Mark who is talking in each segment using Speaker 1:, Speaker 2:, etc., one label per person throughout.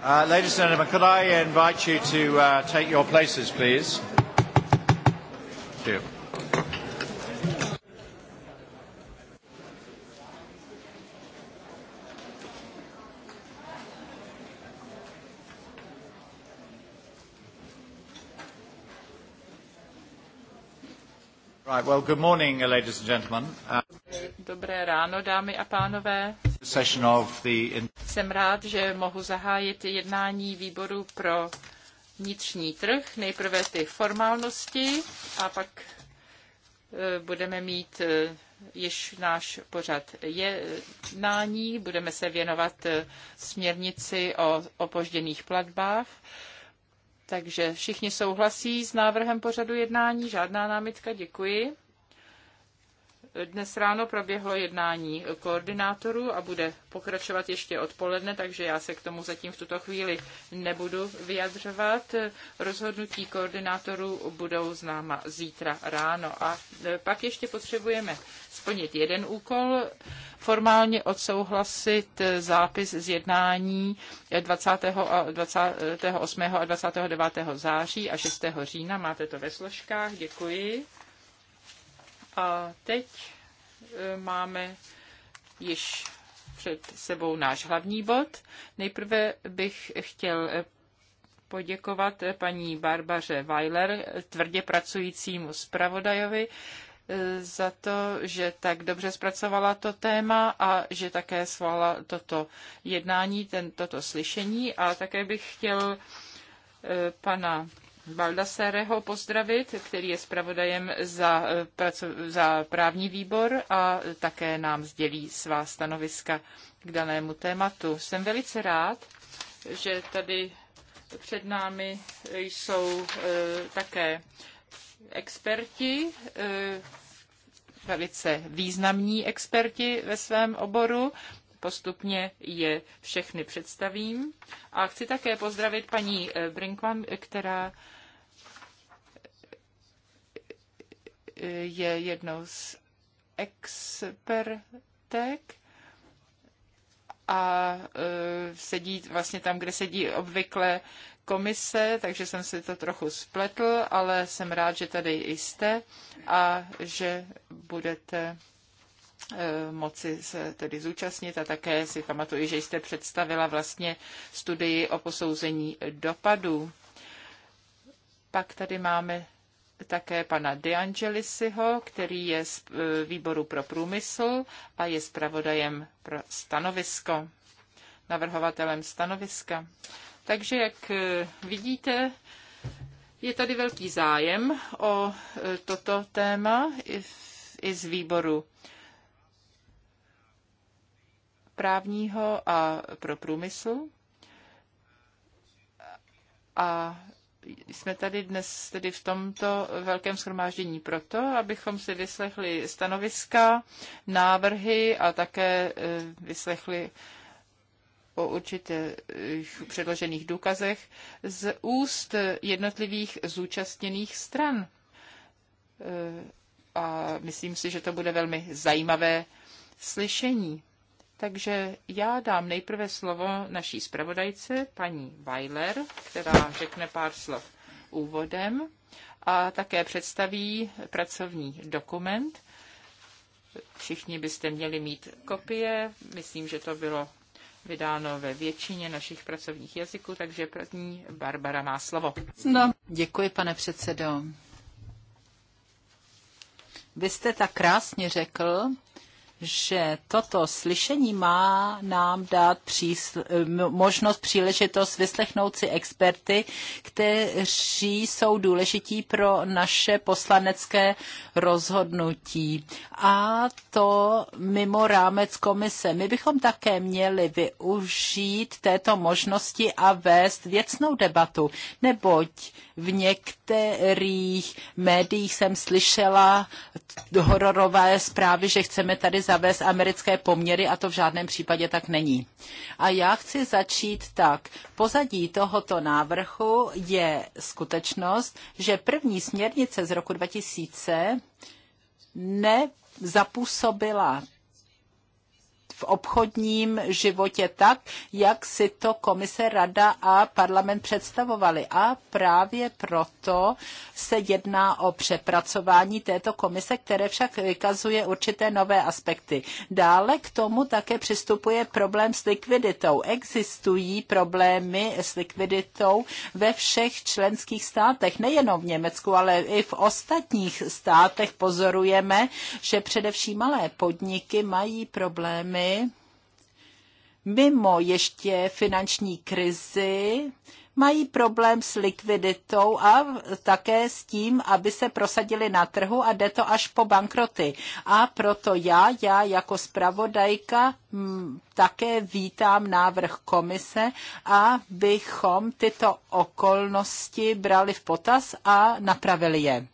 Speaker 1: Uh, ladies and gentlemen, could I invite you to uh, take your places, please?
Speaker 2: Thank you. Right, well, good morning, uh, ladies and gentlemen. Uh...
Speaker 1: Dobré ráno, dámy a pánové. Jsem rád, že mohu zahájit jednání výboru pro vnitřní trh. Nejprve ty formálnosti a pak e, budeme mít e, již náš pořad jednání. Budeme se věnovat e, směrnici o opožděných platbách. Takže všichni souhlasí s návrhem pořadu jednání. Žádná námitka, děkuji. Dnes ráno proběhlo jednání koordinátorů a bude pokračovat ještě odpoledne, takže já se k tomu zatím v tuto chvíli nebudu vyjadřovat. Rozhodnutí koordinátorů budou známa zítra ráno. A e, pak ještě potřebujeme splnit jeden úkol, formálně odsouhlasit e, zápis z jednání 20. E, a 28. a 29. září a 6. října. Máte to ve složkách. Děkuji. A teď e, máme již před sebou náš hlavní bod. Nejprve bych chtěl e, poděkovat e, paní Barbaře Weiler, tvrdě pracujícímu zpravodajovi, za to, že tak dobře zpracovala to téma a že také svala toto jednání, ten, toto slyšení. A také bych chtěl pana Baldasareho pozdravit, který je zpravodajem za, eh, za právní výbor a také nám sdělí svá stanoviska k danému tématu. Jsem velice rád, že tady před námi jsou eh, také experti, eh, velice významní experti ve svém oboru. Postupně je všechny představím. A chci také pozdravit paní Brinkman, která je jednou z expertek a e, sedí vlastně tam, kde sedí obvykle komise, takže jsem si to trochu spletl, ale jsem rád, že tady jste a že budete e, moci se tedy zúčastnit a také si pamatuju, že jste představila vlastně studii o posouzení dopadů. Pak tady máme také pana De Angelisiho, který je z e, výboru pro průmysl a je zpravodajem pro stanovisko, navrhovatelem stanoviska. Takže, jak e, vidíte, je tady velký zájem o e, toto téma i z výboru právního a pro průmysl. A jsme tady dnes tedy v tomto velkém schromáždění proto, abychom si vyslechli stanoviska, návrhy a také eh, vyslechli o určitých předložených důkazech z úst jednotlivých zúčastněných stran. Eh, a myslím si, že to bude velmi zajímavé slyšení. Takže já dám nejprve slovo naší zpravodajce, paní Weiler, která řekne pár slov úvodem a také představí pracovní dokument. Všichni byste měli mít kopie, myslím, že to bylo vydáno ve většině našich pracovních jazyků, takže první Barbara má slovo.
Speaker 3: No, děkuji, pane předsedo. Vy jste tak krásně řekl, že toto slyšení má nám dát přísl- možnost, příležitost vyslechnout si experty, kteří jsou důležití pro naše poslanecké rozhodnutí. A to mimo rámec komise. My bychom také měli využít této možnosti a vést věcnou debatu, neboť v některých médiích jsem slyšela hororové zprávy, že chceme tady zavést americké poměry a to v žádném případě tak není. A já chci začít tak. Pozadí tohoto návrhu je skutečnost, že první směrnice z roku 2000 ne zapůsobila v obchodním životě tak, jak si to komise, rada a parlament představovali. A právě proto se jedná o přepracování této komise, které však vykazuje určité nové aspekty. Dále k tomu také přistupuje problém s likviditou. Existují problémy s likviditou ve všech členských státech, nejenom v Německu, ale i v ostatních státech pozorujeme, že především malé podniky mají problémy mimo ještě finanční krizi mají problém s likviditou a také s tím, aby se prosadili na trhu a jde to až po bankroty. A proto já, já jako zpravodajka m, mm, také vítám návrh komise, abychom tyto okolnosti brali v potaz a napravili je.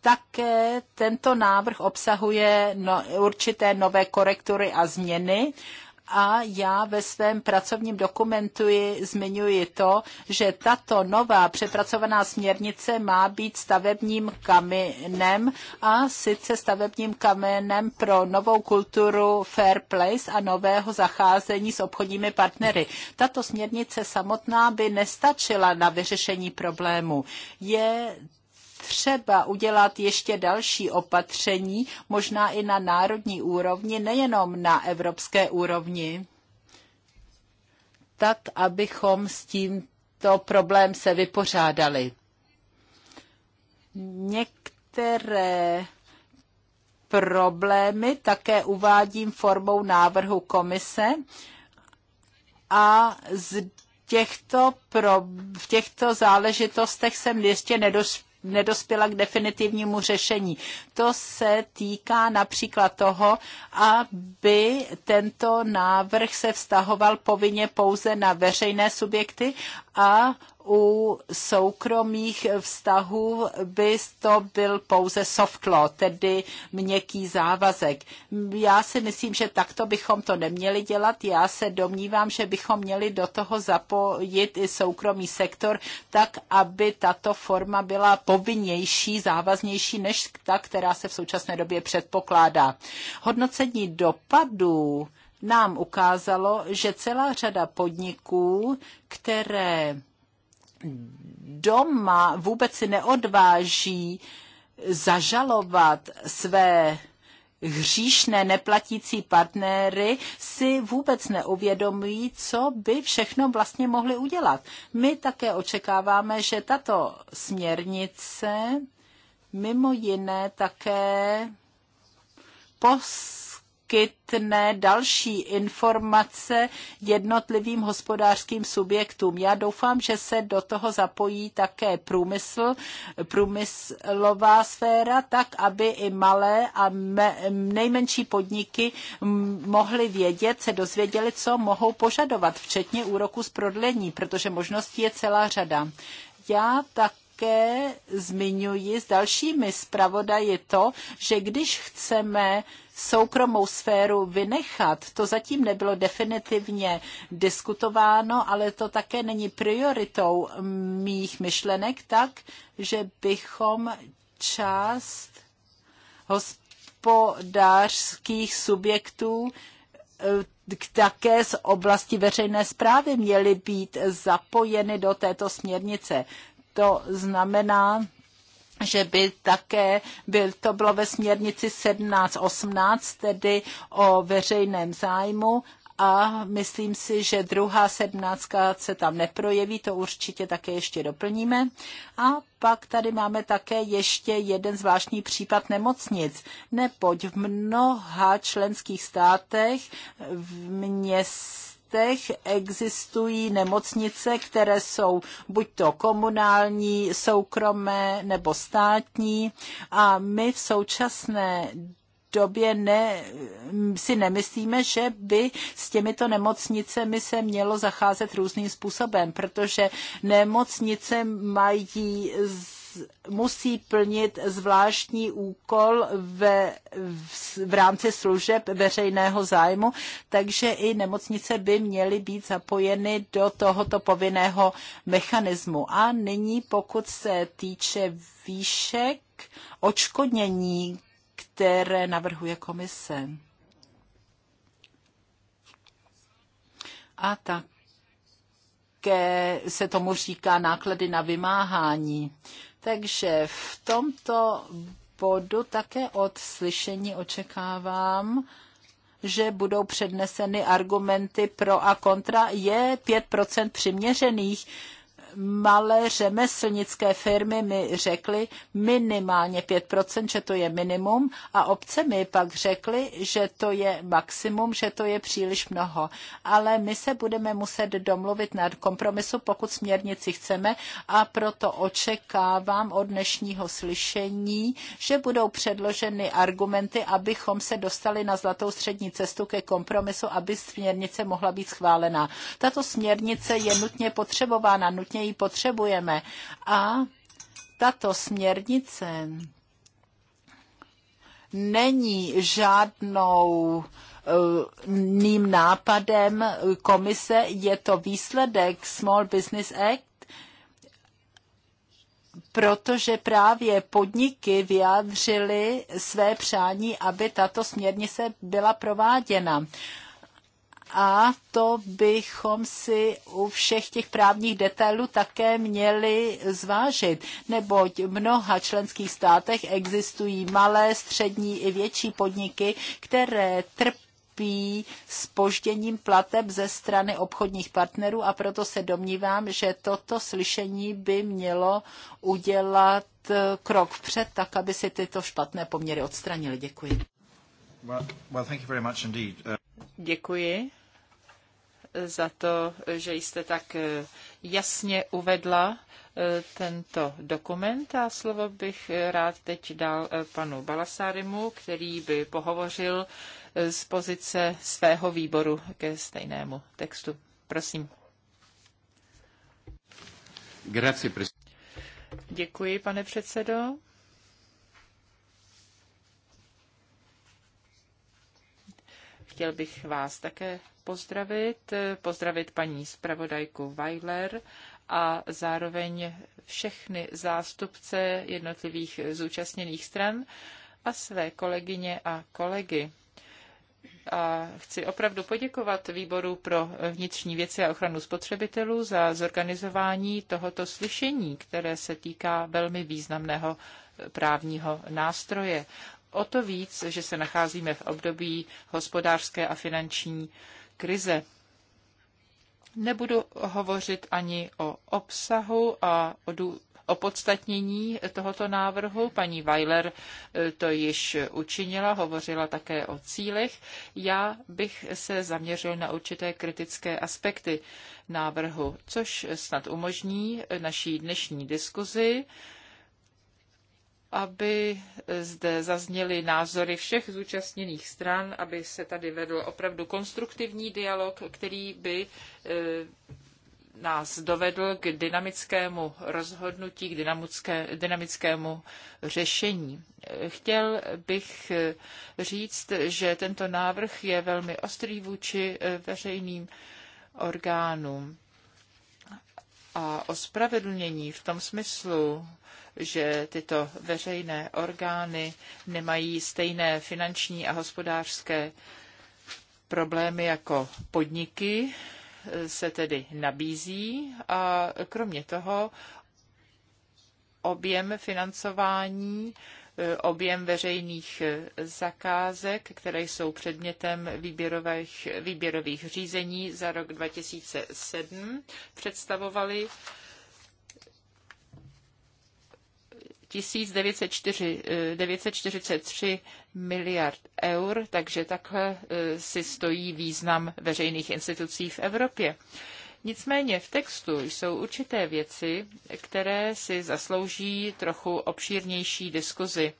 Speaker 3: také tento návrh obsahuje no, určité nové korektury a změny a já ve svém pracovním dokumentu zmiňuji to, že tato nová přepracovaná směrnice má být stavebním kamenem a sice stavebním kamenem pro novou kulturu Fair Place a nového zacházení s obchodními partnery. Tato směrnice samotná by nestačila na vyřešení problému. Je třeba udělat ještě další opatření, možná i na národní úrovni, nejenom na evropské úrovni, tak abychom s tímto problém se vypořádali. Některé problémy také uvádím formou návrhu komise a z těchto pro, v těchto záležitostech jsem ještě nedospěl nedospěla k definitivnímu řešení. To se týká například toho, aby tento návrh se vztahoval povinně pouze na veřejné subjekty a u soukromých vztahů by to byl pouze soft law, tedy měkký závazek. Já si myslím, že takto bychom to neměli dělat. Já se domnívám, že bychom měli do toho zapojit i soukromý sektor, tak aby tato forma byla povinnější, závaznější než ta, která se v současné době předpokládá. Hodnocení dopadů nám ukázalo, že celá řada podniků, které doma vůbec si neodváží zažalovat své hříšné neplatící partnery si vůbec neuvědomují, co by všechno vlastně mohli udělat. My také očekáváme, že tato směrnice mimo jiné také pos poskytne další informace jednotlivým hospodářským subjektům. Já doufám, že se do toho zapojí také průmysl, průmyslová sféra, tak aby i malé a nejmenší podniky mohly vědět, se dozvěděli, co mohou požadovat, včetně úroku z prodlení, protože možností je celá řada. Já tak také zmiňuji s dalšími zpravodaji to, že když chceme soukromou sféru vynechat, to zatím nebylo definitivně diskutováno, ale to také není prioritou mých myšlenek, tak, že bychom část hospodářských subjektů eh, také z oblasti veřejné zprávy měly být zapojeny do této směrnice. To znamená, že by také byl, to bylo ve směrnici 1718, tedy o veřejném zájmu a myslím si, že druhá sedmnáctka se tam neprojeví, to určitě také ještě doplníme. A pak tady máme také ještě jeden zvláštní případ nemocnic, Nepoď v mnoha členských státech v měs městech existují nemocnice, které jsou buď to komunální, soukromé nebo státní a my v současné době ne, si nemyslíme, že by s těmito nemocnicemi se mělo zacházet různým způsobem, protože nemocnice mají z musí plnit zvláštní úkol ve, v, v rámci služeb veřejného zájmu, takže i nemocnice by měly být zapojeny do tohoto povinného mechanismu. A nyní, pokud se týče výšek očkodnění, které navrhuje komise. A tak také se tomu říká náklady na vymáhání. Takže v tomto bodu také od slyšení očekávám, že budou předneseny argumenty pro a kontra. Je 5% přiměřených? malé řemeslnické firmy mi řekly minimálně 5%, že to je minimum a obce mi pak řekly, že to je maximum, že to je příliš mnoho. Ale my se budeme muset domluvit na kompromisu, pokud směrnici chceme a proto očekávám od dnešního slyšení, že budou předloženy argumenty, abychom se dostali na zlatou střední cestu ke kompromisu, aby směrnice mohla být schválena. Tato směrnice je nutně potřebována, nutně ji potřebujeme. A tato směrnice není žádnou eh, ným nápadem komise, je to výsledek Small Business Act, protože právě podniky vyjádřily své přání, aby tato směrnice byla prováděna a to bychom si u všech těch právních detailů také měli zvážit, neboť v mnoha členských státech existují malé, střední i větší podniky, které trpí trpí spožděním plateb ze strany obchodních partnerů a proto se domnívám, že toto slyšení by mělo udělat eh, krok vpřed, tak aby si tyto špatné poměry odstranili. Děkuji.
Speaker 1: Uh, Děkuji za to, že jste tak eh, jasně uvedla eh, tento dokument a slovo bych eh, rád teď dal panu Balasárimu, který by pohovořil z pozice svého výboru ke stejnému textu. Prosím. Děkuji, pane předsedo. Chtěl bych vás také pozdravit, pozdravit paní zpravodajku Weiler a zároveň všechny zástupce jednotlivých zúčastněných stran a své kolegyně a kolegy. A chci opravdu poděkovat výboru pro vnitřní věci a ochranu spotřebitelů za zorganizování tohoto slyšení, které se týká velmi významného právního nástroje o to víc, že se nacházíme v období hospodářské a finanční krize. Nebudu hovořit ani o obsahu a o podstatnění tohoto návrhu. Paní Weiler to již učinila, hovořila také o cílech. Já bych se zaměřil na určité kritické aspekty návrhu, což snad umožní naší dnešní diskuzi aby zde zazněly názory všech zúčastněných stran, aby se tady vedl opravdu konstruktivní dialog, který by eh, nás dovedl k dynamickému rozhodnutí, k dynamickému řešení. Eh, chtěl bych eh, říct, že tento návrh je velmi ostrý vůči veřejným orgánům a ospravedlnění v tom smyslu, že tyto veřejné orgány nemají stejné finanční a hospodářské problémy jako podniky, se tedy nabízí a kromě toho objem financování objem veřejných eh, zakázek, které jsou předmětem výběrových, výběrových řízení za rok 2007, představovaly 1943 eh, miliard eur, takže takhle eh, si stojí význam veřejných institucí v Evropě. Nicméně v textu jsou určité věci, které si zaslouží trochu obšírnější diskuzi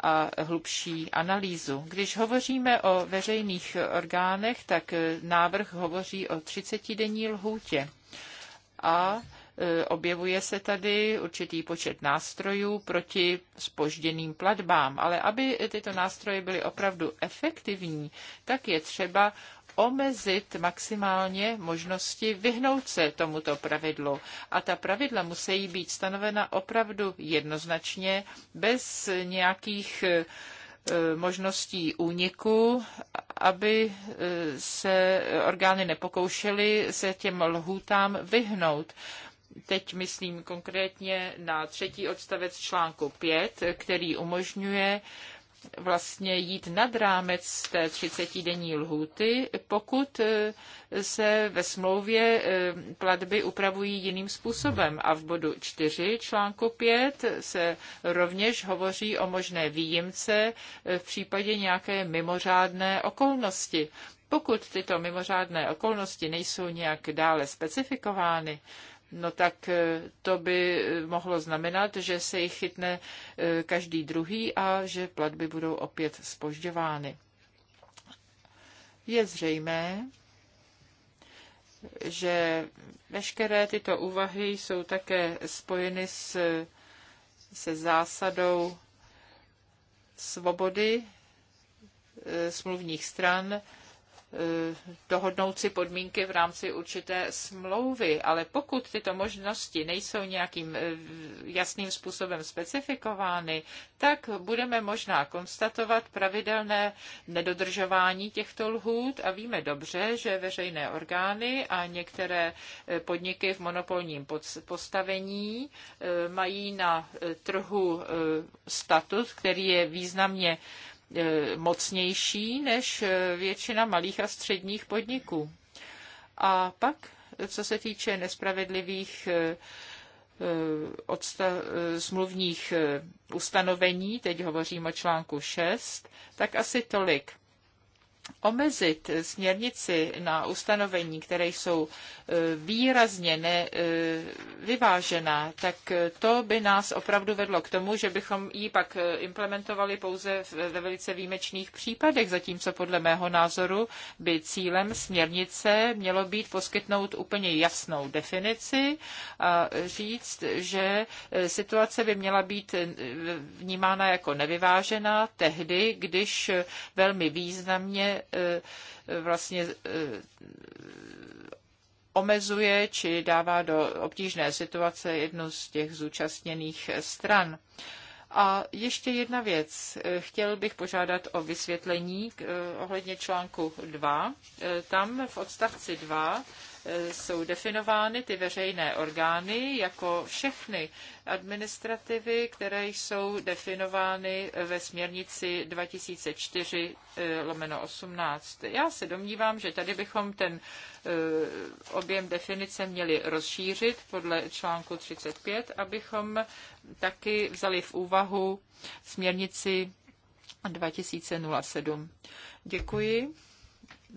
Speaker 1: a hlubší analýzu. Když hovoříme o veřejných orgánech, tak návrh hovoří o 30-denní lhůtě. A e, objevuje se tady určitý počet nástrojů proti spožděným platbám, ale aby tyto nástroje byly opravdu efektivní, tak je třeba omezit maximálně možnosti vyhnout se tomuto pravidlu. A ta pravidla musí být stanovena opravdu jednoznačně, bez nějakých e, možností úniku, aby e, se orgány nepokoušely se těm lhůtám vyhnout. Teď myslím konkrétně na třetí odstavec článku 5, který umožňuje vlastně jít nad rámec té 30-denní lhůty, pokud eh, se ve smlouvě eh, platby upravují jiným způsobem. A v bodu 4 článku 5 se rovněž hovoří o možné výjimce eh, v případě nějaké mimořádné okolnosti. Pokud tyto mimořádné okolnosti nejsou nějak dále specifikovány, no tak eh, to by eh, mohlo znamenat, že se jich chytne eh, každý druhý a že platby budou opět spožďovány. Je zřejmé, že veškeré tyto úvahy jsou také spojeny s, se zásadou svobody smluvních stran Eh, dohodnout si podmínky v rámci určité smlouvy, ale pokud tyto možnosti nejsou nějakým eh, jasným způsobem specifikovány, tak budeme možná konstatovat pravidelné nedodržování těchto lhůt a víme dobře, že veřejné orgány a některé eh, podniky v monopolním postavení mají na trhu statut, který je významně E, mocnější než e, většina malých a středních podniků. A pak, co se týče nespravedlivých e, odsta- smluvních ustanovení, teď hovořím o článku 6, tak asi tolik omezit směrnici na ustanovení, které jsou e, výrazně nevyvážená, e, tak e, to by nás opravdu vedlo k tomu, že bychom ji pak implementovali pouze ve velice výjimečných případech, zatímco podle mého názoru by cílem směrnice mělo být poskytnout úplně jasnou definici a říct, že situace by měla být vnímána jako nevyvážená tehdy, když velmi významně Eh, vlastně, eh, omezuje či dává do obtížné situace jednu z těch zúčastněných stran. A ještě jedna věc. Chtěl bych požádat o vysvětlení eh, ohledně článku 2. Tam v odstavci 2 jsou definovány ty veřejné orgány jako všechny administrativy, které jsou definovány ve směrnici 2004 eh, lomeno 18. Já se domnívám, že tady bychom ten eh, objem definice měli rozšířit podle článku 35, abychom taky vzali v úvahu směrnici 2007. Děkuji.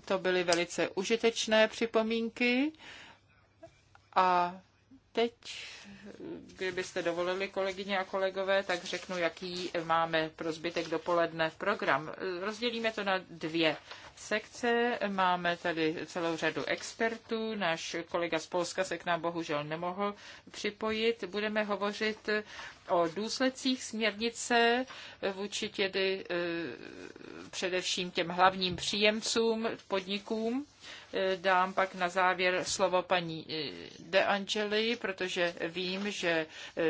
Speaker 1: To byly velice užitečné připomínky. A teď, kdybyste dovolili, kolegyně a kolegové, tak řeknu, jaký máme pro zbytek dopoledne program. Rozdělíme to na dvě sekce. Máme tady celou řadu expertů. Náš kolega z Polska se k nám bohužel nemohl připojit. Budeme hovořit o důsledcích směrnice vůči tedy eh, především těm hlavním příjemcům, podnikům. Eh, dám pak na závěr slovo paní eh, De Angeli, protože vím, že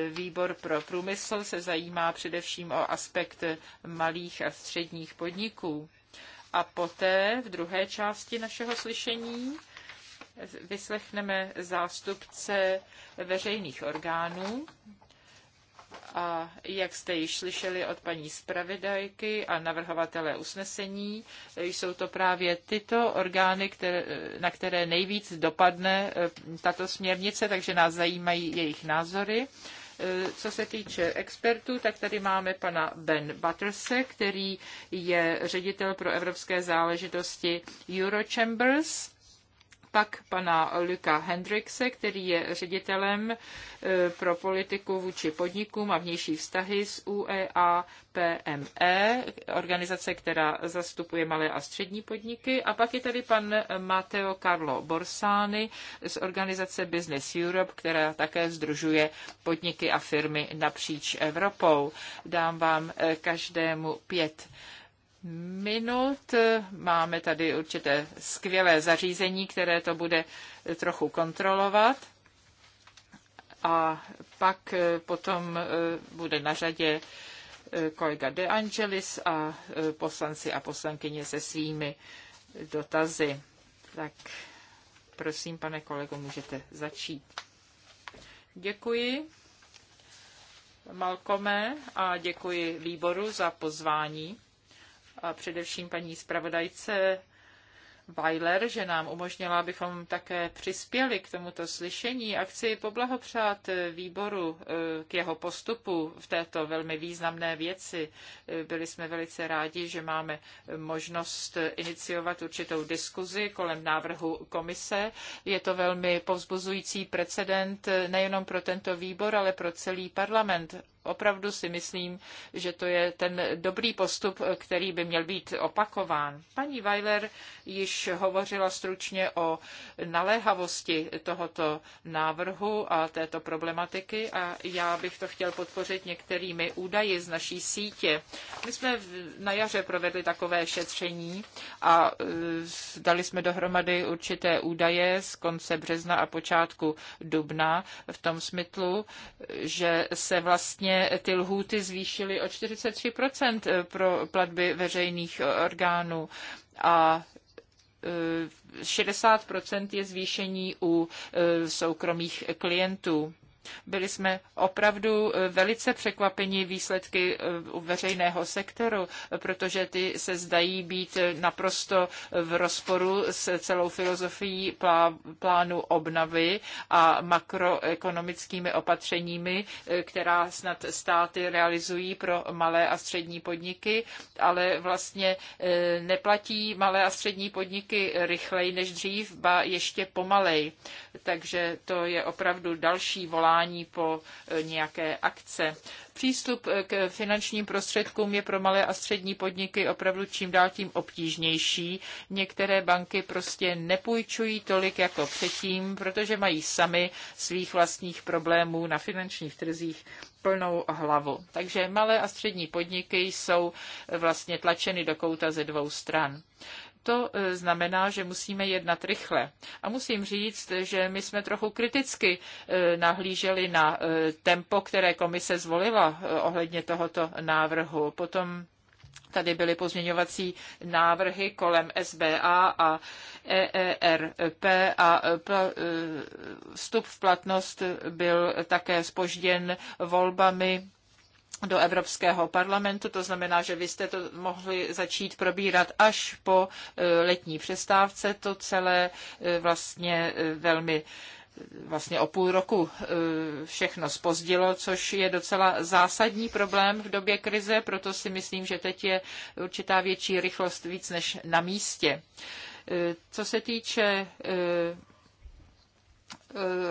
Speaker 1: výbor pro průmysl se zajímá především o aspekt malých a středních podniků a poté v druhé části našeho slyšení vyslechneme zástupce veřejných orgánů. A jak jste již slyšeli od paní zpravidajky a navrhovatele usnesení, jsou to právě tyto orgány, které, na které nejvíc dopadne eh, tato směrnice, takže nás zajímají jejich názory. Eh, co se týče expertů, tak tady máme pana Ben Butterse, který je ředitel pro evropské záležitosti Eurochambers pak pana Luka Hendrixe, který je ředitelem e, pro politiku vůči podnikům a vnější vztahy z UEA PME, organizace, která zastupuje malé a střední podniky. A pak je tady pan Mateo Carlo Borsani z organizace Business Europe, která také združuje podniky a firmy napříč Evropou. Dám vám e, každému pět minut. Máme tady určité skvělé zařízení, které to bude trochu kontrolovat. A pak eh, potom eh, bude na řadě eh, kolega De Angelis a poslanci a poslankyně se svými dotazy. Tak prosím, pane kolego, můžete začít. Děkuji Malkome a děkuji výboru za pozvání a především paní zpravodajce Weiler, že nám umožnila, abychom také přispěli k tomuto slyšení a chci poblahopřát výboru eh, k jeho postupu v této velmi významné věci. Eh, byli jsme velice rádi, že máme možnost iniciovat určitou diskuzi kolem návrhu komise. Je to velmi povzbuzující precedent eh, nejenom pro tento výbor, ale pro celý parlament opravdu si myslím, že to je ten dobrý postup, který by měl být opakován. Paní Weiler již hovořila stručně o naléhavosti tohoto návrhu a této problematiky a já bych to chtěl podpořit některými údaji z naší sítě. My jsme na jaře provedli takové šetření a e, dali jsme dohromady určité údaje z konce března a počátku dubna v tom smyslu, že se vlastně Vlastně ty lhůty zvýšily o 43% eh, pro platby veřejných eh, orgánů a 60% eh, je zvýšení u soukromých klientů. Byli jsme opravdu eh, velice překvapeni výsledky eh, u veřejného sektoru, protože ty se zdají být eh, naprosto v rozporu s celou filozofií plánu obnovy a makroekonomickými opatřeními, která snad státy realizují pro malé a střední podniky, ale vlastně neplatí malé a střední podniky rychleji než dřív, ba ještě pomalej. Takže to je opravdu další volání volání po eh, nějaké akce. Přístup eh, k finančním prostředkům je pro malé a střední podniky opravdu čím dál tím obtížnější. Některé banky prostě nepůjčují tolik jako předtím, protože mají sami svých vlastních problémů na finančních trzích plnou hlavu. Takže malé a střední podniky jsou vlastně tlačeny do kouta ze dvou stran to e, znamená, že musíme jednat rychle. A musím říct, že my jsme trochu kriticky e, nahlíželi na e, tempo, které komise zvolila ohledně tohoto návrhu. Potom Tady byly pozměňovací návrhy kolem SBA a EERP a vstup v platnost byl také spožděn volbami do Evropského parlamentu, to znamená, že vy jste to mohli začít probírat až po e, letní přestávce. To celé e, vlastně e, velmi vlastně o půl roku všechno spozdilo, což je docela zásadní problém v době krize, proto si myslím, že teď je určitá větší rychlost víc než na místě. Co se týče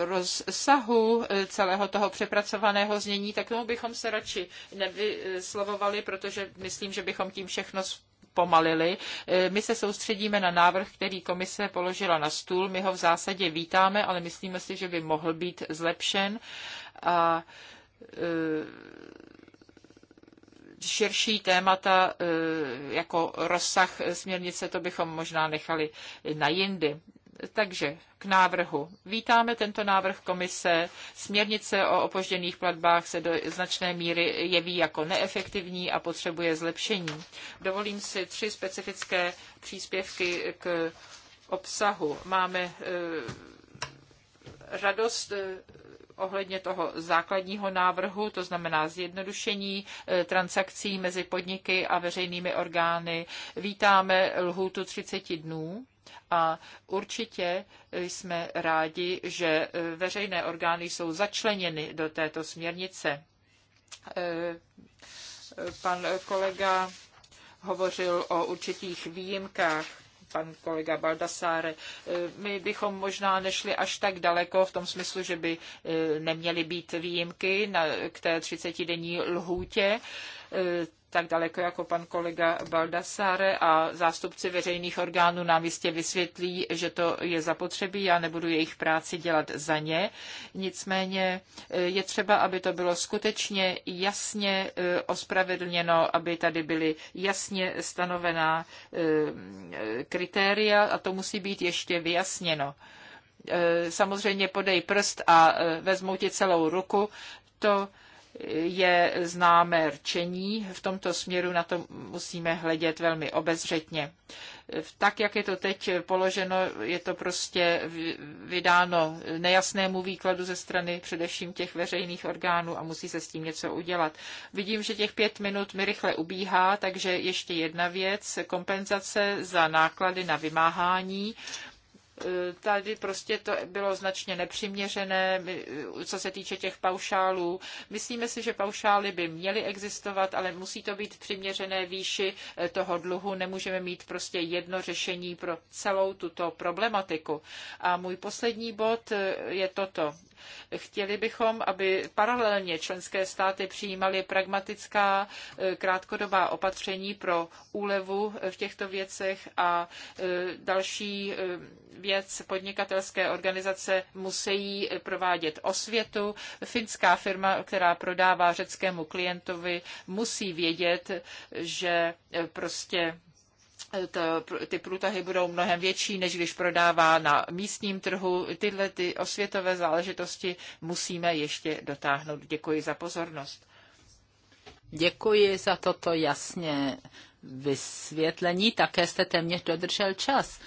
Speaker 1: rozsahu eh, celého toho přepracovaného znění, tak tomu bychom se radši nevyslovovali, protože myslím, že bychom tím všechno pomalili. Eh, my se soustředíme na návrh, který komise položila na stůl. My ho v zásadě vítáme, ale myslíme si, že by mohl být zlepšen. A eh, širší témata jako rozsah směrnice, to bychom možná nechali na jindy. Takže k návrhu. Vítáme tento návrh komise. Směrnice o opožděných platbách se do značné míry jeví jako neefektivní a potřebuje zlepšení. Dovolím si tři specifické příspěvky k obsahu. Máme eh, radost eh, ohledně toho základního návrhu, to znamená zjednodušení eh, transakcí mezi podniky a veřejnými orgány. Vítáme lhůtu 30 dnů. A určitě jsme rádi, že eh, veřejné orgány jsou začleněny do této směrnice. Eh, pan kolega hovořil o určitých výjimkách pan kolega Baldasáre. Eh, my bychom možná nešli až tak daleko v tom smyslu, že by eh, neměly být výjimky na, k té 30-denní lhůtě eh, tak daleko jako pan kolega Baldassare a zástupci veřejných orgánů nám jistě vysvětlí, že to je zapotřebí. Já nebudu jejich práci dělat za ně. Nicméně eh, je třeba, aby to bylo skutečně jasně eh, ospravedlněno, aby tady byly jasně stanovená eh, kritéria a to musí být ještě vyjasněno. Samozřejmě podej prst a vezmou ti celou ruku. To je známé rčení. V tomto směru na to musíme hledět velmi obezřetně. Tak, jak je to teď položeno, je to prostě vydáno nejasnému výkladu ze strany především těch veřejných orgánů a musí se s tím něco udělat. Vidím, že těch pět minut mi rychle ubíhá, takže ještě jedna věc, kompenzace za náklady na vymáhání. Tady prostě to bylo značně nepřiměřené, co se týče těch paušálů. Myslíme si, že paušály by měly existovat, ale musí to být přiměřené výši eh, toho dluhu. Nemůžeme mít prostě jedno řešení pro celou tuto problematiku. A můj poslední bod eh, je toto. Chtěli bychom, aby paralelně členské státy přijímaly pragmatická eh, krátkodobá opatření pro úlevu eh, v těchto věcech a eh, další věc podnikatelské organizace musí provádět osvětu. Finská firma, která prodává řeckému klientovi, musí vědět, že prostě to, ty průtahy budou mnohem větší, než když prodává na místním trhu. Tyhle ty osvětové záležitosti musíme ještě dotáhnout.
Speaker 3: Děkuji za pozornost. Děkuji za toto jasně vysvětlení. Také jste téměř dodržel čas.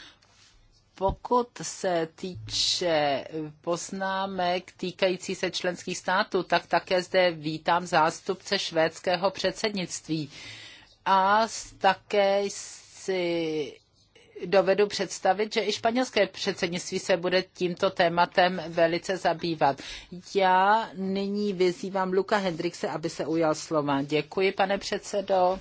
Speaker 3: Pokud se týče poznámek týkající se členských států, tak také zde vítám zástupce švédského předsednictví. A také si dovedu představit, že i španělské předsednictví se bude tímto tématem velice zabývat. Já nyní vyzývám Luka Hendrikse, aby se ujal slova. Děkuji, pane předsedo.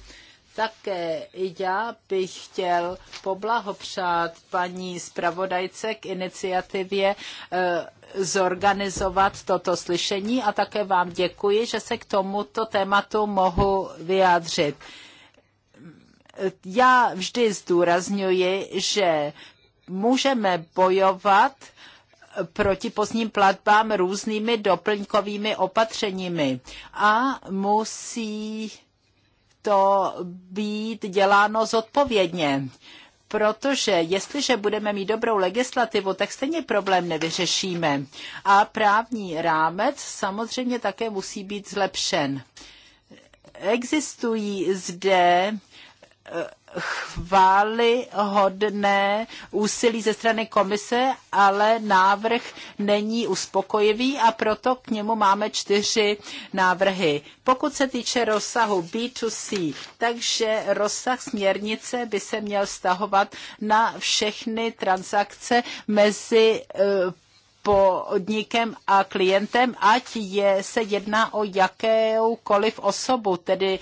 Speaker 3: Také já bych chtěl poblahopřát paní zpravodajce k iniciativě eh, zorganizovat toto slyšení a také vám děkuji, že se k tomuto tématu mohu vyjádřit já vždy zdůrazňuji, že můžeme bojovat proti pozdním platbám různými doplňkovými opatřeními a musí to být děláno zodpovědně protože jestliže budeme mít dobrou legislativu, tak stejně problém nevyřešíme. A právní rámec samozřejmě také musí být zlepšen. Existují zde chvály hodné úsilí ze strany komise, ale návrh není uspokojivý a proto k němu máme čtyři návrhy. Pokud se týče rozsahu B2C, takže rozsah směrnice by se měl stahovat na všechny transakce mezi eh, podnikem a klientem, ať je, se jedná o jakoukoliv osobu, tedy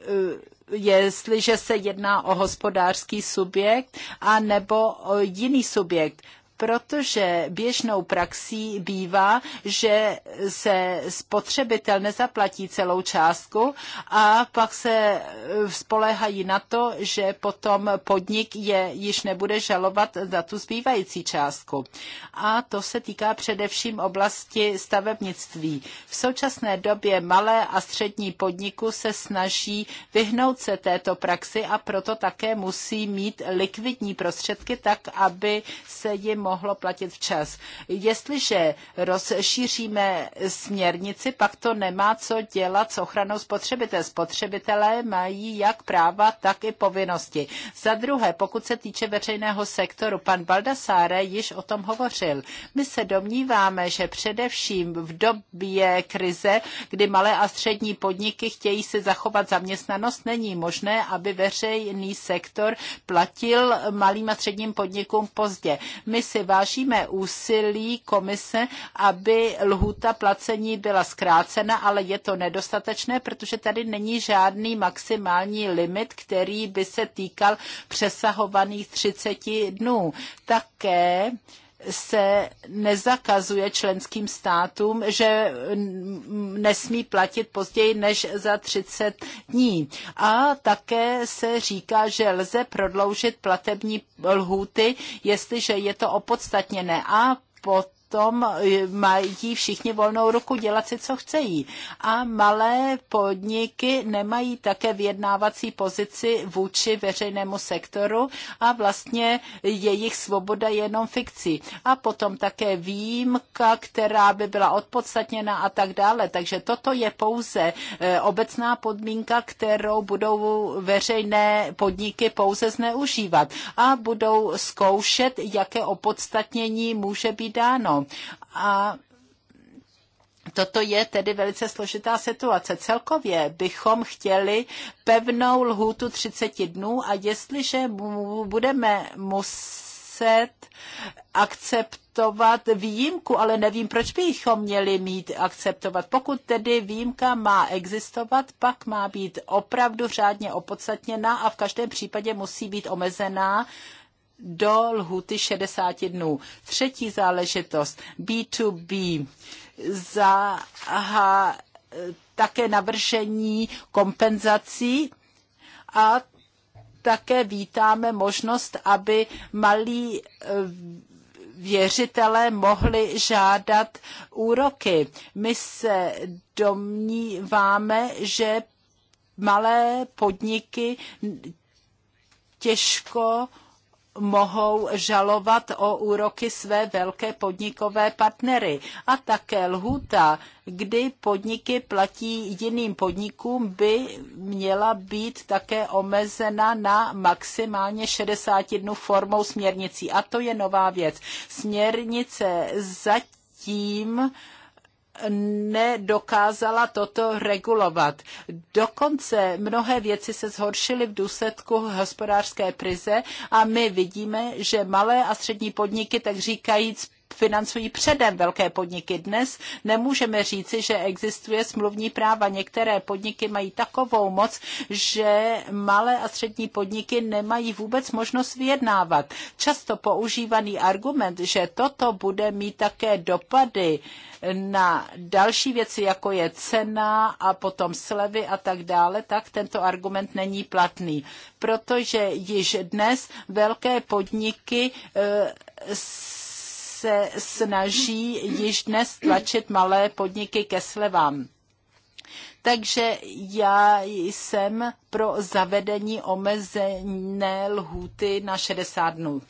Speaker 3: eh, jestliže se jedná o hospodářský subjekt a nebo o jiný subjekt protože běžnou praxí bývá, že se spotřebitel nezaplatí celou částku a pak se eh, spolehají na to, že potom podnik je již nebude žalovat za tu zbývající částku. A to se týká především oblasti stavebnictví. V současné době malé a střední podniku se snaží vyhnout se této praxi a proto také musí mít likvidní prostředky tak, aby se jim mohlo platit včas. Jestliže rozšíříme směrnici, pak to nemá co dělat s ochranou spotřebitel. Spotřebitelé mají jak práva, tak i povinnosti. Za druhé, pokud se týče veřejného sektoru, pan Baldasáre již o tom hovořil. My se domníváme, že především v době krize, kdy malé a střední podniky chtějí si zachovat zaměstnanost, není možné, aby veřejný sektor platil malým a středním podnikům pozdě. My si vážíme úsilí komise, aby lhuta placení byla zkrácena, ale je to nedostatečné, protože tady není žádný maximální limit, který by se týkal přesahovaných 30 dnů. Také se nezakazuje členským státům, že nesmí platit později než za 30 dní. A také se říká, že lze prodloužit platební lhůty, jestliže je to opodstatněné. A pot potom eh, mají všichni volnou ruku dělat si, co chcejí. A malé podniky nemají také vyjednávací pozici vůči veřejnému sektoru a vlastně jejich svoboda je jenom fikcí. A potom také výjimka, která by byla odpodstatněna a tak dále. Takže toto je pouze eh, obecná podmínka, kterou budou veřejné podniky pouze zneužívat a budou zkoušet, jaké opodstatnění může být dáno. A Toto je tedy velice složitá situace. Celkově bychom chtěli pevnou lhůtu 30 dnů a jestliže budeme muset akceptovat výjimku, ale nevím, proč bychom měli mít akceptovat. Pokud tedy výjimka má existovat, pak má být opravdu řádně opodstatněná a v každém případě musí být omezená do lhuty 60 dnů. Třetí záležitost, B2B, za, aha, také navržení kompenzací a také vítáme možnost, aby malí eh, věřitelé mohli žádat úroky. My se domníváme, že malé podniky těžko mohou žalovat o úroky své velké podnikové partnery. A také lhuta, kdy podniky platí jiným podnikům, by měla být také omezena na maximálně 60 dnů formou směrnicí. A to je nová věc. Směrnice zatím nedokázala toto regulovat. Dokonce mnohé věci se zhoršily v důsledku hospodářské krize a my vidíme, že malé a střední podniky, tak říkajíc, financují předem velké podniky. Dnes nemůžeme říci, že existuje smluvní práva. Některé podniky mají takovou moc, že malé a střední podniky nemají vůbec možnost vyjednávat. Často používaný argument, že toto bude mít také dopady na další věci, jako je cena a potom slevy a tak dále, tak tento argument není platný, protože již dnes velké podniky e, s se snaží již dnes tlačit malé podniky ke slevám. Takže já jsem pro zavedení omezené lhůty na 60 dnů.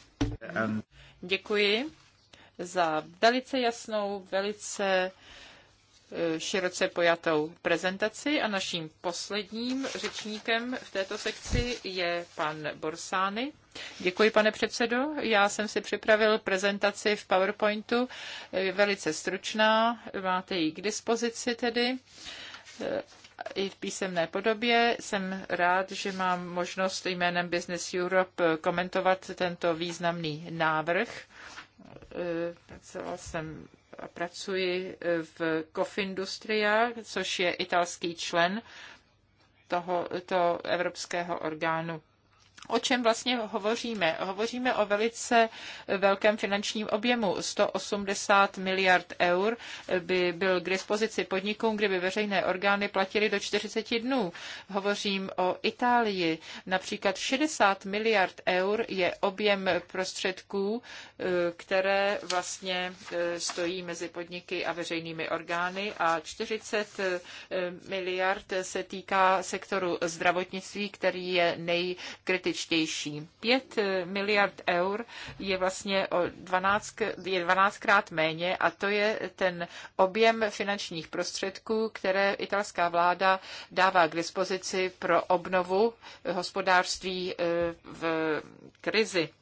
Speaker 1: Děkuji za velice jasnou, velice Eh, široce pojatou prezentaci a naším posledním řečníkem v této sekci je pan Borsány. Děkuji, pane předsedo. Já jsem si připravil prezentaci v PowerPointu, je velice stručná, máte ji k dispozici tedy eh, i v písemné podobě. Jsem rád, že mám možnost jménem Business Europe komentovat tento významný návrh. Eh, pracoval jsem a pracuji e, v Cofindustria, což je italský člen tohoto evropského orgánu. O čem vlastně hovoříme? Hovoříme o velice velkém finančním objemu. 180 miliard eur by byl k dispozici podnikům, kdyby veřejné orgány platily do 40 dnů. Hovořím o Itálii. Například 60 miliard eur je objem prostředků, eh, které vlastně eh, stojí mezi podniky a veřejnými orgány a 40 eh, miliard se týká sektoru zdravotnictví, který je nejkritičnější realističtější. 5 eh, miliard eur je vlastně o 12, je 12 krát méně a to je ten objem finančních prostředků, které italská vláda dává k dispozici pro obnovu hospodářství eh, v krizi. Eh,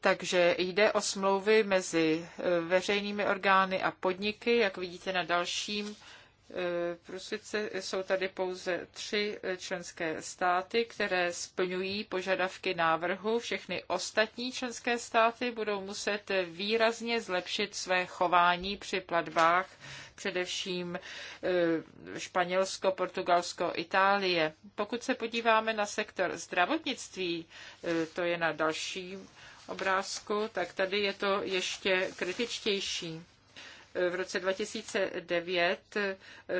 Speaker 1: takže jde o smlouvy mezi veřejnými orgány a podniky, jak vidíte na dalším Eh, průsvědce jsou tady pouze tři eh, členské státy, které splňují požadavky návrhu. Všechny ostatní členské státy budou muset eh, výrazně zlepšit své chování při platbách, především Španělsko, Portugalsko, Itálie. Pokud se podíváme na sektor zdravotnictví, to je na dalším obrázku, tak tady je to ještě kritičtější v roce 2009 e,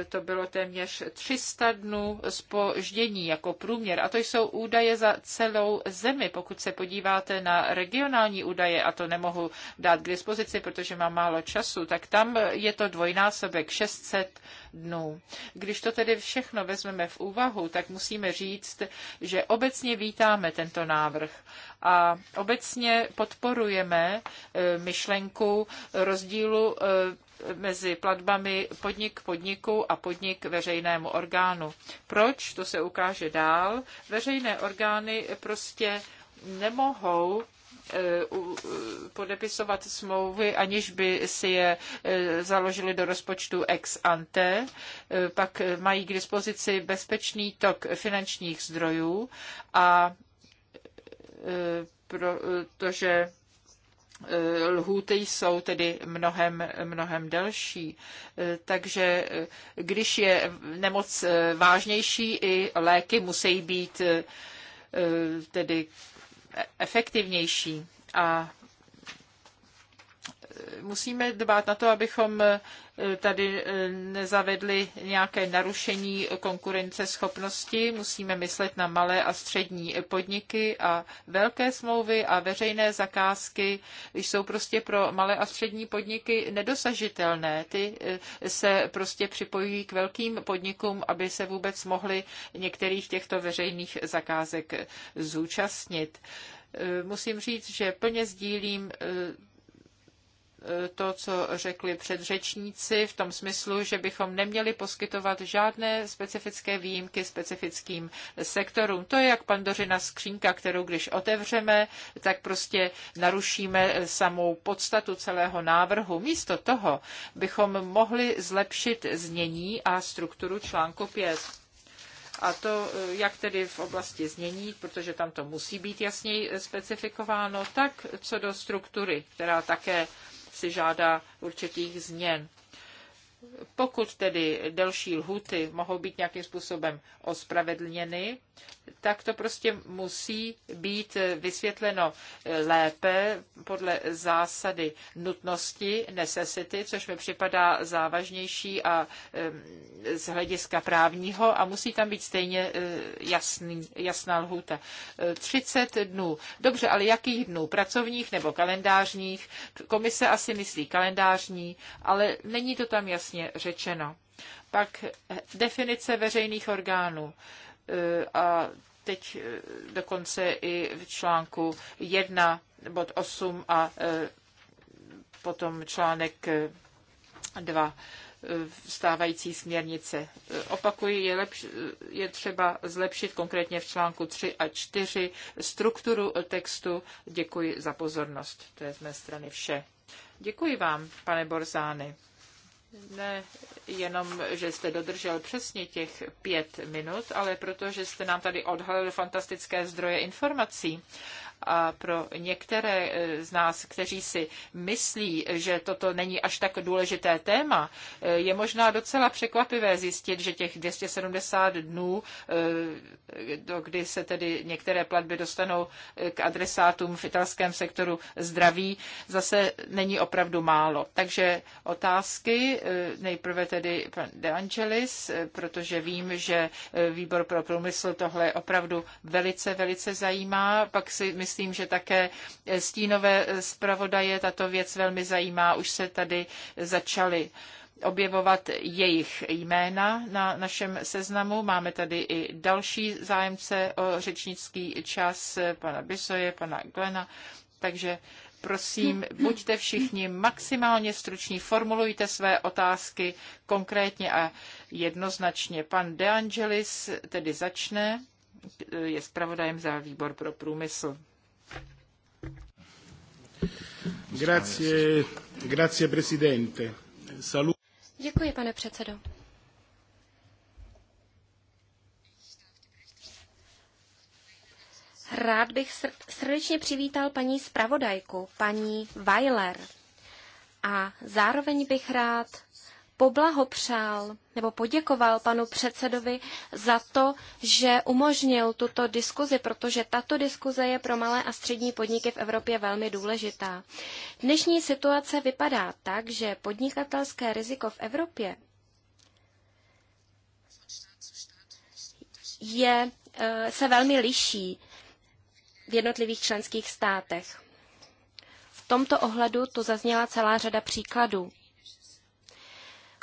Speaker 1: to bylo téměř 300 dnů spoždění jako průměr. A to jsou údaje za celou zemi. Pokud se podíváte na regionální údaje, a to nemohu dát k dispozici, protože mám málo času, tak tam je to dvojnásobek 600 dnů. Když to tedy všechno vezmeme v úvahu, tak musíme říct, že obecně vítáme tento návrh. A obecně podporujeme eh, myšlenku rozdílu eh, mezi platbami podnik podniku a podnik veřejnému orgánu. Proč? To se ukáže dál. Veřejné orgány prostě nemohou eh, podepisovat smlouvy, aniž by si je založili do rozpočtu ex ante. Pak mají k dispozici bezpečný tok finančních zdrojů a protože eh, lhůty jsou tedy mnohem, mnohem delší. Eh, takže eh, když je nemoc vážnější, i léky musí být tedy efektivnější. A musíme dbát na to, abychom tady e, nezavedli nějaké narušení konkurenceschopnosti. Musíme myslet na malé a střední podniky a velké smlouvy a veřejné zakázky jsou prostě pro malé a střední podniky nedosažitelné. Ty e, se prostě připojují k velkým podnikům, aby se vůbec mohly některých těchto veřejných zakázek zúčastnit. E, musím říct, že plně sdílím to, co řekli předřečníci, v tom smyslu, že bychom neměli poskytovat žádné specifické výjimky specifickým sektorům. To je jak pandořina skřínka, kterou když otevřeme, tak prostě narušíme samou podstatu celého návrhu. Místo toho bychom mohli zlepšit znění a strukturu článku 5 a to jak tedy v oblasti znění, protože tam to musí být jasněji specifikováno, tak co do struktury, která také si žádá určitých změn. Pokud tedy delší lhuty mohou být nějakým způsobem ospravedlněny, tak to prostě musí být vysvětleno lépe podle zásady nutnosti, necessity, což mi připadá závažnější a z hlediska právního a musí tam být stejně e, jasný, jasná lhůta. 30 e, dnů. Dobře, ale jakých dnů? Pracovních nebo kalendářních? Komise asi myslí kalendářní, ale není to tam jasně řečeno. Pak definice veřejných orgánů a teď eh, dokonce i v článku 1 bod 8 a eh, potom článek 2 eh, stávající směrnice. Opakuji, je, lepš, je třeba zlepšit konkrétně v článku 3 a 4 strukturu textu. Děkuji za pozornost. To je z mé strany vše. Děkuji vám, pane Borzány ne jenom, že jste dodržel přesně těch pět minut, ale protože jste nám tady odhalil fantastické zdroje informací. A pro některé eh, z nás, kteří si myslí, že toto není až tak důležité téma, eh, je možná docela překvapivé zjistit, že těch 270 dnů, eh, do kdy se tedy některé platby dostanou k adresátům v italském sektoru zdraví, zase není opravdu málo. Takže otázky, nejprve tedy pan De Angelis, protože vím, že výbor pro průmysl tohle opravdu velice, velice zajímá. Pak si myslím, myslím, že také stínové zpravodaje tato věc velmi zajímá. Už se tady začaly objevovat jejich jména na našem seznamu. Máme tady i další zájemce o řečnický čas, pana Bisoje, pana Glena. Takže prosím, buďte všichni maximálně struční, formulujte své otázky konkrétně a jednoznačně. Pan De Angelis tedy začne, je zpravodajem za výbor pro průmysl.
Speaker 4: Grazie, grazie presidente. Salut. Děkuji, pane předsedo. Rád bych srdečně přivítal paní zpravodajku, paní Weiler. A zároveň bych rád poblahopřál nebo poděkoval panu předsedovi za to, že umožnil tuto diskuzi, protože tato diskuze je pro malé a střední podniky v Evropě velmi důležitá. Dnešní situace vypadá tak, že podnikatelské riziko v Evropě je, eh, se velmi liší v jednotlivých členských státech. V tomto ohledu tu zazněla celá řada příkladů.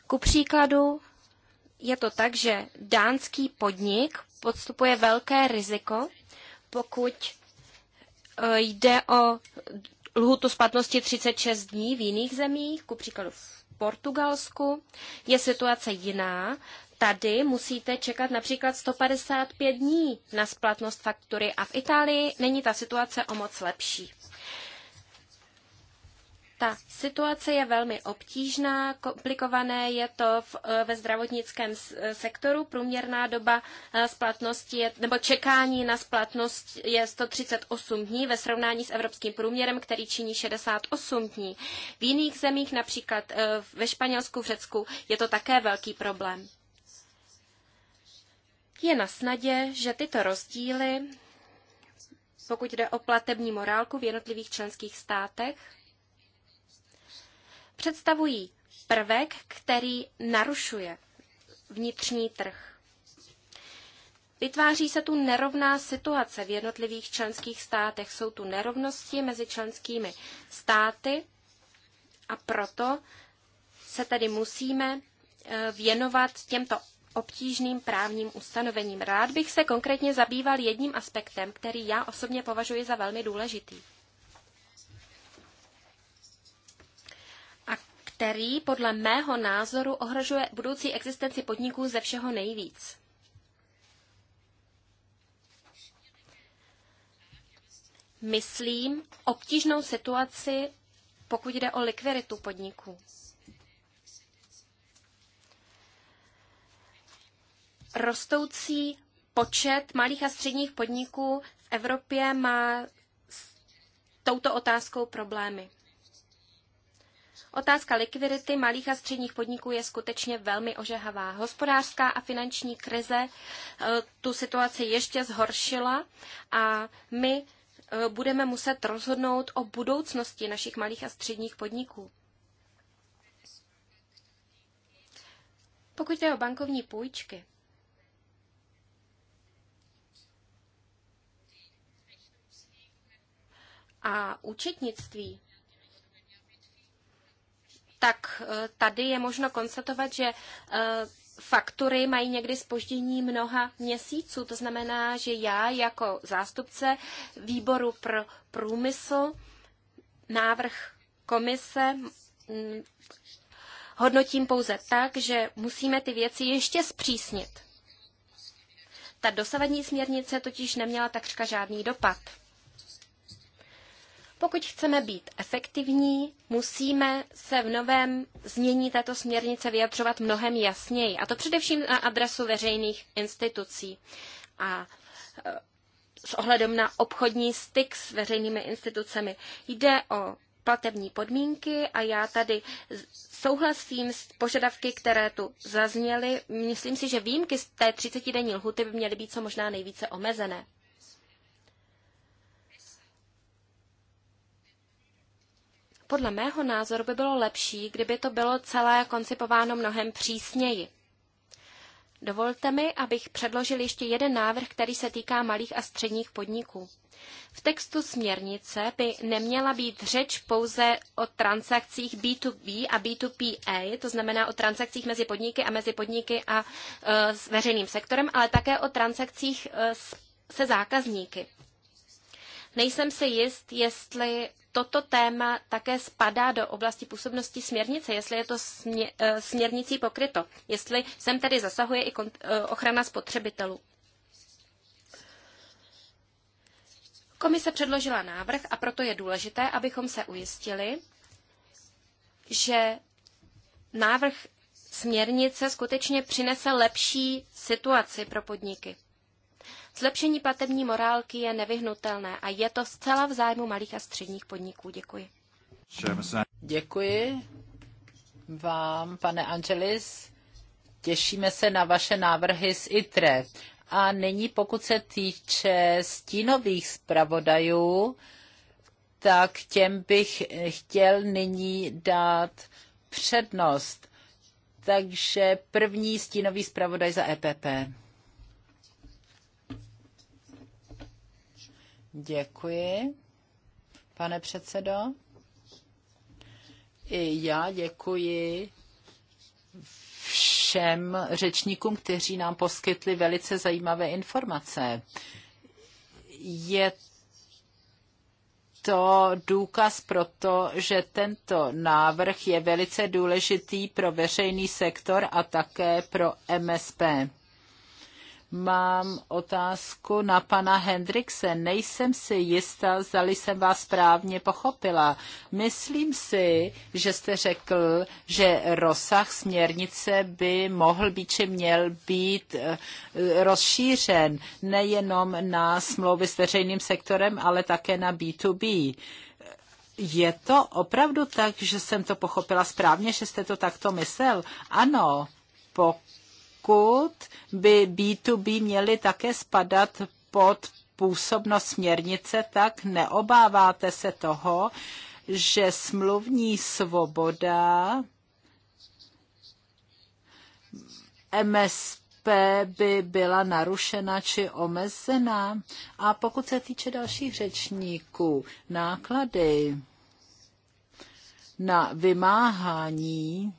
Speaker 4: Ku příkladu je to tak, že dánský podnik podstupuje velké riziko, pokud eh, jde o lhutu splatnosti 36 dní v jiných zemích, ku příkladu v Portugalsku, je situace jiná. Tady musíte čekat například 155 dní na splatnost faktury a v Itálii není ta situace o moc lepší. Ta situace je velmi obtížná, komplikované je to v, e, ve zdravotnickém e, sektoru. Průměrná doba e, splatnosti je, nebo čekání na splatnost je 138 dní ve srovnání s evropským průměrem, který činí 68 dní. V jiných zemích, například ve Španělsku, v Řecku, je to také velký problém. Je na snadě, že tyto rozdíly, pokud jde o platební morálku v jednotlivých členských státech, představují prvek, který narušuje vnitřní trh. Vytváří se tu nerovná situace v jednotlivých členských státech. Jsou tu nerovnosti mezi členskými státy a proto se tedy musíme eh, věnovat těmto obtížným právním ustanovením. Rád bych se konkrétně zabýval jedním aspektem, který já osobně považuji za velmi důležitý. který podle mého názoru ohrožuje budoucí existenci podniků ze všeho nejvíc. Myslím obtížnou situaci, pokud jde o likviditu podniků. Rostoucí počet malých a středních podniků v Evropě má s touto otázkou problémy. Otázka likvidity malých a středních podniků je skutečně velmi ožehavá. Hospodářská a finanční krize eh, tu situaci ještě zhoršila a my eh, budeme muset rozhodnout o budoucnosti našich malých a středních podniků. Pokud jde o bankovní půjčky, a účetnictví, tak eh, tady je možno konstatovat, že eh, faktury mají někdy spoždění mnoha měsíců. To znamená, že já jako zástupce výboru pro průmysl návrh komise hodnotím pouze tak, že musíme ty věci ještě zpřísnit. Ta dosavadní směrnice totiž neměla takřka žádný dopad. Pokud chceme být efektivní, musíme se v novém znění této směrnice vyjadřovat mnohem jasněji, a to především na adresu veřejných institucí. A e, s ohledem na obchodní styk s veřejnými institucemi. Jde o platební podmínky a já tady souhlasím s požadavky, které tu zazněly. Myslím si, že výjimky z té 30-denní lhuty by měly být co možná nejvíce omezené. Podle mého názoru by bylo lepší, kdyby to bylo celé koncipováno mnohem přísněji. Dovolte mi, abych předložil ještě jeden návrh, který se týká malých a středních podniků. V textu směrnice by neměla být řeč pouze o transakcích B2B a B2PA, to znamená o transakcích mezi podniky a mezi podniky a uh, s veřejným sektorem, ale také o transakcích uh, se zákazníky. Nejsem si jist, jestli toto téma také spadá do oblasti působnosti směrnice, jestli je to smě, eh, směrnicí pokryto, jestli sem tedy zasahuje i eh, ochrana spotřebitelů. Komise předložila návrh a proto je důležité, abychom se ujistili, že návrh směrnice skutečně přinese lepší situaci pro podniky. Zlepšení platební morálky je nevyhnutelné a je to zcela v zájmu malých a středních podniků. Děkuji. Děkuji vám, pane Angelis.
Speaker 3: Těšíme se na vaše návrhy z ITRE. A nyní, pokud se týče stínových zpravodajů, tak těm bych chtěl nyní dát přednost. Takže první stínový zpravodaj za EPP. Děkuji, pane předsedo. I já děkuji všem řečníkům, kteří nám poskytli velice zajímavé informace. Je to důkaz pro to, že tento návrh je velice důležitý pro veřejný sektor a také pro MSP. Mám otázku na pana Hendrikse. Nejsem si jistá, zdali jsem vás správně pochopila. Myslím si, že jste řekl, že rozsah směrnice by mohl být či měl být eh, rozšířen nejenom na smlouvy s veřejným sektorem, ale také na B2B. Je to opravdu tak, že jsem to pochopila správně, že jste to takto myslel? Ano, pokud pokud by B2B měly také spadat pod působnost směrnice, tak neobáváte se toho, že smluvní svoboda MSP by byla narušena či omezena. A pokud se týče dalších řečníků, náklady na vymáhání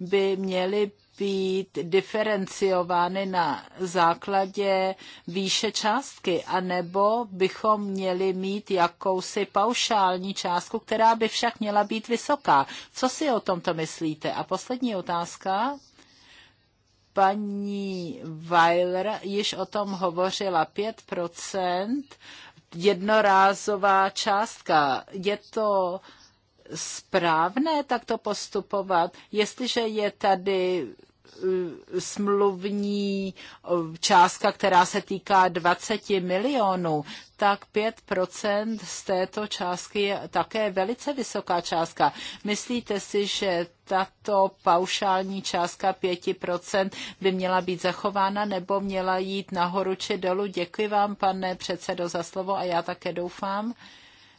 Speaker 3: by měly být diferenciovány na základě výše částky, anebo bychom měli mít jakousi paušální částku, která by však měla být vysoká. Co si o tomto myslíte? A poslední otázka. Paní Weiler již o tom hovořila 5%, jednorázová částka. Je to správné takto postupovat, jestliže je tady uh, smluvní uh, částka, která se týká 20 milionů, tak 5% z této částky je také velice vysoká částka. Myslíte si, že tato paušální částka 5% by měla být zachována nebo měla jít nahoru či dolů? Děkuji vám, pane předsedo, za slovo a já také doufám,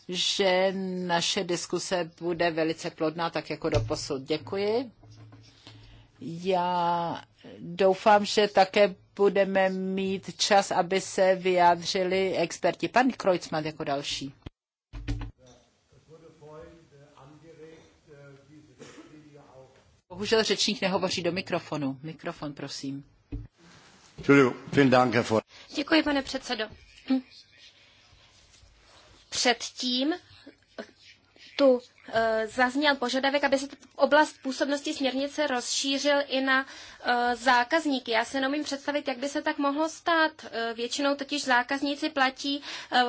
Speaker 3: že naše diskuse bude velice plodná, tak jako do posud. Děkuji. Já doufám, že také budeme mít čas, aby se vyjádřili experti. Pan Kreutzmann jako další. Bohužel řečník nehovoří do mikrofonu. Mikrofon, prosím. Děkuji,
Speaker 4: pane předsedo předtím, tu e, zazněl požadavek, aby se oblast působnosti směrnice rozšířil i na e, zákazníky. Já se neumím představit, jak by se tak mohlo stát. E, většinou totiž zákazníci platí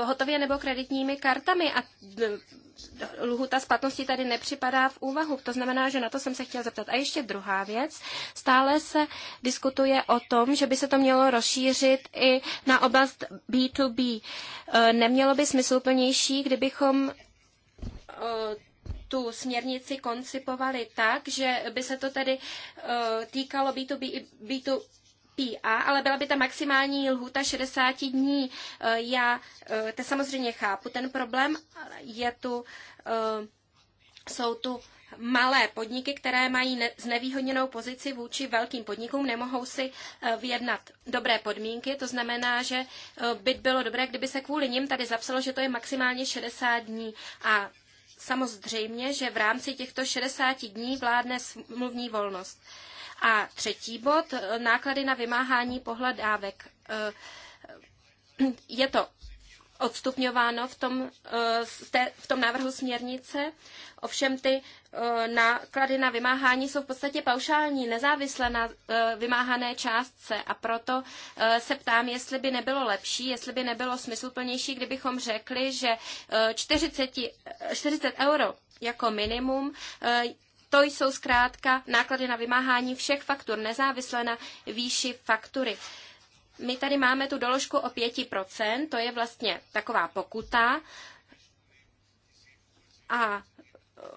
Speaker 4: hotově nebo kreditními kartami a lhuta splatnosti tady nepřipadá v úvahu. To znamená, že na to jsem se chtěla zeptat. A ještě druhá věc. Stále se diskutuje o tom, že by se to mělo rozšířit i na oblast B2B. Nemělo by smysl plnější, kdybychom Eh, tu směrnici koncipovali tak, že by se to tedy eh, týkalo B2B, B2, PA, ale byla by ta maximální lhůta 60 dní. Eh, já to samozřejmě chápu, ten problém je tu, jsou tu malé podniky, které mají znevýhodněnou pozici vůči velkým podnikům, nemohou si vyjednat dobré podmínky. To znamená, že by bylo dobré, kdyby se kvůli nim tady zapsalo, že to je maximálně 60 dní. A samozřejmě, že v rámci těchto 60 dní vládne smluvní volnost. A třetí bod, náklady na vymáhání pohledávek. Eh, je to odstupňováno v tom, eh, v tom návrhu směrnice. Ovšem ty eh, náklady na vymáhání jsou v podstatě paušální, nezávisle na eh, vymáhané částce a proto se ptám, jestli by nebylo lepší, jestli by nebylo smysluplnější, kdybychom řekli, že 40, 40 euro jako minimum to jsou zkrátka náklady na vymáhání všech faktur, nezávisle na výši faktury my tady máme tu doložku o 5%, to je vlastně taková pokuta. A eh,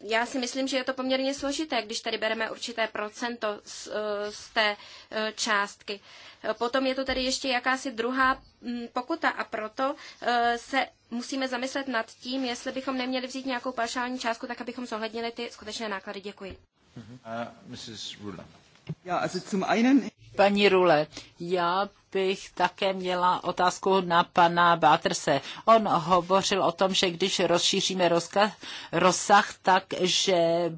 Speaker 4: já si myslím, že je to poměrně složité, když tady bereme určité procento z, eh, z té eh, částky. Potom je to tady ještě jakási druhá mm, pokuta a proto se musíme zamyslet nad tím, jestli bychom neměli vzít nějakou paušální částku, tak abychom zohlednili ty skutečné náklady. Děkuji.
Speaker 3: Uh, Mrs. Rula. Paní rühle já bych také měla otázku na pana Bátrse. On hovořil o tom, že když rozšíříme rozkaz, rozsah, tak že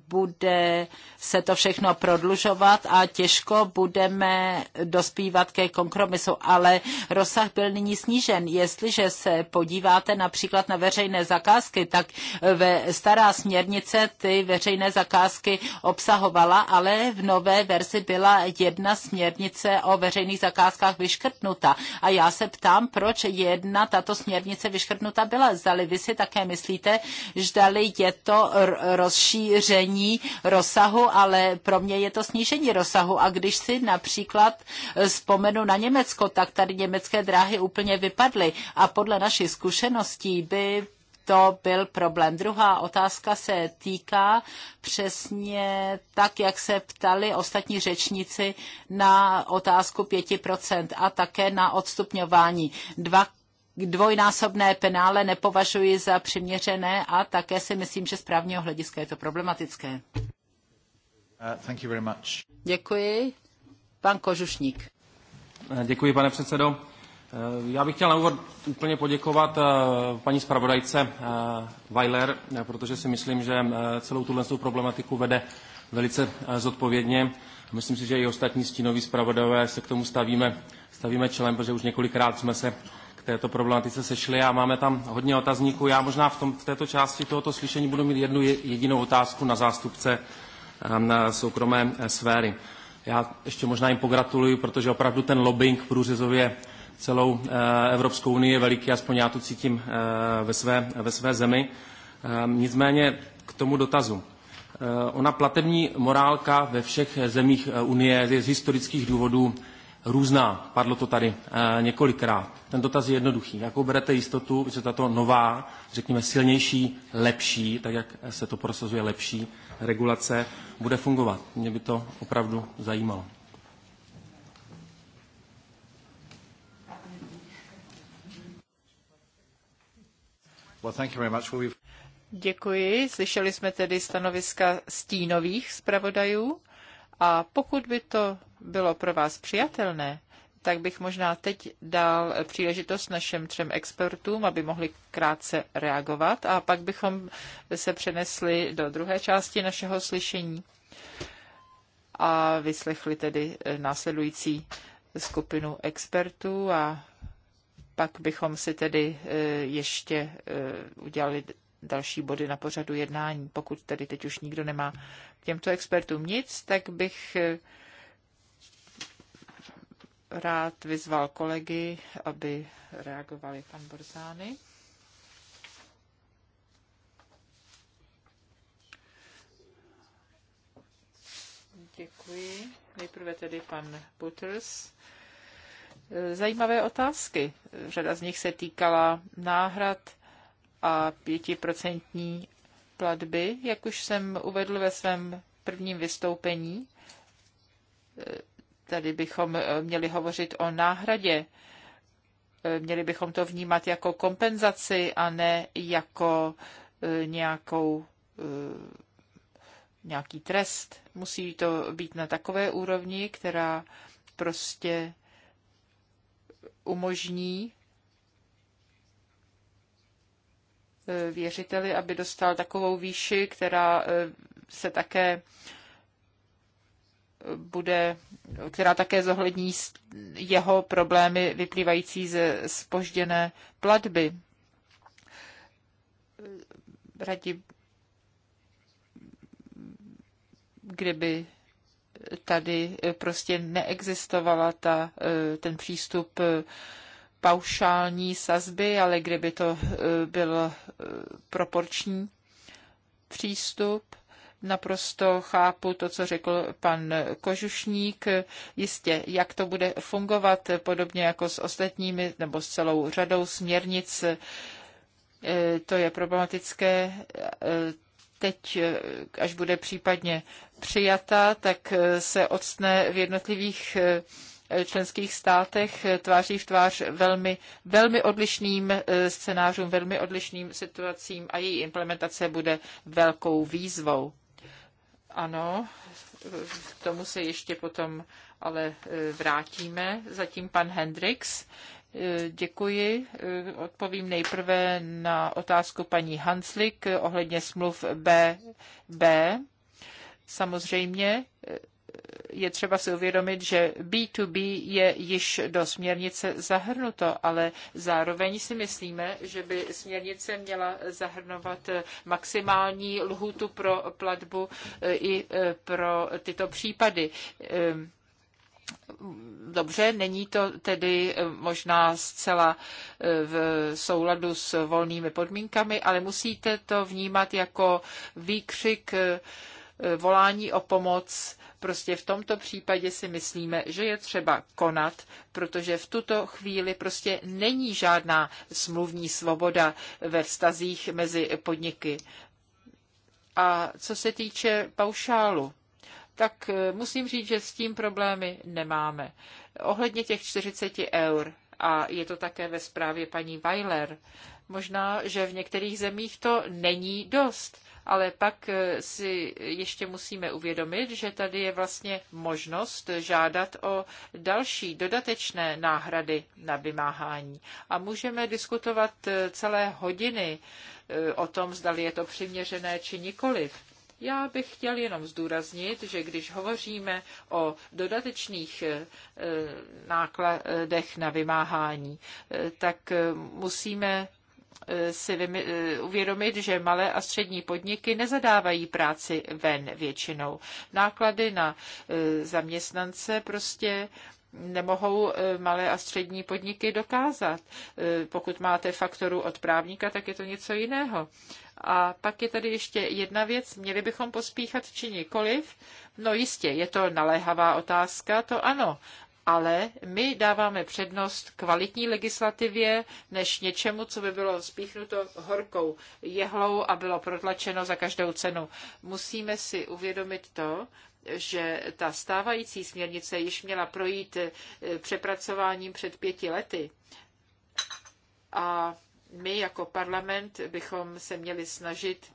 Speaker 3: bude se to všechno prodlužovat a těžko budeme dospívat ke kompromisu, ale rozsah byl nyní snížen. Jestliže se podíváte například na veřejné zakázky, tak ve stará směrnice ty veřejné zakázky obsahovala, ale v nové verzi byla jedna směrnice o veřejných zakázkách vyškrtnutá vyškrtnuta. A já se ptám, proč jedna tato směrnice vyškrtnuta byla. Zdali vy si také myslíte, zdali je to rozšíření rozsahu, ale pro mě je to snížení rozsahu. A když si například eh, vzpomenu na Německo, tak tady německé dráhy úplně vypadly. A podle našich zkušeností by to byl problém. Druhá otázka se týká přesně tak, jak se ptali ostatní řečníci na otázku 5% a také na odstupňování. Dva dvojnásobné penále nepovažuji za přiměřené a také si myslím, že z právního hlediska je to problematické.
Speaker 2: Uh, thank you very much.
Speaker 3: Děkuji. Pan Kožušník.
Speaker 2: Děkuji, pane předsedo. Eh, já bych chtěl na úvod úplně poděkovat eh, paní zpravodajce eh, Weiler, protože si myslím, že celou tuhle problematiku vede velice zodpovědně. Myslím si, že i ostatní stínoví zpravodajové se k tomu stavíme, stavíme čelem, protože už několikrát jsme se k této problematice sešli a máme tam hodně otazníků. Já možná v, tom, v této části tohoto slyšení budu mít jednu jedinou otázku na zástupce na ehm, soukromé sféry. Já ještě možná jim pogratuluji, protože opravdu ten lobbying průřezově celou eh, Evropskou unii je veliký, aspoň já to cítím eh, ve své, ve své zemi. Eh, nicméně k tomu dotazu. Ona platební morálka ve všech zemích Unie je z historických důvodů různá. Padlo to tady několikrát. Ten dotaz je jednoduchý. Jakou berete jistotu, že tato nová, řekněme silnější, lepší, tak jak se to prosazuje lepší, regulace bude fungovat? Mě by to opravdu zajímalo.
Speaker 1: Děkuji. Slyšeli jsme tedy stanoviska stínových zpravodajů a pokud by to bylo pro vás přijatelné, tak bych možná teď dal příležitost našem třem expertům, aby mohli krátce reagovat a pak bychom se přenesli do druhé části našeho slyšení a vyslechli tedy následující skupinu expertů a pak bychom si tedy e, ještě e, udělali další body na pořadu jednání. Pokud tedy teď už nikdo nemá k těmto expertům nic, tak bych e, rád vyzval kolegy, aby reagovali pan Borzány. Děkuji. Nejprve tedy pan Butters zajímavé otázky. Řada z nich se týkala náhrad a pětiprocentní platby, jak už jsem uvedl ve svém prvním vystoupení. Tady bychom měli hovořit o náhradě. Měli bychom to vnímat jako kompenzaci a ne jako e, nějakou, e, nějaký trest. Musí to být na takové úrovni, která prostě umožní eh, věřiteli, aby dostal takovou výši, která eh, se také eh, bude, která také zohlední jeho problémy vyplývající ze spožděné platby. Radi, kdyby tady eh, prostě neexistovala ta, eh, ten přístup eh, paušální sazby, ale kdyby to byl proporční přístup, naprosto chápu to, co řekl pan Kožušník. Jistě, jak to bude fungovat, podobně jako s ostatními nebo s celou řadou směrnic, to je problematické teď, eh, až bude případně přijata, tak eh, se odstne v jednotlivých eh, členských státech tváří v tvář velmi, velmi odlišným scénářům, velmi odlišným situacím a její implementace bude velkou výzvou. Ano, k tomu se ještě potom ale vrátíme. Zatím pan Hendrix. Děkuji. Odpovím nejprve na otázku paní Hanslik ohledně smluv BB. Samozřejmě je třeba si uvědomit, že B2B je již do směrnice zahrnuto, ale zároveň si myslíme, že by směrnice měla zahrnovat maximální lhůtu pro platbu i pro tyto případy. Ehm, Dobře, není to tedy možná zcela e, v souladu s volnými podmínkami, ale musíte to vnímat jako výkřik, e, volání o pomoc. Prostě v tomto případě si myslíme, že je třeba konat, protože v tuto chvíli prostě není žádná smluvní svoboda ve vztazích mezi podniky. A co se týče paušálu, tak eh, musím říct, že s tím problémy nemáme. Ohledně těch 40 eur, a je to také ve zprávě paní Weiler, možná, že v některých zemích to není dost, ale pak eh, si ještě musíme uvědomit, že tady je vlastně možnost žádat o další dodatečné náhrady na vymáhání. A můžeme diskutovat eh, celé hodiny o tom, zda je to přiměřené či nikoliv. Já bych chtěl jenom zdůraznit, že když hovoříme o dodatečných eh, nákladech na vymáhání, eh, tak eh, musíme si uvědomit, že malé a střední podniky nezadávají práci ven většinou. Náklady na zaměstnance prostě nemohou malé a střední podniky dokázat. Pokud máte faktoru od právníka, tak je to něco jiného. A pak je tady ještě jedna věc, měli bychom pospíchat či nikoliv? No jistě, je to naléhavá otázka, to ano, ale my dáváme přednost kvalitní legislativě než něčemu, co by bylo spíchnuto horkou jehlou a bylo protlačeno za každou cenu. Musíme si uvědomit to, že ta stávající směrnice již měla projít eh, přepracováním před pěti lety. A my jako parlament bychom se měli snažit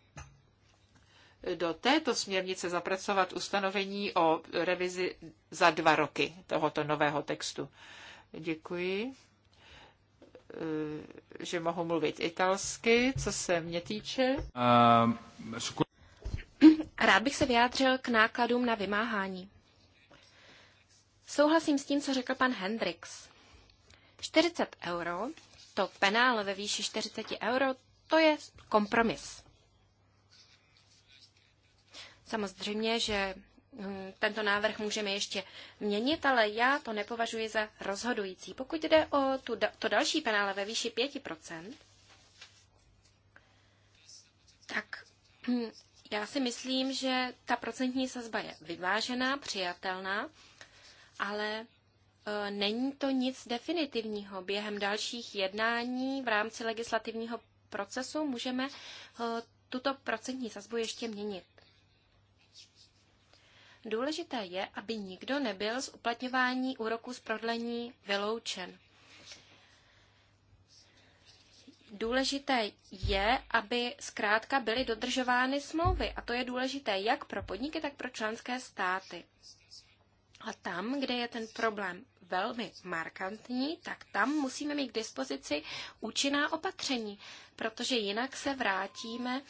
Speaker 1: do této směrnice zapracovat ustanovení o revizi za dva roky tohoto nového textu. Děkuji, eh, že mohu mluvit italsky, co se mě
Speaker 4: týče. Eh, rád bych se vyjádřil k nákladům na vymáhání. Souhlasím s tím, co řekl pan Hendrix. 40 euro to penále ve výši 40 euro, to je kompromis. Samozřejmě, že hm, tento návrh můžeme ještě měnit, ale já to nepovažuji za rozhodující. Pokud jde o tu, to další penále ve výši 5%, tak hm, já si myslím, že ta procentní sazba je vyvážená, přijatelná, ale E, není to nic definitivního. Během dalších jednání v rámci legislativního procesu můžeme e, tuto procentní sazbu ještě měnit. Důležité je, aby nikdo nebyl z uplatňování úroku z prodlení vyloučen. Důležité je, aby zkrátka byly dodržovány smlouvy a to je důležité jak pro podniky, tak pro členské státy. A tam, kde je ten problém velmi markantní, tak tam musíme mít k dispozici účinná opatření, protože jinak se vrátíme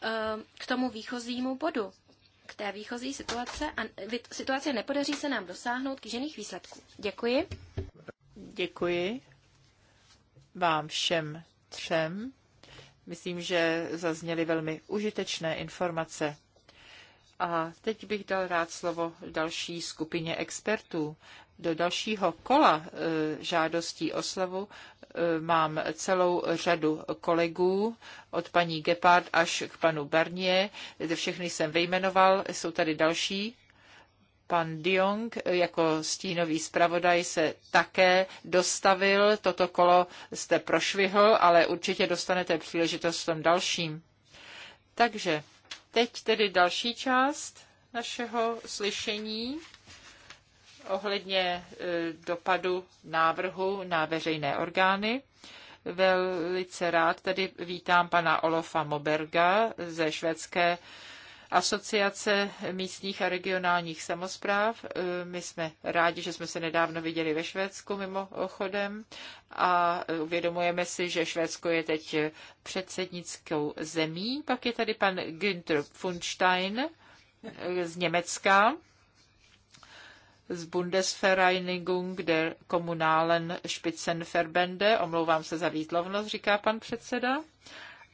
Speaker 4: ehm, k tomu výchozímu bodu, k té výchozí situace a situace nepodaří se nám dosáhnout kýžených výsledků. Děkuji.
Speaker 1: Děkuji vám všem třem. Myslím, že zazněly velmi užitečné informace. A teď bych dal rád slovo další skupině expertů. Do dalšího kola e, žádostí o slovo e, mám celou řadu kolegů, od paní Gepard až k panu Barnier. Všechny jsem vyjmenoval, jsou tady další. Pan Diong e, jako stínový zpravodaj se také dostavil. Toto kolo jste prošvihl, ale určitě dostanete příležitost v tom dalším. Takže Teď tedy další část našeho slyšení ohledně e, dopadu návrhu na veřejné orgány. Velice rád tady vítám pana Olofa Moberga ze švédské Asociace místních a regionálních samozpráv. Eh, My jsme rádi, že jsme se nedávno viděli ve Švédsku mimochodem a uvědomujeme si, že Švédsko je teď předsednickou zemí. Pak je tady pan Günther Funstein eh, z Německa z Bundesvereinigung der Kommunalen Spitzenverbände. Omlouvám se za výtlovnost, říká pan předseda.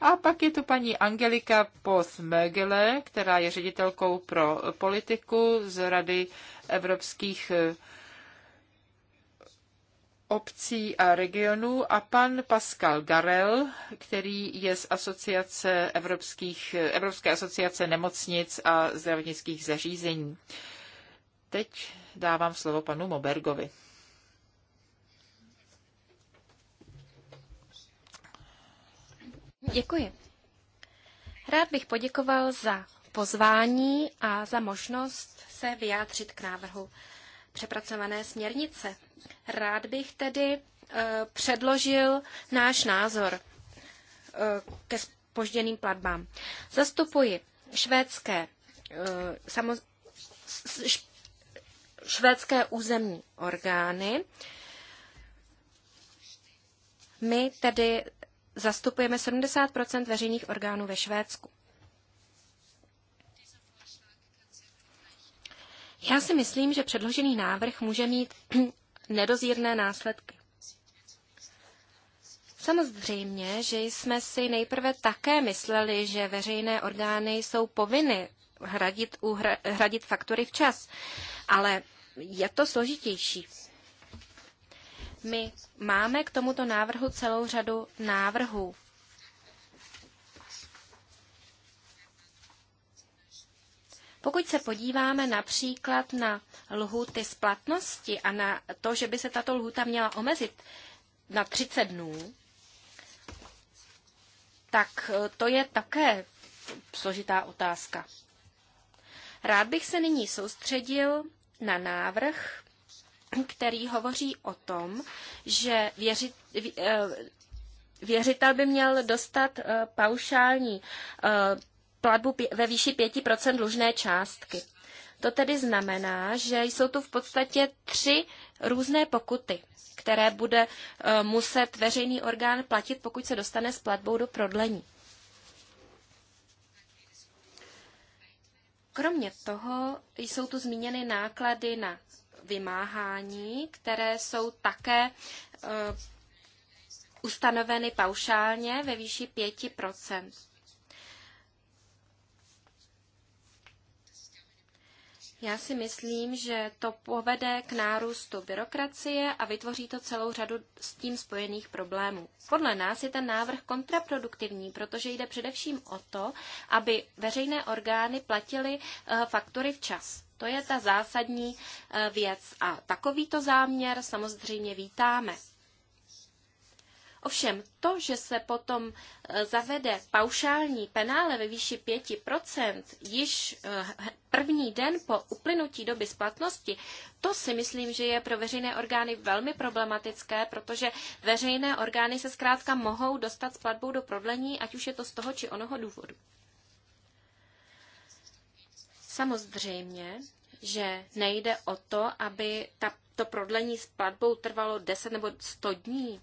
Speaker 1: A pak je tu paní Angelika Posmögele, která je ředitelkou pro politiku z Rady evropských eh, obcí a regionů a pan Pascal Garel, který je z asociace Evropských, eh, Evropské asociace nemocnic a zdravotnických zařízení. Teď dávám slovo panu Mobergovi.
Speaker 4: Děkuji. Rád bych poděkoval za pozvání a za možnost se vyjádřit k návrhu přepracované směrnice. Rád bych tedy e, předložil náš názor e, ke spožděným platbám. Zastupuji švédské, e, švédské územní orgány. My tedy zastupujeme 70 veřejných orgánů ve Švédsku. Já si myslím, že předložený návrh může mít nedozírné následky. Samozřejmě, že jsme si nejprve také mysleli, že veřejné orgány jsou povinny hradit, uhra, hradit faktury včas, ale je to složitější. My máme k tomuto návrhu celou řadu návrhů. Pokud se podíváme například na lhuty splatnosti a na to, že by se tato lhuta měla omezit na 30 dnů, tak e, to je také složitá otázka. Rád bych se nyní soustředil na návrh, který hovoří o tom, že věřit, eh, věřitel by měl dostat eh, paušální eh, platbu ve výši 5% dlužné částky. To tedy znamená, že jsou tu v podstatě tři různé pokuty, které bude muset veřejný orgán platit, pokud se dostane s platbou do prodlení. Kromě toho jsou tu zmíněny náklady na vymáhání, které jsou také e, ustanoveny paušálně ve výši 5 Já si myslím, že to povede k nárůstu byrokracie a vytvoří to celou řadu s tím spojených problémů. Podle nás je ten návrh kontraproduktivní, protože jde především o to, aby veřejné orgány platily e, faktury včas. To je ta zásadní eh, věc a takovýto záměr samozřejmě vítáme. Ovšem to, že se potom eh, zavede paušální penále ve výši 5% již eh, první den po uplynutí doby splatnosti, to si myslím, že je pro veřejné orgány velmi problematické, protože veřejné orgány se zkrátka mohou dostat s platbou do prodlení, ať už je to z toho či onoho důvodu. Samozřejmě, že nejde o to, aby ta, to prodlení s platbou trvalo 10 nebo 100 dní.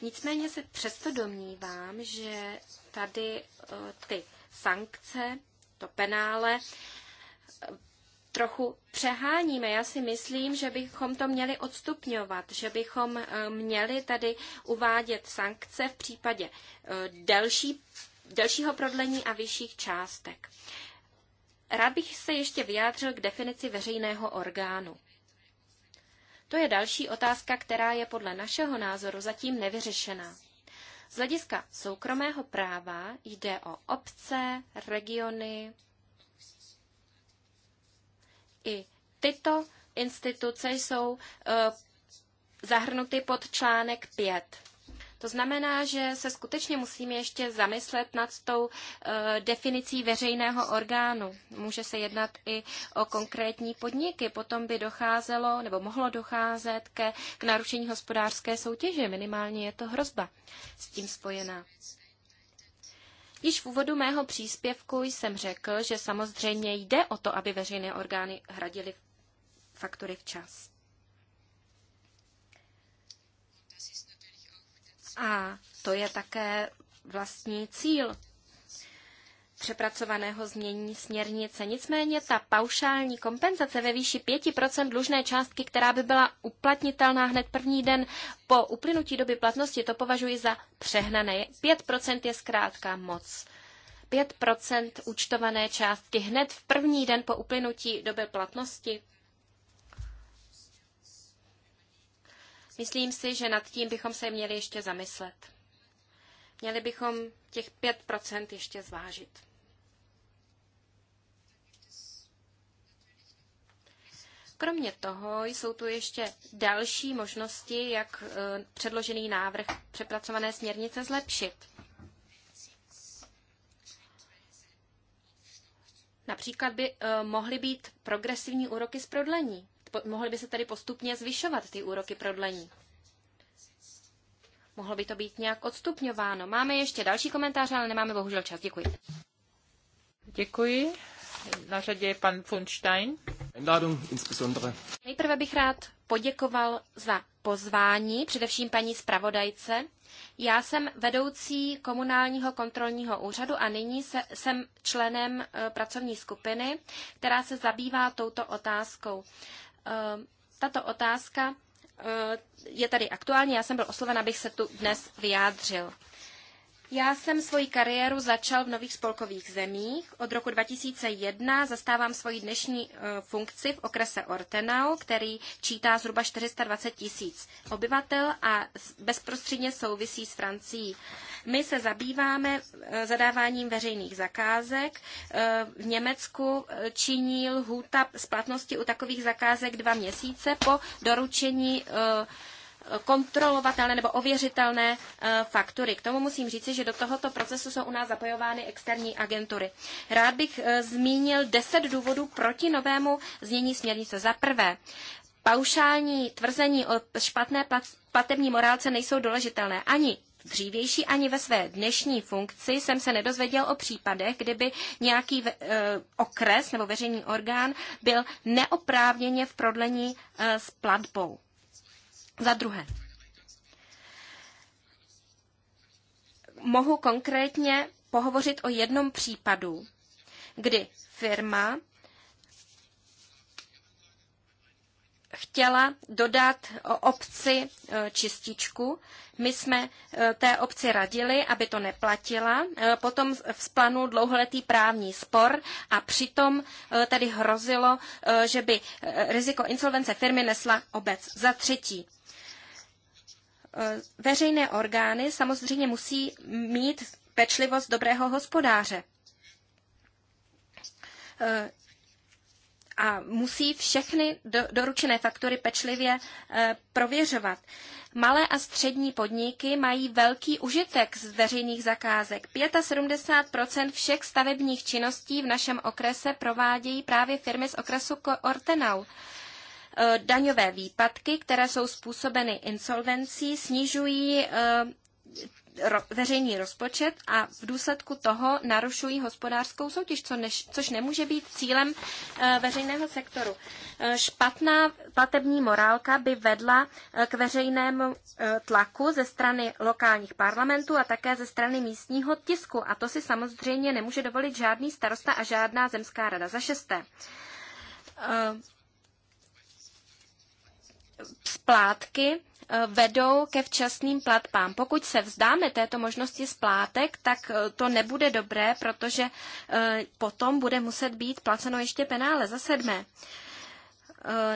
Speaker 4: Nicméně se přesto domnívám, že tady e, ty sankce, to penále, e, trochu přeháníme. Já si myslím, že bychom to měli odstupňovat, že bychom e, měli tady uvádět sankce v případě delší Dalšího prodlení a vyšších částek. Rád bych se ještě vyjádřil k definici veřejného orgánu. To je další otázka, která je podle našeho názoru zatím nevyřešená. Z hlediska soukromého práva jde o obce, regiony i tyto instituce jsou uh, zahrnuty pod článek 5 to znamená, že se skutečně musíme ještě zamyslet nad tou eh, definicí veřejného orgánu. Může se jednat i o konkrétní podniky. Potom by docházelo nebo mohlo docházet ke, k narušení hospodářské soutěže. Minimálně je to hrozba s tím spojená. Již v úvodu mého příspěvku jsem řekl, že samozřejmě jde o to, aby veřejné orgány hradily faktury včas. A to je také vlastní cíl přepracovaného změní směrnice. Nicméně ta paušální kompenzace ve výši 5% dlužné částky, která by byla uplatnitelná hned první den po uplynutí doby platnosti, to považuji za přehnané. 5% je zkrátka moc. 5% účtované částky hned v první den po uplynutí doby platnosti, Myslím si, že nad tím bychom se měli ještě zamyslet. Měli bychom těch 5% ještě zvážit. Kromě toho jsou tu ještě další možnosti, jak e, předložený návrh přepracované směrnice zlepšit. Například by e, mohly být progresivní úroky z prodlení mohly by se tady postupně zvyšovat ty úroky prodlení. Mohlo by to být nějak odstupňováno. Máme ještě další komentář, ale nemáme bohužel čas. Děkuji. Děkuji. Na řadě je pan Funstein. Nejprve bych rád poděkoval za pozvání, především paní zpravodajce. Já jsem vedoucí komunálního kontrolního úřadu a nyní se, jsem členem e, pracovní skupiny, která se zabývá touto otázkou. Eh, tato otázka eh, je tady aktuální. Já jsem byl osloven, abych se tu dnes vyjádřil. Já jsem svoji kariéru začal v nových spolkových zemích. Od roku 2001 zastávám svoji dnešní eh, funkci v okrese Ortenau, který čítá zhruba 420 tisíc obyvatel a bezprostředně souvisí s Francií. My se zabýváme eh, zadáváním veřejných zakázek. Eh, v Německu činí lhůta splatnosti u takových zakázek dva měsíce po doručení kontrolovatelné nebo ověřitelné eh, faktury. K tomu musím říci, že do tohoto procesu jsou u nás zapojovány externí agentury. Rád bych eh, zmínil deset důvodů proti novému znění směrnice. Za prvé, paušální tvrzení o špatné platební morálce nejsou doležitelné ani dřívější ani ve své dnešní funkci jsem se nedozvěděl o případech, kdyby nějaký e, okres nebo veřejný orgán byl neoprávněně v prodlení e, s platbou. Za druhé, mohu konkrétně pohovořit o jednom případu, kdy firma chtěla dodat obci e, čističku. My jsme e, té obci radili, aby to neplatila. E, potom vzplanul dlouholetý právní spor a přitom tady hrozilo, že by riziko insolvence firmy nesla obec. Za třetí, Eh, veřejné orgány samozřejmě musí mít pečlivost dobrého hospodáře. Eh, a musí všechny doručené faktory pečlivě eh, prověřovat. Malé a střední podniky mají velký užitek z veřejných zakázek. 75 všech stavebních činností v našem okrese provádějí právě firmy z okresu Ortenau. Eh, daňové výpadky, které jsou způsobeny insolvencí, snižují eh, veřejný rozpočet a v důsledku toho narušují hospodářskou soutěž, co než, což nemůže být cílem e, veřejného sektoru. E, špatná platební morálka by vedla e, k veřejnému e, tlaku ze strany lokálních parlamentů a také ze strany místního tisku. A to si samozřejmě nemůže dovolit žádný starosta a žádná zemská rada. Za šesté. E, splátky eh, vedou ke včasným platbám. Pokud se vzdáme této možnosti splátek, tak eh, to nebude dobré, protože eh, potom bude muset být placeno ještě penále za sedmé.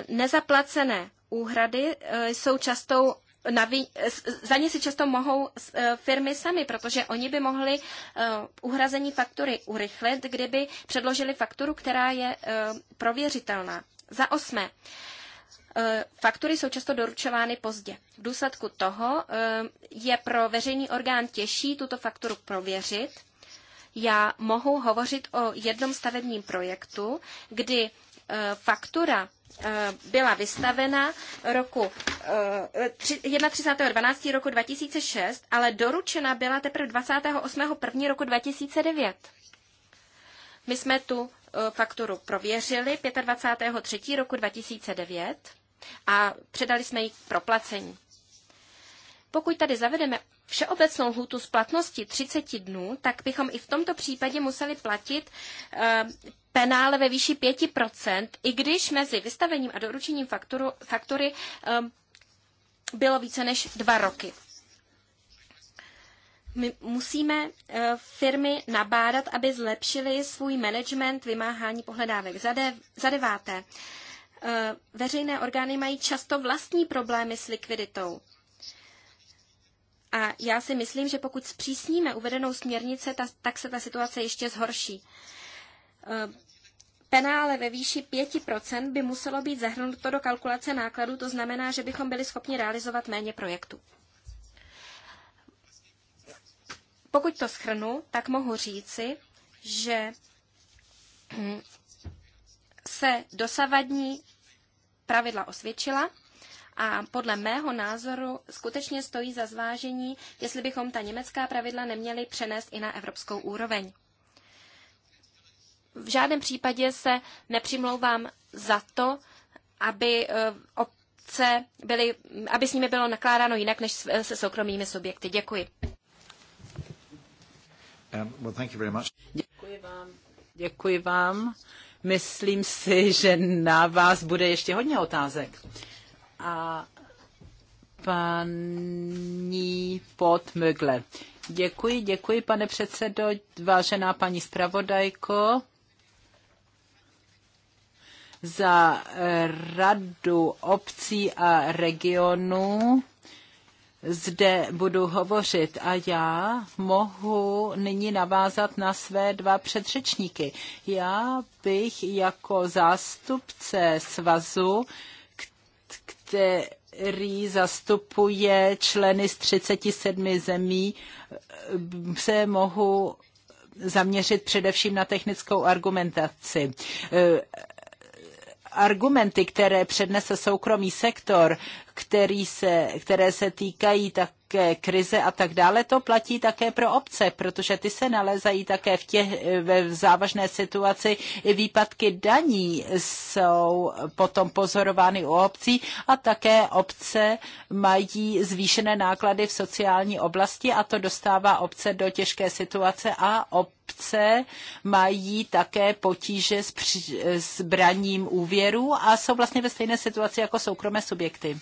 Speaker 4: Nezaplacené úhrady jsou častou Navi- za ně si často mohou firmy sami, protože oni by mohli uhrazení faktury urychlit, kdyby předložili fakturu, která je prověřitelná. Za osmé, faktury jsou často doručovány pozdě. V důsledku toho je pro veřejný orgán těžší tuto fakturu prověřit. Já mohu hovořit o jednom stavebním projektu, kdy faktura byla vystavena roku 31.12. roku 2006, ale doručena byla teprve 28.1. roku 2009. My jsme tu fakturu prověřili 25.3. roku 2009 a předali jsme ji k proplacení. Pokud tady zavedeme všeobecnou hůtu splatnosti 30 dnů, tak bychom i v tomto případě museli platit e, penále ve výši 5%, i když mezi vystavením a doručením fakturu, faktury e, bylo více než dva roky. My musíme eh, firmy nabádat, aby zlepšily svůj management vymáhání pohledávek. Za deváté, Eh, veřejné orgány mají často vlastní problémy s likviditou. A já si myslím, že pokud zpřísníme uvedenou směrnice, ta, tak se ta situace ještě zhorší. Eh, penále ve výši 5% by muselo být zahrnuto do kalkulace nákladů, to znamená, že bychom byli schopni realizovat méně projektů. Pokud to schrnu, tak mohu říci, že hm, se dosavadní pravidla osvědčila a podle mého názoru skutečně stojí za zvážení, jestli bychom ta německá pravidla neměli přenést i na evropskou úroveň. V žádném případě se nepřimlouvám za to, aby eh, obce byly, aby s nimi bylo nakládáno jinak než eh, se soukromými subjekty. Děkuji.
Speaker 1: Um, well, Děkuji
Speaker 3: vám. Děkuji vám Myslím si, že na vás bude ještě hodně otázek. A paní Potmögle. Děkuji, děkuji, pane předsedo, vážená paní zpravodajko, za radu obcí a regionů zde budu hovořit a já mohu nyní navázat na své dva předřečníky. Já bych jako zástupce svazu, který zastupuje členy z 37 zemí, se mohu zaměřit především na technickou argumentaci argumenty, které přednese soukromý sektor, který se, které se týkají tak hospodářské krize a tak dále, to platí také pro obce, protože ty se nalezají také v, těch, v závažné situaci. I výpadky daní jsou potom pozorovány u obcí a také obce mají zvýšené náklady v sociální oblasti a to dostává obce do těžké situace a obce mají také potíže s, při, s braním úvěru a jsou vlastně ve stejné situaci jako soukromé subjekty.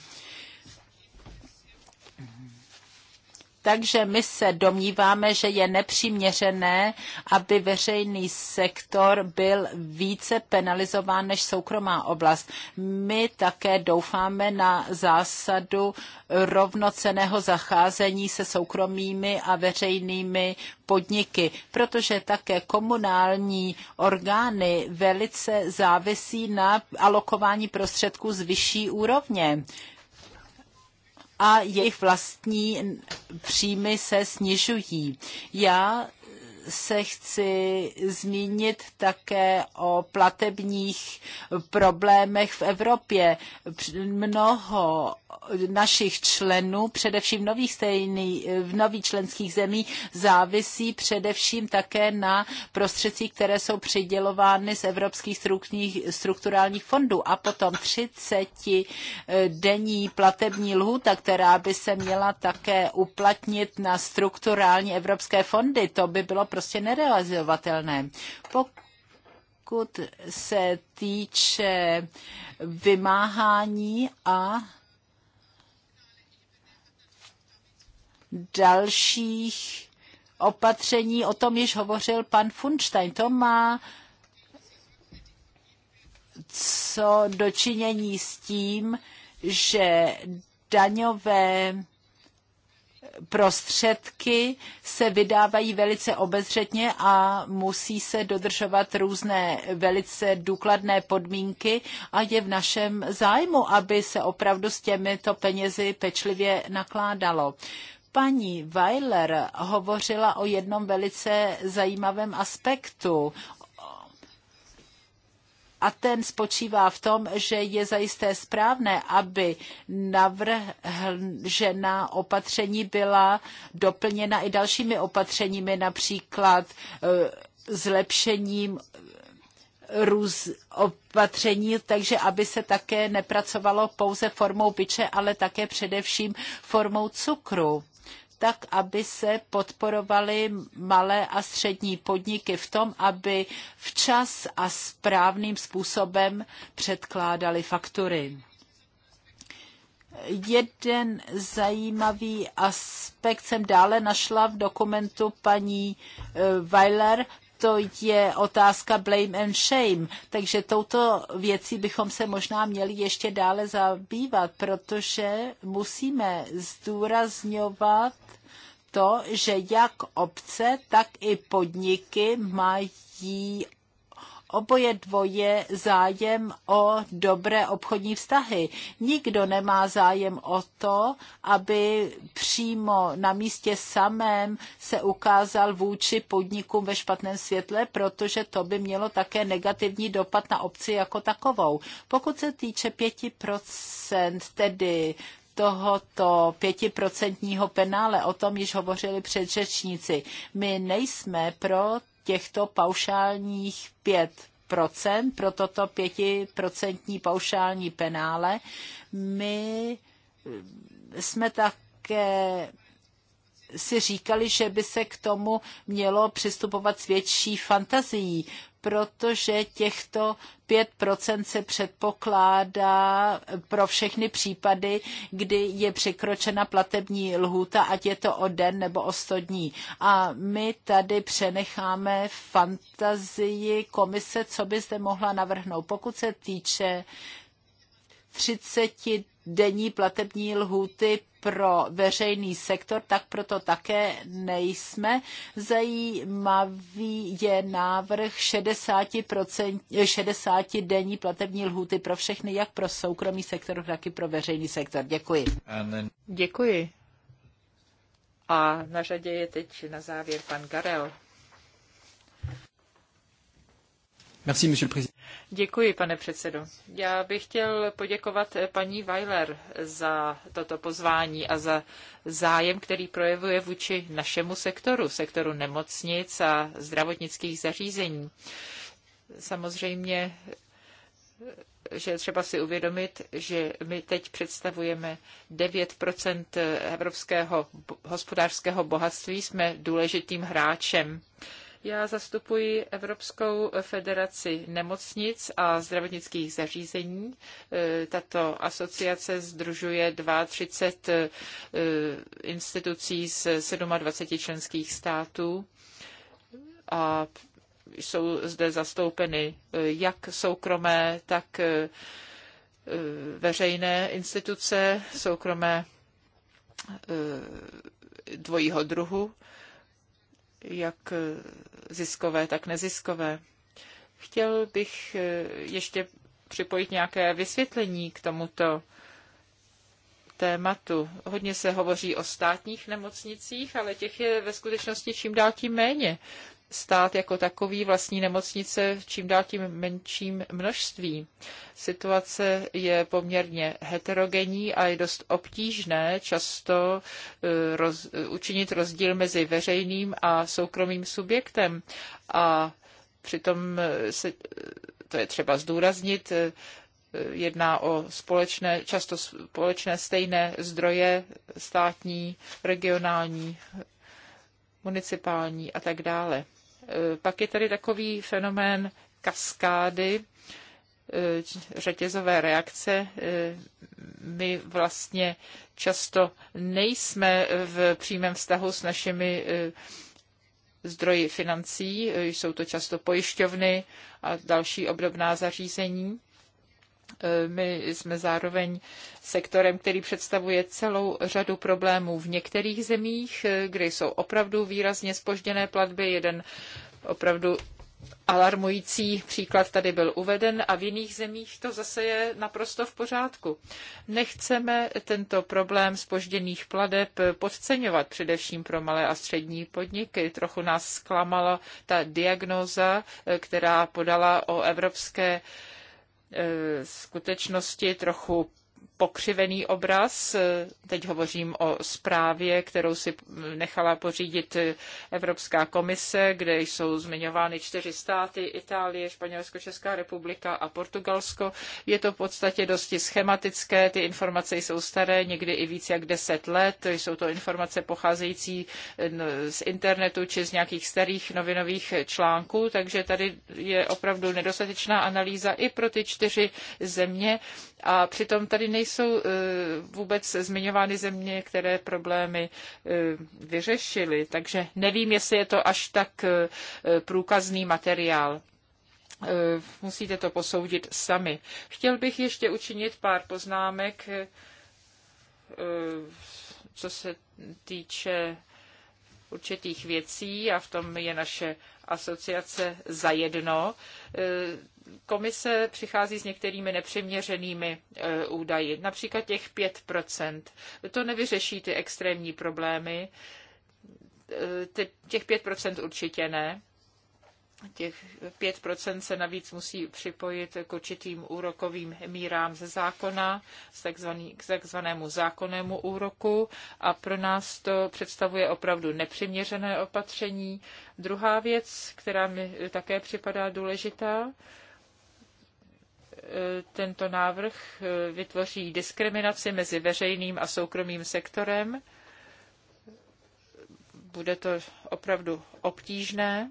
Speaker 3: Takže my se domníváme, že je nepřiměřené, aby veřejný sektor byl více penalizován než soukromá oblast. My také doufáme na zásadu rovnoceného zacházení se soukromými a veřejnými podniky, protože také komunální orgány velice závisí na alokování prostředků z vyšší úrovně a jejich vlastní příjmy se snižují. Já se chci zmínit také o platebních problémech v Evropě. Mnoho našich členů, především nových stejný, v nových členských zemí, závisí především také na prostředcích, které jsou přidělovány z evropských strukturálních fondů. A potom 30 denní platební lhůta, která by se měla také uplatnit na strukturální evropské fondy. To by bylo prostě nerealizovatelné. Pokud se týče vymáhání a dalších opatření, o tom již hovořil pan Funstein. To má co dočinění s tím, že daňové prostředky se vydávají velice obezřetně a musí se dodržovat různé velice důkladné podmínky a je v našem zájmu, aby se opravdu s těmito penězi pečlivě nakládalo paní Weiler hovořila o jednom velice zajímavém aspektu, a ten spočívá v tom, že je zajisté správné, aby navržená opatření byla doplněna i dalšími opatřeními, například eh, zlepšením růz opatření, takže aby se také nepracovalo pouze formou byče, ale také především formou cukru tak, aby se podporovaly malé a střední podniky v tom, aby včas a správným způsobem předkládali faktury. Jeden zajímavý aspekt jsem dále našla v dokumentu paní eh, Weiler, to je otázka blame and shame. Takže touto věcí bychom se možná měli ještě dále zabývat, protože musíme zdůrazňovat to, že jak obce, tak i podniky mají oboje dvoje zájem o dobré obchodní vztahy. Nikdo nemá zájem o to, aby přímo na místě samém se ukázal vůči podnikům ve špatném světle, protože to by mělo také negativní dopad na obci jako takovou. Pokud se týče 5%, tedy tohoto pětiprocentního penále, o tom již hovořili předřečníci. My nejsme pro těchto paušálních 5 pro toto pětiprocentní paušální penále. My jsme také si říkali, že by se k tomu mělo přistupovat s větší fantazií, protože těchto 5% se předpokládá pro všechny případy, kdy je překročena platební lhůta, ať je to o den nebo o 100 dní. A my tady přenecháme fantazii komise, co by zde mohla navrhnout. Pokud se týče 30 denní platební lhůty pro veřejný sektor, tak proto také nejsme. Zajímavý je návrh 60%, 60 denní platební lhůty pro všechny, jak pro soukromý sektor, tak i pro veřejný sektor. Děkuji. Then... Děkuji.
Speaker 1: A na řadě je teď na závěr pan Garel. Merci, monsieur le président. Děkuji, pane předsedo. Já bych chtěl poděkovat eh, paní Weiler za toto pozvání a za zájem, který projevuje vůči našemu sektoru, sektoru nemocnic a zdravotnických zařízení. Samozřejmě
Speaker 2: eh,
Speaker 1: že třeba si uvědomit, že my teď představujeme 9 eh, evropského hospodářského bohatství, jsme důležitým hráčem já zastupuji Evropskou federaci nemocnic a zdravotnických zařízení. E, tato asociace združuje 32 e, institucí z 27 členských států a jsou zde zastoupeny e, jak soukromé, tak veřejné instituce, soukromé dvojího druhu jak ziskové, tak neziskové. Chtěl bych eh, ještě připojit nějaké vysvětlení k tomuto tématu. Hodně se hovoří o státních nemocnicích, ale těch je ve skutečnosti čím dál tím méně stát jako takový vlastní nemocnice v čím dál tím menším množství. Situace je poměrně heterogenní a je dost obtížné často eh, roz, eh, učinit rozdíl mezi veřejným a soukromým subjektem. A přitom eh, se, to je třeba zdůraznit, jedná o společné, často společné stejné zdroje státní, regionální, municipální a tak dále. E, pak je tady takový fenomén kaskády, e, řetězové reakce. E, my vlastně často nejsme v přímém vztahu s našimi zdroji financí, jsou to často pojišťovny a další obdobná zařízení. E, my jsme zároveň sektorem, který představuje celou řadu problémů v některých zemích, e, kde jsou opravdu výrazně spožděné platby. Jeden opravdu alarmující příklad tady byl uveden a v jiných zemích to zase je naprosto v pořádku. Nechceme tento problém spožděných pladeb podceňovat především pro malé a střední podniky. Trochu nás zklamala ta diagnóza, e, která podala o evropské Eh, skutečnosti trochu pokřivený obraz. Teď hovořím o zprávě, kterou si nechala pořídit Evropská komise, kde jsou zmiňovány čtyři státy, Itálie, Španělsko, Česká republika a Portugalsko. Je to v podstatě dosti schematické, ty informace jsou staré, někdy i víc jak deset let. Jsou to informace pocházející no, z internetu či z nějakých starých novinových článků, takže tady je opravdu nedostatečná analýza i pro ty čtyři země a přitom tady nejsou eh, vůbec zmiňovány země, které problémy eh, vyřešily. Takže nevím, jestli je to až tak eh, průkazný materiál musíte to posoudit sami. Chtěl bych ještě učinit pár poznámek, co se týče určitých věcí a v tom je naše asociace za jedno. E, komise přichází s některými nepřiměřenými e, údaji, například těch 5%. To nevyřeší ty extrémní problémy, e, těch 5% určitě ne těch 5% se navíc musí připojit k určitým úrokovým mírám ze zákona, k takzvanému zákonnému úroku a pro nás to představuje opravdu nepřiměřené opatření. Druhá věc, která mi také připadá důležitá, tento návrh vytvoří diskriminaci mezi veřejným a soukromým sektorem. Bude to opravdu obtížné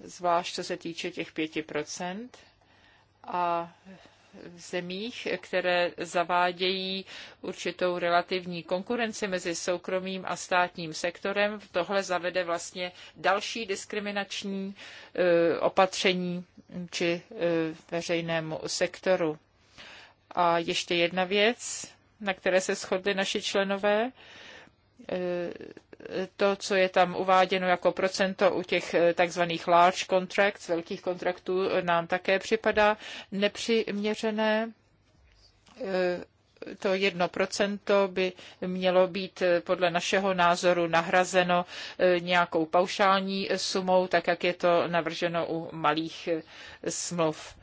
Speaker 1: zvlášť co se týče těch 5%. A v zemích, které zavádějí určitou relativní konkurenci mezi soukromým a státním sektorem. Tohle zavede vlastně další diskriminační eh, opatření či eh, veřejnému sektoru. A ještě jedna věc, na které se shodli naši členové eh, to, co je tam uváděno jako procento u těch eh, takzvaných large contracts, velkých kontraktů, eh, nám také připadá nepřiměřené eh, to jedno procento by mělo být podle našeho názoru nahrazeno nějakou paušální sumou, tak jak je to navrženo u malých smluv.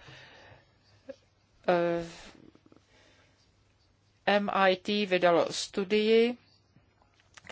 Speaker 1: MIT vydalo studii,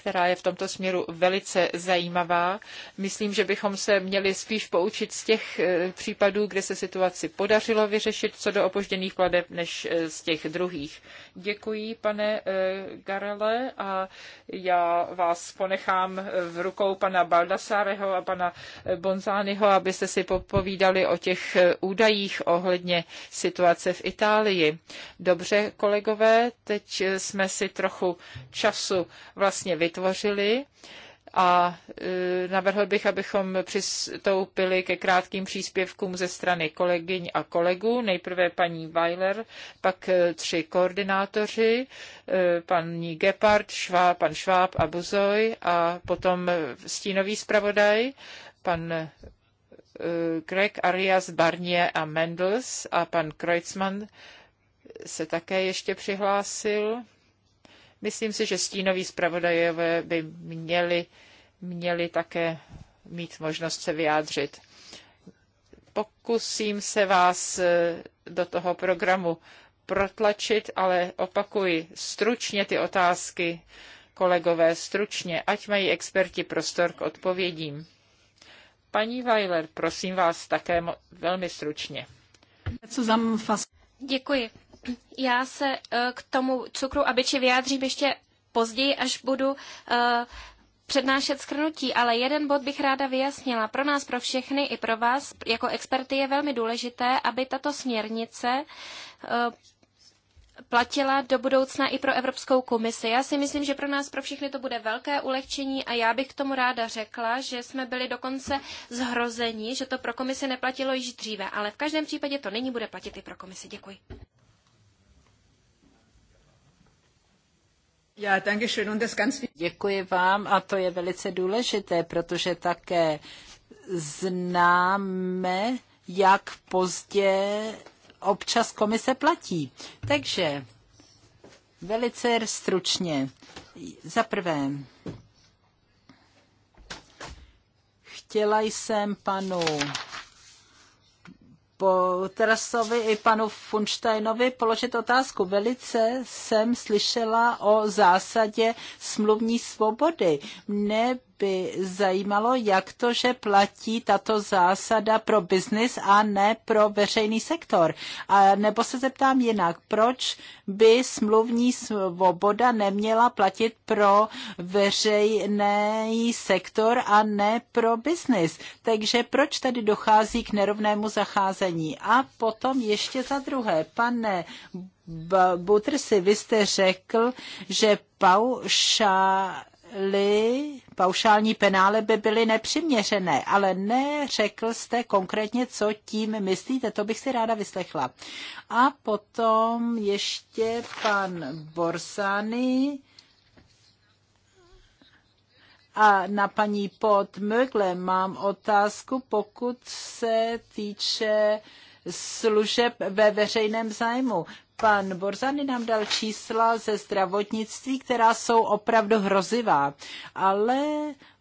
Speaker 1: která je v tomto směru velice zajímavá. Myslím, že bychom se měli spíš poučit z těch eh, případů, kde se situaci podařilo vyřešit co do opožděných pladeb, než eh, z těch druhých. Děkuji, pane eh, Garele, a já vás ponechám v rukou pana Baldasáreho a pana Bonzányho, abyste si popovídali o těch údajích ohledně situace v Itálii. Dobře, kolegové, teď jsme si trochu času vlastně vytvořili vytvořili a e, navrhl bych, abychom přistoupili ke krátkým příspěvkům ze strany kolegyň a kolegů. Nejprve paní Weiler, pak e, tři koordinátoři, e, paní Gepard, Šváb, pan Šváb a Buzoj a potom stínový zpravodaj, pan Greg Arias Barnier a Mendels a pan Kreutzmann se také ještě přihlásil. Myslím si, že stínoví zpravodajové by měli, měli také mít možnost se vyjádřit. Pokusím se vás eh, do toho programu protlačit, ale opakuji stručně ty otázky, kolegové, stručně, ať mají experti prostor k odpovědím. Paní Weiler, prosím vás také velmi stručně.
Speaker 4: Děkuji. Já se eh, k tomu cukru a byči vyjádřím ještě později, až budu eh, přednášet skrnutí, ale jeden bod bych ráda vyjasnila. Pro nás, pro všechny i pro vás jako experty je velmi důležité, aby tato směrnice eh, platila do budoucna i pro Evropskou komisi. Já si myslím, že pro nás, pro všechny to bude velké ulehčení a já bych k tomu ráda řekla, že jsme byli dokonce zhrozeni, že to pro komisi neplatilo již dříve, ale v každém případě to nyní bude platit i pro komisi. Děkuji.
Speaker 3: Děkuji vám a to je velice důležité, protože také známe, jak pozdě občas komise platí. Takže velice stručně. Za prvé, chtěla jsem panu Trasovi i panu Funštajnovi položit otázku. Velice jsem slyšela o zásadě smluvní svobody. Mne by zajímalo, jak to, že platí tato zásada pro biznis a ne pro veřejný sektor. A nebo se zeptám jinak, proč by smluvní svoboda neměla platit pro veřejný sektor a ne pro biznis? Takže proč tady dochází k nerovnému zacházení? A potom ještě za druhé, pane Butrsi, vy jste řekl, že pauša, byly, paušální penále by byly nepřiměřené, ale neřekl jste konkrétně, co tím myslíte, to bych si ráda vyslechla. A potom ještě pan Borsany a na paní Podmögle mám otázku, pokud se týče uh, služeb ve veřejném zájmu. Pan Borzany nám dal čísla ze zdravotnictví, která jsou opravdu hrozivá, ale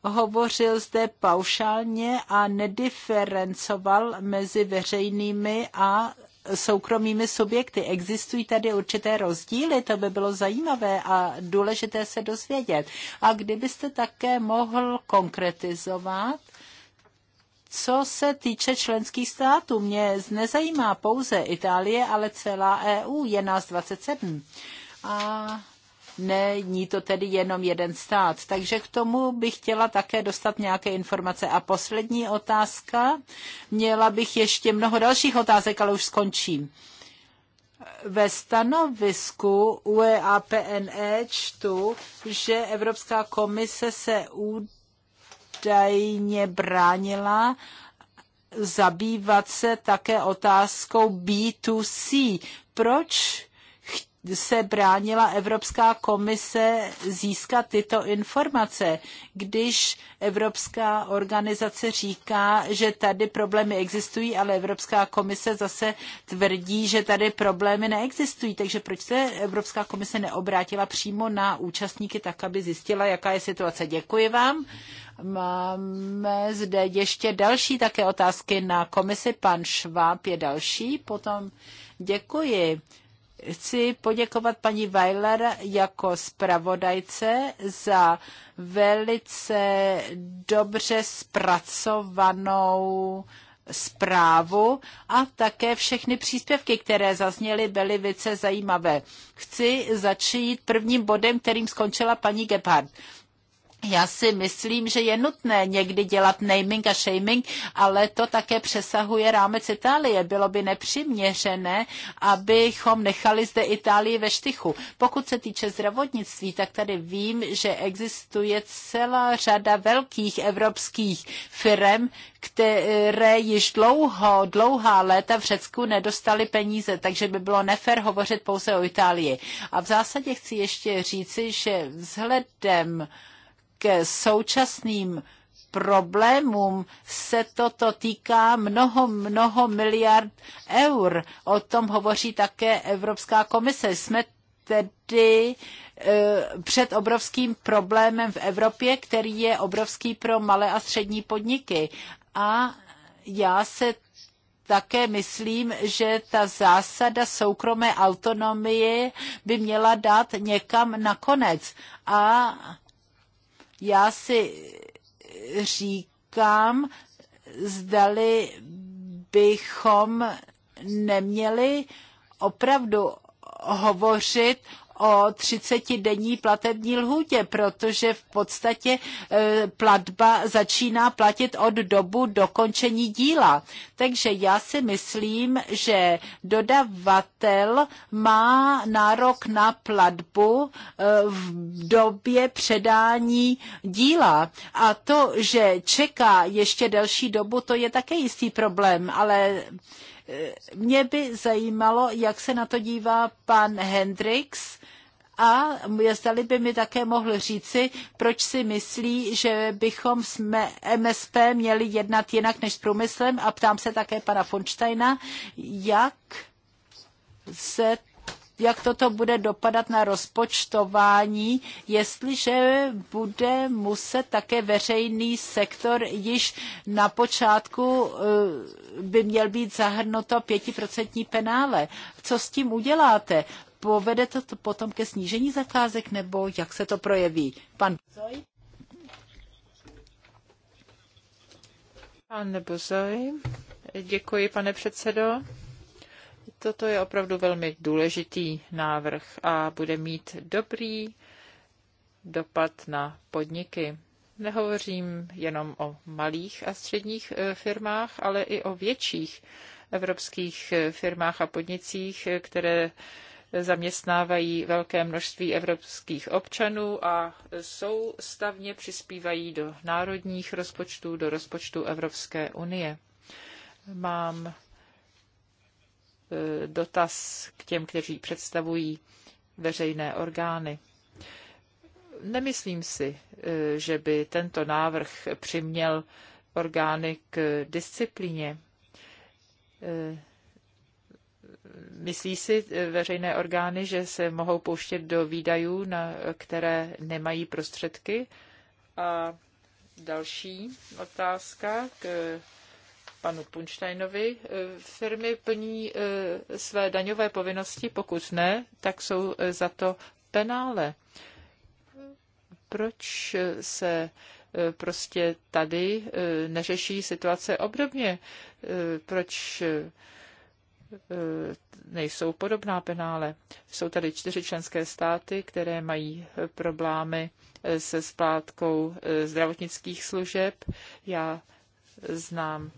Speaker 3: hovořil zde paušálně a nediferencoval mezi veřejnými a soukromými subjekty. Existují tady určité rozdíly, to by bylo zajímavé a důležité se dozvědět. A kdybyste také mohl konkretizovat, co se týče členských států, mě nezajímá pouze Itálie, ale celá EU, je nás 27. A není to tedy jenom jeden stát. Takže k tomu bych chtěla také dostat nějaké informace. A poslední otázka. Měla bych ještě mnoho dalších otázek, ale už skončím. Ve stanovisku UEAPNE e čtu, že Evropská komise se údajně údajně bránila zabývat se také otázkou B2C. Proč se bránila Evropská komise získat tyto informace, když Evropská organizace říká, že tady problémy existují, ale Evropská komise zase tvrdí, že tady problémy neexistují. Takže proč se Evropská komise neobrátila přímo na účastníky tak, aby zjistila, jaká je situace? Děkuji vám. Máme zde ještě další také otázky na komisi. Pan Šváb je další, potom děkuji chci poděkovat paní Weiler jako zpravodajce za velice dobře zpracovanou zprávu a také všechny příspěvky, které zazněly, byly velice zajímavé. Chci začít prvním bodem, kterým skončila paní Gebhardt. Já si myslím, že je nutné někdy dělat naming a shaming, ale to také přesahuje rámec Itálie. Bylo by nepřiměřené, abychom nechali zde Itálii ve štychu. Pokud se týče zdravotnictví, tak tady vím, že existuje celá řada velkých evropských firm, které již dlouho, dlouhá léta v Řecku nedostali peníze, takže by bylo nefér hovořit pouze o Itálii. A v zásadě chci ještě říci, že vzhledem k současným problémům se toto týká mnoho, mnoho miliard eur. O tom hovoří také Evropská komise. Jsme tedy e, před obrovským problémem v Evropě, který je obrovský pro malé a střední podniky. A já se také myslím, že ta zásada soukromé autonomie by měla dát někam nakonec. A já si říkám, zdali bychom neměli opravdu hovořit o 30-denní platební lhůtě, protože v podstatě e, platba začíná platit od dobu dokončení díla. Takže já si myslím, že dodavatel má nárok na platbu e, v době předání díla. A to, že čeká ještě delší dobu, to je také jistý problém, ale mě by zajímalo, jak se na to dívá pan Hendrix, a jestli by mi také mohl říci, proč si myslí, že bychom s MSP měli jednat jinak než s průmyslem a ptám se také pana Fonsteina, jak se jak toto bude dopadat na rozpočtování, jestliže bude muset také veřejný sektor již na počátku eh, by měl být zahrnuto 5% penále. Co s tím uděláte? Povede to, potom ke snížení zakázek nebo jak se to projeví? Pan Bozoj? Pan Bozoj, děkuji, pane
Speaker 1: předsedo. Toto je opravdu velmi důležitý návrh a bude mít dobrý dopad na podniky. Nehovořím jenom o malých a středních e, firmách, ale i o větších evropských e, firmách a podnicích, e, které zaměstnávají velké množství evropských občanů a soustavně přispívají do národních rozpočtů, do rozpočtu Evropské unie. Mám Eh, dotaz k těm, kteří představují veřejné orgány. Nemyslím si, eh, že by tento návrh přiměl orgány k disciplíně. Eh, myslí si veřejné orgány, že se mohou pouštět do výdajů, na které nemají prostředky? A další otázka k panu Punštajnovi. Eh, firmy plní eh, své daňové povinnosti, pokud ne, tak jsou eh, za to penále. Proč se prostě tady neřeší situace obdobně? Proč nejsou podobná penále. Jsou tady čtyři členské státy, které mají problémy se splátkou zdravotnických služeb. Já znám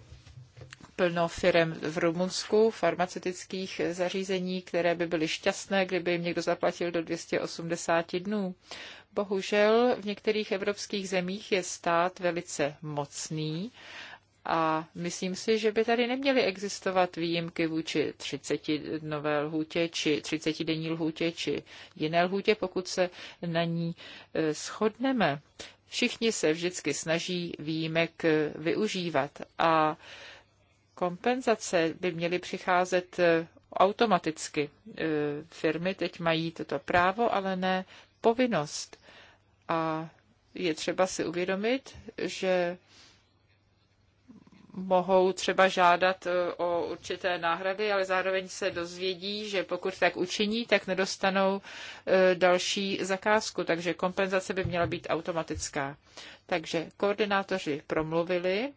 Speaker 1: plno firem v Rumunsku, farmaceutických zařízení, které by byly šťastné, kdyby jim někdo zaplatil do 280 dnů. Bohužel v některých evropských zemích je stát velice mocný a myslím si, že by tady neměly existovat výjimky vůči 30-dnové lhůtě, či 30-denní lhůtě, či jiné lhůtě, pokud se na ní eh, shodneme. Všichni se vždycky snaží výjimek eh, využívat a kompenzace by měly přicházet eh, automaticky. Eh, firmy teď mají toto právo, ale ne povinnost. A je třeba si uvědomit, že mohou třeba žádat eh, o určité náhrady, ale zároveň se dozvědí, že pokud tak učiní, tak nedostanou další zakázku, takže kompenzace by měla být automatická. Takže koordinátoři promluvili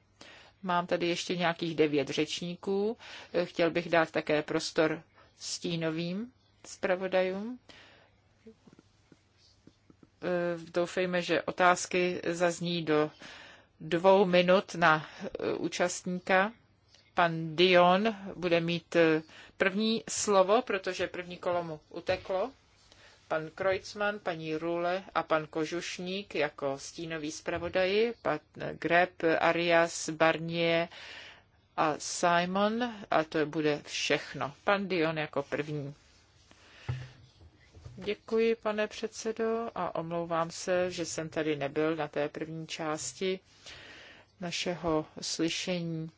Speaker 1: Mám tady ještě nějakých devět řečníků. Chtěl bych dát také prostor stínovým zpravodajům. Eh, doufejme, že otázky zazní do dvou minut na eh, účastníka. Pan Dion bude mít eh, první slovo, protože první kolo mu uteklo pan Kreutzmann, paní Rule a pan Kožušník jako stínoví zpravodaji, pan Greb, Arias, Barnier a Simon a to bude všechno. Pan Dion jako první. Děkuji, pane předsedo, a omlouvám se, že jsem tady nebyl na té první části našeho slyšení,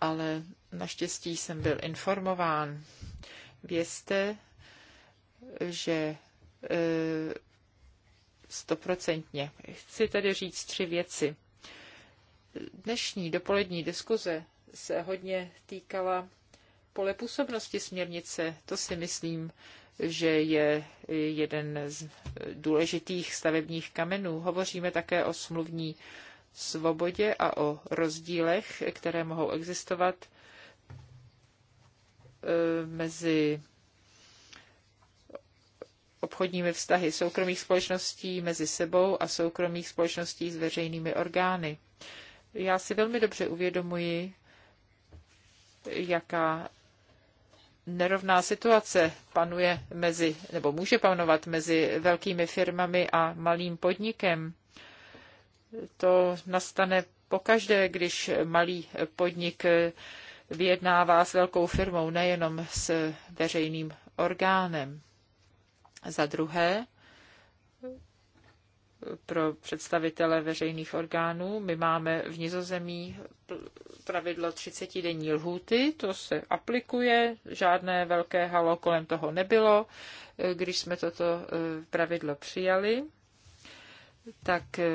Speaker 1: ale naštěstí jsem byl informován. Vězte, že e, stoprocentně. Chci tedy říct tři věci. Dnešní dopolední diskuze se hodně týkala pole působnosti směrnice. To si myslím, že je jeden z důležitých stavebních kamenů. Hovoříme také o smluvní svobodě a o rozdílech, které mohou existovat e, mezi obchodními vztahy soukromých společností mezi sebou a soukromých společností s veřejnými orgány. Já si velmi dobře uvědomuji, jaká nerovná situace panuje mezi, nebo může panovat mezi velkými firmami a malým podnikem. To nastane pokaždé, když malý podnik vyjednává s velkou firmou, nejenom s veřejným orgánem. Za druhé, pro představitele veřejných orgánů. My máme v Nizozemí pravidlo 30-denní lhůty, to se aplikuje, žádné velké halo kolem toho nebylo, když jsme toto e, pravidlo přijali, tak e,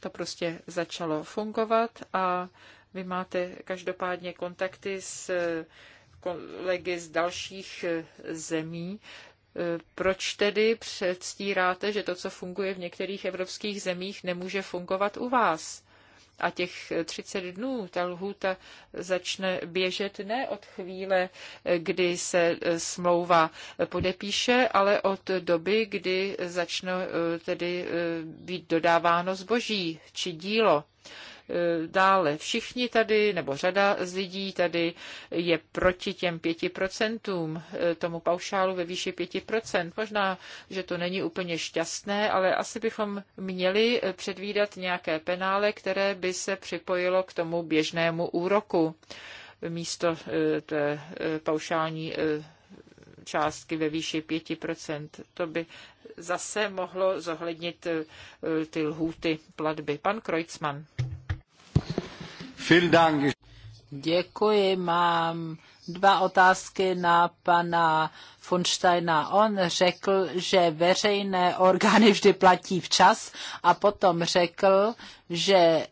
Speaker 1: to prostě začalo fungovat a vy máte každopádně kontakty s e, kolegy z dalších zemí, proč tedy předstíráte, že to, co funguje v některých evropských zemích, nemůže fungovat u vás? A těch 30 dnů, ta lhůta začne běžet ne od chvíle, kdy se smlouva podepíše, ale od doby, kdy začne eh, tedy eh, být dodáváno zboží či dílo. E, dále. Všichni tady, nebo řada z lidí tady je proti těm pěti procentům, e, tomu paušálu ve výši pěti procent. Možná, že to není úplně šťastné, ale asi bychom měli e, předvídat nějaké penále, které by se připojilo k tomu běžnému úroku místo té paušální částky ve výši 5%. To by zase mohlo zohlednit ty lhůty platby. Pan Kreutzmann.
Speaker 3: Děkuji, mám dva otázky na pana Funsteina. On řekl, že veřejné orgány vždy platí včas a potom řekl, že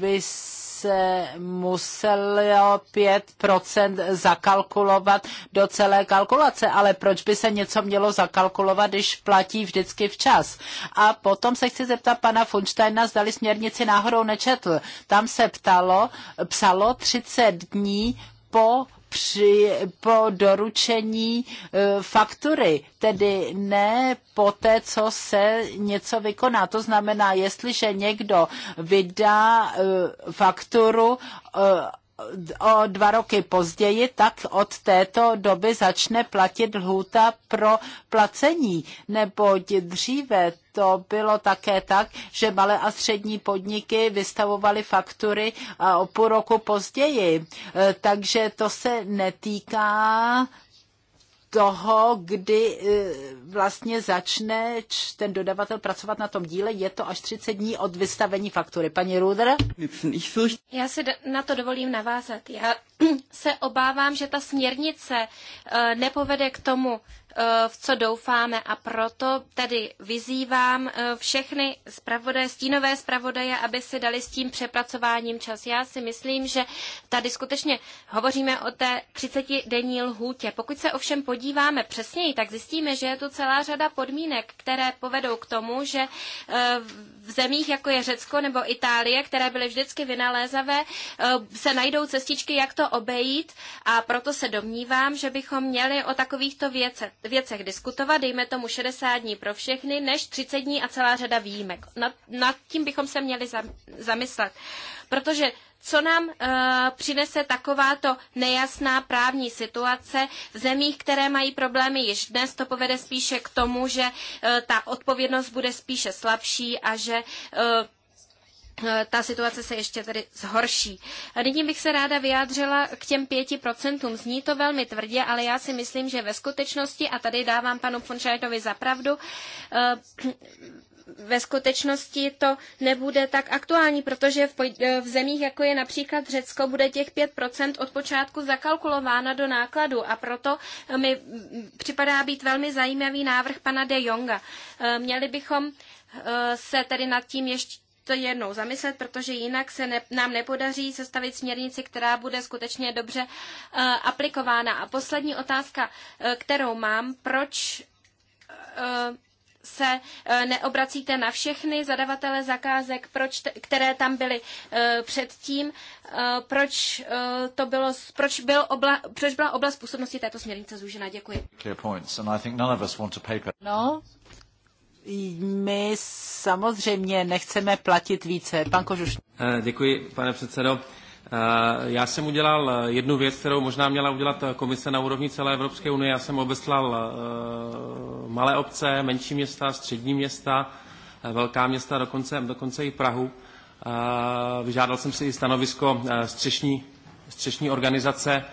Speaker 3: by se muselo 5% zakalkulovat do celé kalkulace, ale proč by se něco mělo zakalkulovat, když platí vždycky včas? A potom se chci zeptat pana Funštajna, zdali směrnici náhodou nečetl. Tam se ptalo, psalo 30 dní po při, po doručení e, faktury, tedy ne po té, co se něco vykoná. To znamená, jestliže někdo vydá e, fakturu e, o dva roky později, tak od této doby začne platit lhůta pro placení, neboť dříve to bylo také tak, že malé a střední podniky vystavovaly faktury o půl roku později. E, takže to se netýká toho, kdy e, vlastně začne ten dodavatel pracovat na tom díle, je to až 30 dní od vystavení faktury. Paní Ruder?
Speaker 4: Já si na to dovolím navázat. Já se obávám, že ta směrnice e, nepovede k tomu, Eh, v co doufáme a proto tedy vyzývám eh, všechny zpravodaje, stínové zpravodaje, aby si dali s tím přepracováním čas. Já si myslím, že tady skutečně hovoříme o té 30-denní lhůtě. Pokud se ovšem podíváme přesněji, tak zjistíme, že je tu celá řada podmínek, které povedou k tomu, že eh, v zemích, jako je Řecko nebo Itálie, které byly vždycky vynalézavé, se najdou cestičky, jak to obejít a proto se domnívám, že bychom měli o takovýchto věcech, věcech diskutovat, dejme tomu 60 dní pro všechny, než 30 dní a celá řada výjimek. Nad, nad tím bychom se měli zamyslet, protože co nám e, přinese takováto nejasná právní situace v zemích, které mají problémy již dnes, to povede spíše k tomu, že e, ta odpovědnost bude spíše slabší a že e, Eh, ta situace se ještě tedy zhorší. A nyní bych se ráda vyjádřila k těm pěti procentům. Zní to velmi tvrdě, ale já si myslím, že ve skutečnosti, a tady dávám panu Fonšajtovi za pravdu, eh, ve skutečnosti to nebude tak aktuální, protože v, eh, v zemích, jako je například Řecko, bude těch 5% od počátku zakalkulována do nákladu a proto mi připadá být velmi zajímavý návrh pana De Jonga. Měli bychom se tedy nad tím ještě to jednou zamyslet, protože jinak se ne, nám nepodaří sestavit směrnici, která bude skutečně dobře uh, aplikována. A poslední otázka, uh, kterou mám, proč uh, se neobracíte na všechny zadavatele zakázek, proč te, které tam byly předtím, proč, to bylo, proč, byl obla, proč byla oblast působnosti této směrnice zúžena. Děkuji. No, my
Speaker 3: samozřejmě nechceme platit více. Pan Kožuš.
Speaker 2: Eh, děkuji, pane předsedo. Eh, já jsem udělal eh, jednu věc, kterou možná měla udělat komise na úrovni celé Evropské unie. Já jsem obeslal malé obce, menší města, střední města, velká města, dokonce, dokonce i Prahu. Vyžádal jsem si i stanovisko střešní, střešní organizace,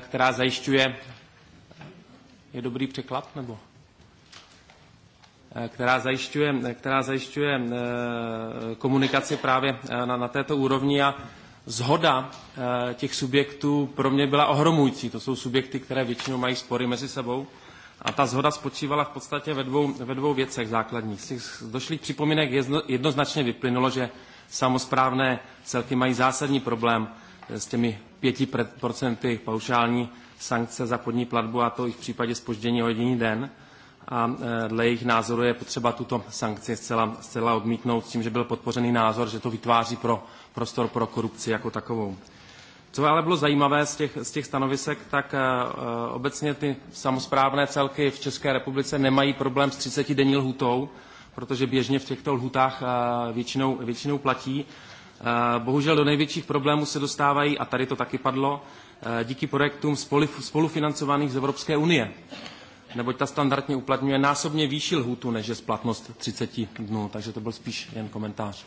Speaker 2: která zajišťuje... Je dobrý překlad? Nebo? Eh, která zajišťuje, která zajišťuje eh, komunikaci právě eh, na, na této úrovni a zhoda těch subjektů pro mě byla ohromující. To jsou subjekty, které většinou mají spory mezi sebou. A ta zhoda spočívala v podstatě ve dvou, ve dvou věcech základních. Z těch došlých připomínek jedno, jednoznačně vyplynulo, že samozprávné celky mají zásadní problém s těmi pěti procenty paušální sankce za podní platbu, a to i v případě spoždění o jediný den a e, dle jejich názoru je potřeba tuto sankci zcela, zcela odmítnout s tím, že byl podpořený názor, že to vytváří pro prostor pro korupci jako takovou. Co ale bylo zajímavé z těch, z těch stanovisek, tak uh, obecně ty samozprávné celky v České republice nemají problém s 30-denní lhutou, protože běžně v těchto lhutách uh, většinou, většinou platí. Uh, bohužel do největších problémů se dostávají, a tady to taky padlo, díky projektům spolufinancovaných z Evropské unie neboť ta standardně uplatňuje násobně výšší lhůtu, než je splatnost 30 dnů, takže to byl spíš jen komentář.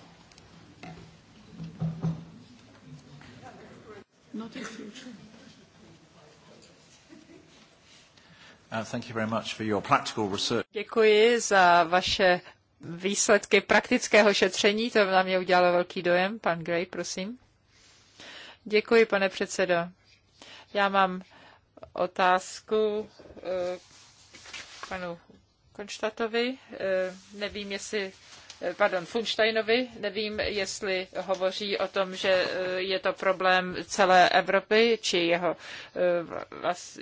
Speaker 1: Uh, Děkuji za vaše výsledky praktického šetření, to na mě udělalo velký dojem. Pan Gray, prosím. Děkuji, pane předsedo. Já mám otázku eh, panu Konštatovi. E, nevím, jestli e, pardon, Funsteinovi, nevím, jestli hovoří o tom, že e, je to problém celé Evropy či jeho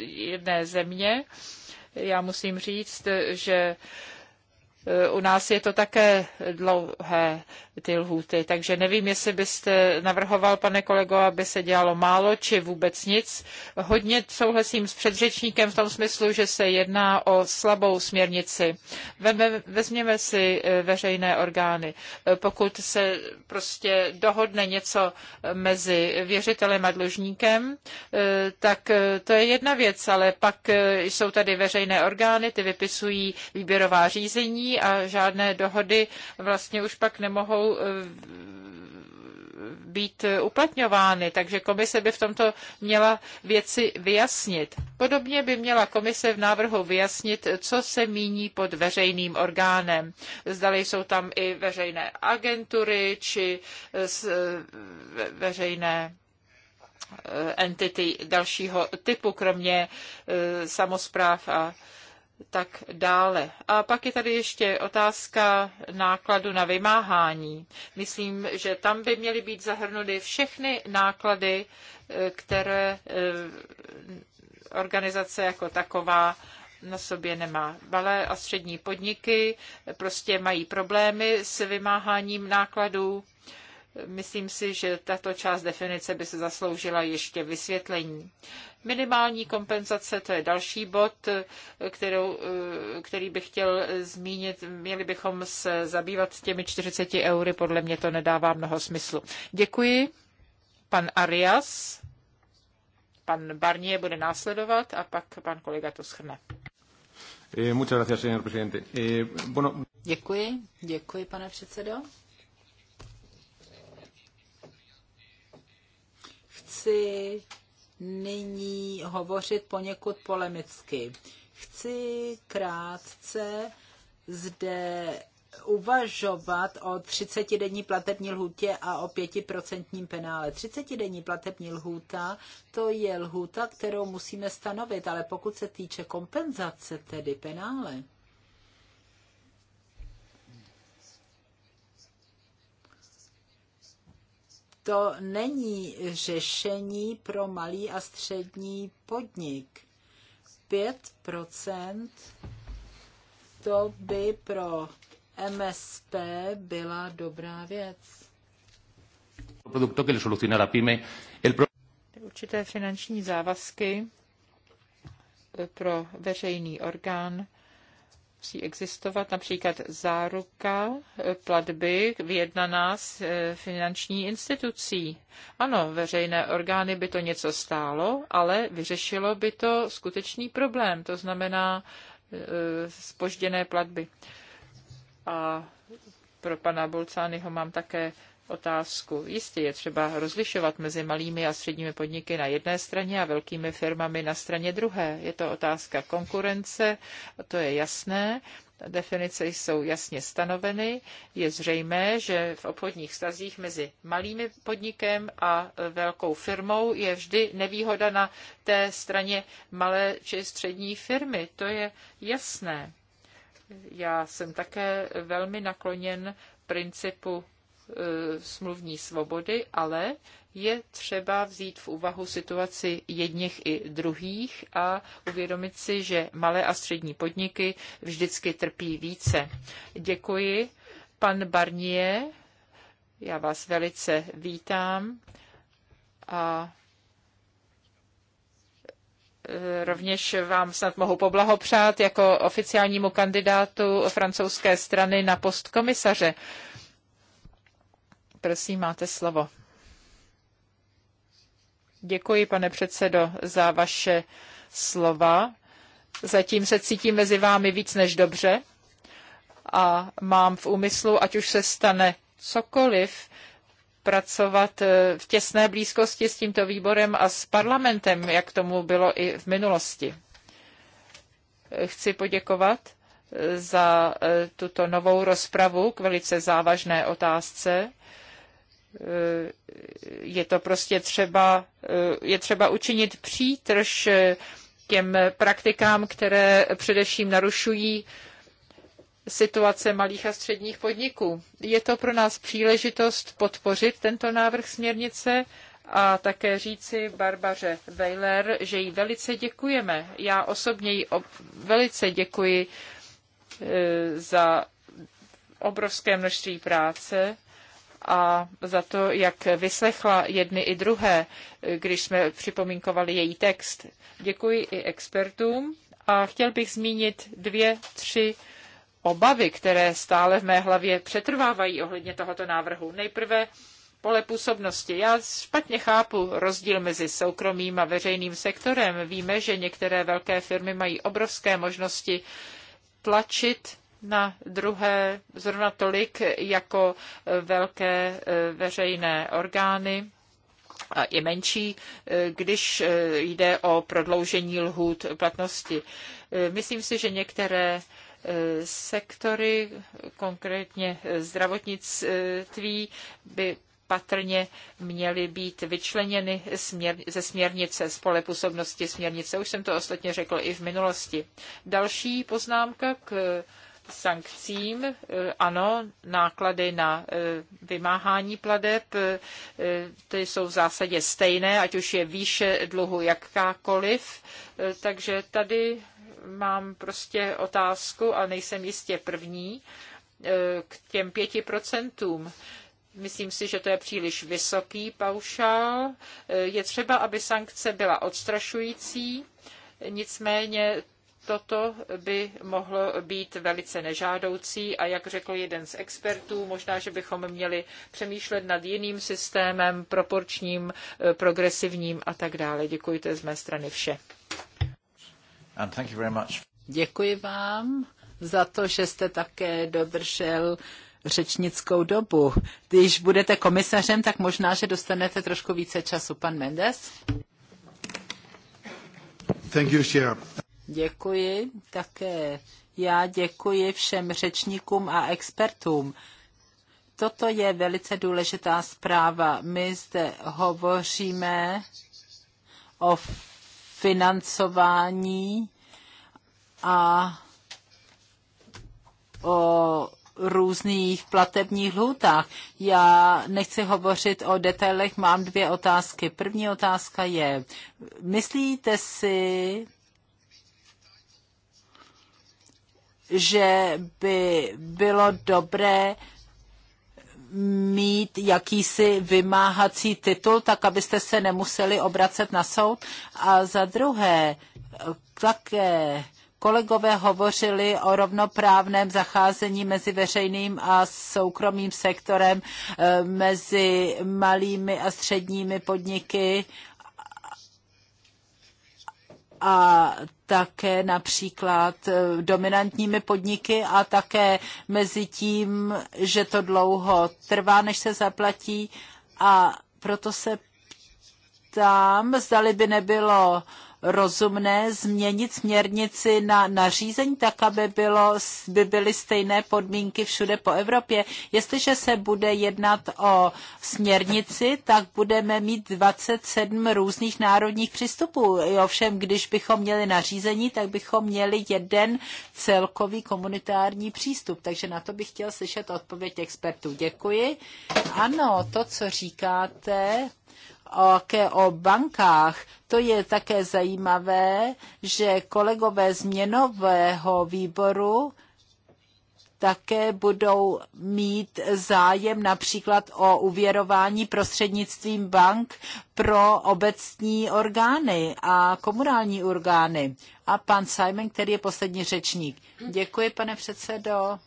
Speaker 1: jedné země. Já musím říct, že u nás je to také dlouhé ty lhůty, takže nevím, jestli byste navrhoval, pane kolego, aby se dělalo málo či vůbec nic. Hodně souhlasím s předřečníkem v tom smyslu, že se jedná o slabou směrnici. Vezměme si eh, veřejné orgány. Eh, pokud se prostě dohodne něco mezi věřitelem a dlužníkem, eh, tak to je jedna věc, ale pak jsou tady veřejné orgány, ty vypisují výběrová řízení a žádné dohody vlastně už pak nemohou eh, být uplatňovány, takže komise by v tomto měla věci vyjasnit. Podobně by měla komise v návrhu vyjasnit, co se míní pod veřejným orgánem. Zdali jsou tam i veřejné agentury či eh, veřejné eh, entity dalšího typu, kromě samozpráv a tak dále. A pak je tady ještě otázka nákladu na vymáhání. Myslím, že tam by měly být zahrnuty všechny náklady, eh, které eh, organizace jako taková na sobě nemá. Malé a střední podniky prostě mají problémy s vymáháním nákladů Myslím si, že tato část definice by se zasloužila ještě vysvětlení. Minimální kompenzace, to je další bod, kterou, který bych chtěl zmínit. Měli bychom se zabývat těmi 40 eury, podle mě to nedává mnoho smyslu. Děkuji. Pan Arias, pan Barnier bude následovat a pak pan kolega to schrne.
Speaker 2: Eh, eh,
Speaker 3: děkuji, děkuji, pane předsedo. chci nyní hovořit poněkud polemicky. Chci krátce zde uvažovat o 30-denní platební lhůtě a o 5% penále. 30-denní platební lhůta, to je lhůta, kterou musíme stanovit, ale pokud se týče kompenzace, tedy penále, to není řešení pro malý a střední podnik. 5% to by pro MSP byla dobrá věc.
Speaker 1: určité finanční závazky pro veřejný orgán musí existovat například záruka platby vyjednaná s e, finanční institucí. Ano, veřejné orgány by to něco stálo, ale vyřešilo by to skutečný problém, to znamená spožděné e, platby. A pro pana Bolcányho mám také otázku. Jistě je třeba rozlišovat mezi malými a středními podniky na jedné straně a velkými firmami na straně druhé. Je to otázka konkurence, to je jasné. Definice jsou jasně stanoveny. Je zřejmé, že v obchodních vztazích mezi malými podnikem a velkou firmou je vždy nevýhoda na té straně malé či střední firmy. To je jasné. Já jsem také velmi nakloněn principu E, smluvní svobody, ale je třeba vzít v úvahu situaci jedněch i druhých a uvědomit si, že malé a střední podniky vždycky trpí více. Děkuji. Pan Barnier, já vás velice vítám a e, rovněž vám snad mohu poblahopřát jako oficiálnímu kandidátu francouzské strany na post komisaře. Prosím, máte slovo. Děkuji, pane předsedo, za vaše slova. Zatím se cítím mezi vámi víc než dobře a mám v úmyslu, ať už se stane cokoliv, pracovat eh, v těsné blízkosti s tímto výborem a s parlamentem, jak tomu bylo i v minulosti. Chci poděkovat eh, za eh, tuto novou rozpravu k velice závažné otázce je to prostě třeba, eh, je třeba učinit přítrž eh, těm praktikám, které především narušují situace malých a středních podniků. Je to pro nás příležitost podpořit tento návrh směrnice a také říci Barbaře Weiler, že jí velice děkujeme. Já osobně jí velice děkuji eh, za obrovské množství práce, a za to, jak vyslechla jedny i druhé, když jsme připomínkovali její text. Děkuji i expertům a chtěl bych zmínit dvě, tři obavy, které stále v mé hlavě přetrvávají ohledně tohoto návrhu. Nejprve pole působnosti. Já špatně chápu rozdíl mezi soukromým a veřejným sektorem. Víme, že některé velké firmy mají obrovské možnosti tlačit na druhé zrovna tolik jako eh, velké eh, veřejné orgány a i menší, eh, když jde o prodloužení lhůt platnosti. Myslím si, že některé sektory, konkrétně zdravotnictví, by patrně měly být vyčleněny ze směrnice spole působnosti směrnice. Už jsem to ostatně řekl i v minulosti. Další poznámka k sankcím. Eh, ano, náklady na eh, vymáhání pladeb, eh, ty jsou v zásadě stejné, ať už je výše dluhu jakákoliv. Takže tady mám prostě otázku a nejsem jistě první k těm pěti procentům. Myslím si, že to je příliš vysoký paušál. Je třeba, aby sankce byla odstrašující. Nicméně toto by mohlo být velice nežádoucí a jak řekl jeden z expertů, možná, že bychom měli přemýšlet nad jiným systémem, proporčním, eh, progresivním
Speaker 3: a tak dále. Děkuji, to je z mé strany vše. Děkuji vám za to, že jste také dodržel řečnickou dobu. Když budete komisařem, tak možná, že dostanete trošku více času. Pan Mendes? Thank you, Chair. Děkuji také. Já děkuji všem řečníkům a expertům. Toto je velice důležitá zpráva. My zde hovoříme o financování a o různých platebních lhůtách. Já nechci hovořit o detailech, mám dvě otázky. První otázka je, myslíte si, že by bylo dobré mít jakýsi vymáhací titul, tak abyste se nemuseli obracet na soud. A za druhé, také kolegové hovořili o rovnoprávném zacházení mezi veřejným a soukromým sektorem, eh, mezi malými a středními podniky a také například eh, dominantními podniky a také mezi tím, že to dlouho trvá, než se zaplatí a proto se ptám, zdali by nebylo rozumné změnit směrnici na nařízení tak, aby, bylo, by byly stejné podmínky všude po Evropě. Jestliže se bude jednat o směrnici, tak budeme mít 27 různých národních přístupů. Ovšem, když bychom měli nařízení, tak bychom měli jeden celkový komunitární přístup. Takže na to bych chtěl slyšet odpověď expertů. Děkuji. Ano, to, co říkáte, také o bankách, to je také zajímavé, že kolegové z měnového výboru také budou mít zájem například o uvěrování prostřednictvím bank pro obecní orgány a komunální orgány. A pan Simon, který je poslední řečník. Děkuji, pane předsedo.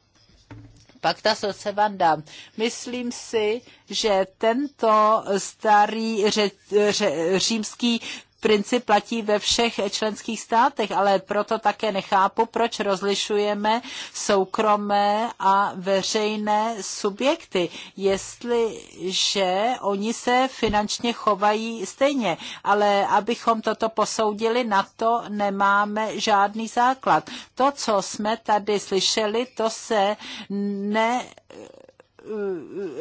Speaker 3: Pakta Socevanda. Myslím si, že tento starý ře, ře, římský princip platí ve všech členských státech, ale proto také nechápu, proč rozlišujeme soukromé a veřejné subjekty, jestliže oni se finančně chovají stejně. Ale abychom toto posoudili, na to nemáme žádný základ. To, co jsme tady slyšeli, to se ne eh,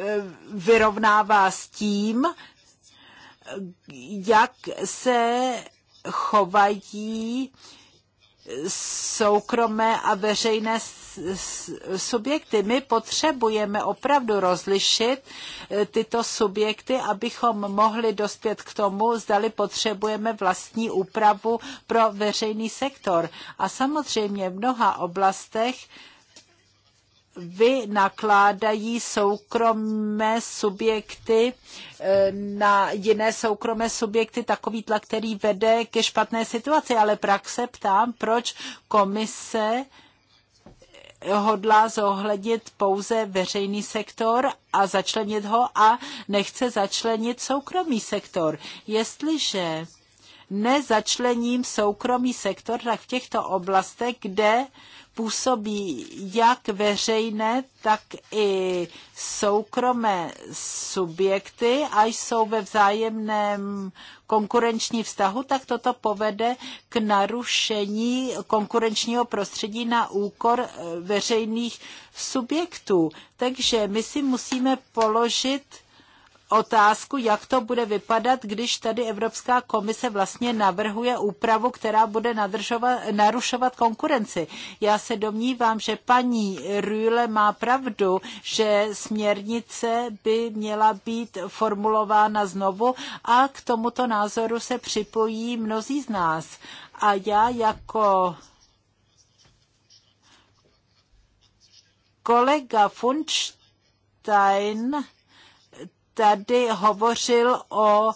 Speaker 3: eh, vyrovnává s tím, jak se chovají soukromé a veřejné subjekty. My potřebujeme opravdu rozlišit eh, tyto subjekty, abychom mohli dospět k tomu, zdali potřebujeme vlastní úpravu pro veřejný sektor. A samozřejmě v mnoha oblastech vynakládají soukromé subjekty eh, na jiné soukromé subjekty takový tlak, který vede ke špatné situaci. Ale praxe ptám, proč komise hodlá zohlednit pouze veřejný sektor a začlenit ho a nechce začlenit soukromý sektor. Jestliže nezačlením soukromý sektor, tak v těchto oblastech, kde působí jak veřejné, tak i soukromé subjekty a jsou ve vzájemném konkurenční vztahu, tak toto povede k narušení konkurenčního prostředí na úkor eh, veřejných subjektů. Takže my si musíme položit otázku, jak to bude vypadat, když tady Evropská komise vlastně navrhuje úpravu, která bude narušovat konkurenci. Já se domnívám, že paní Rühle má pravdu, že směrnice by měla být formulována znovu a k tomuto názoru se připojí mnozí z nás. A já jako kolega Funstein tady hovořil o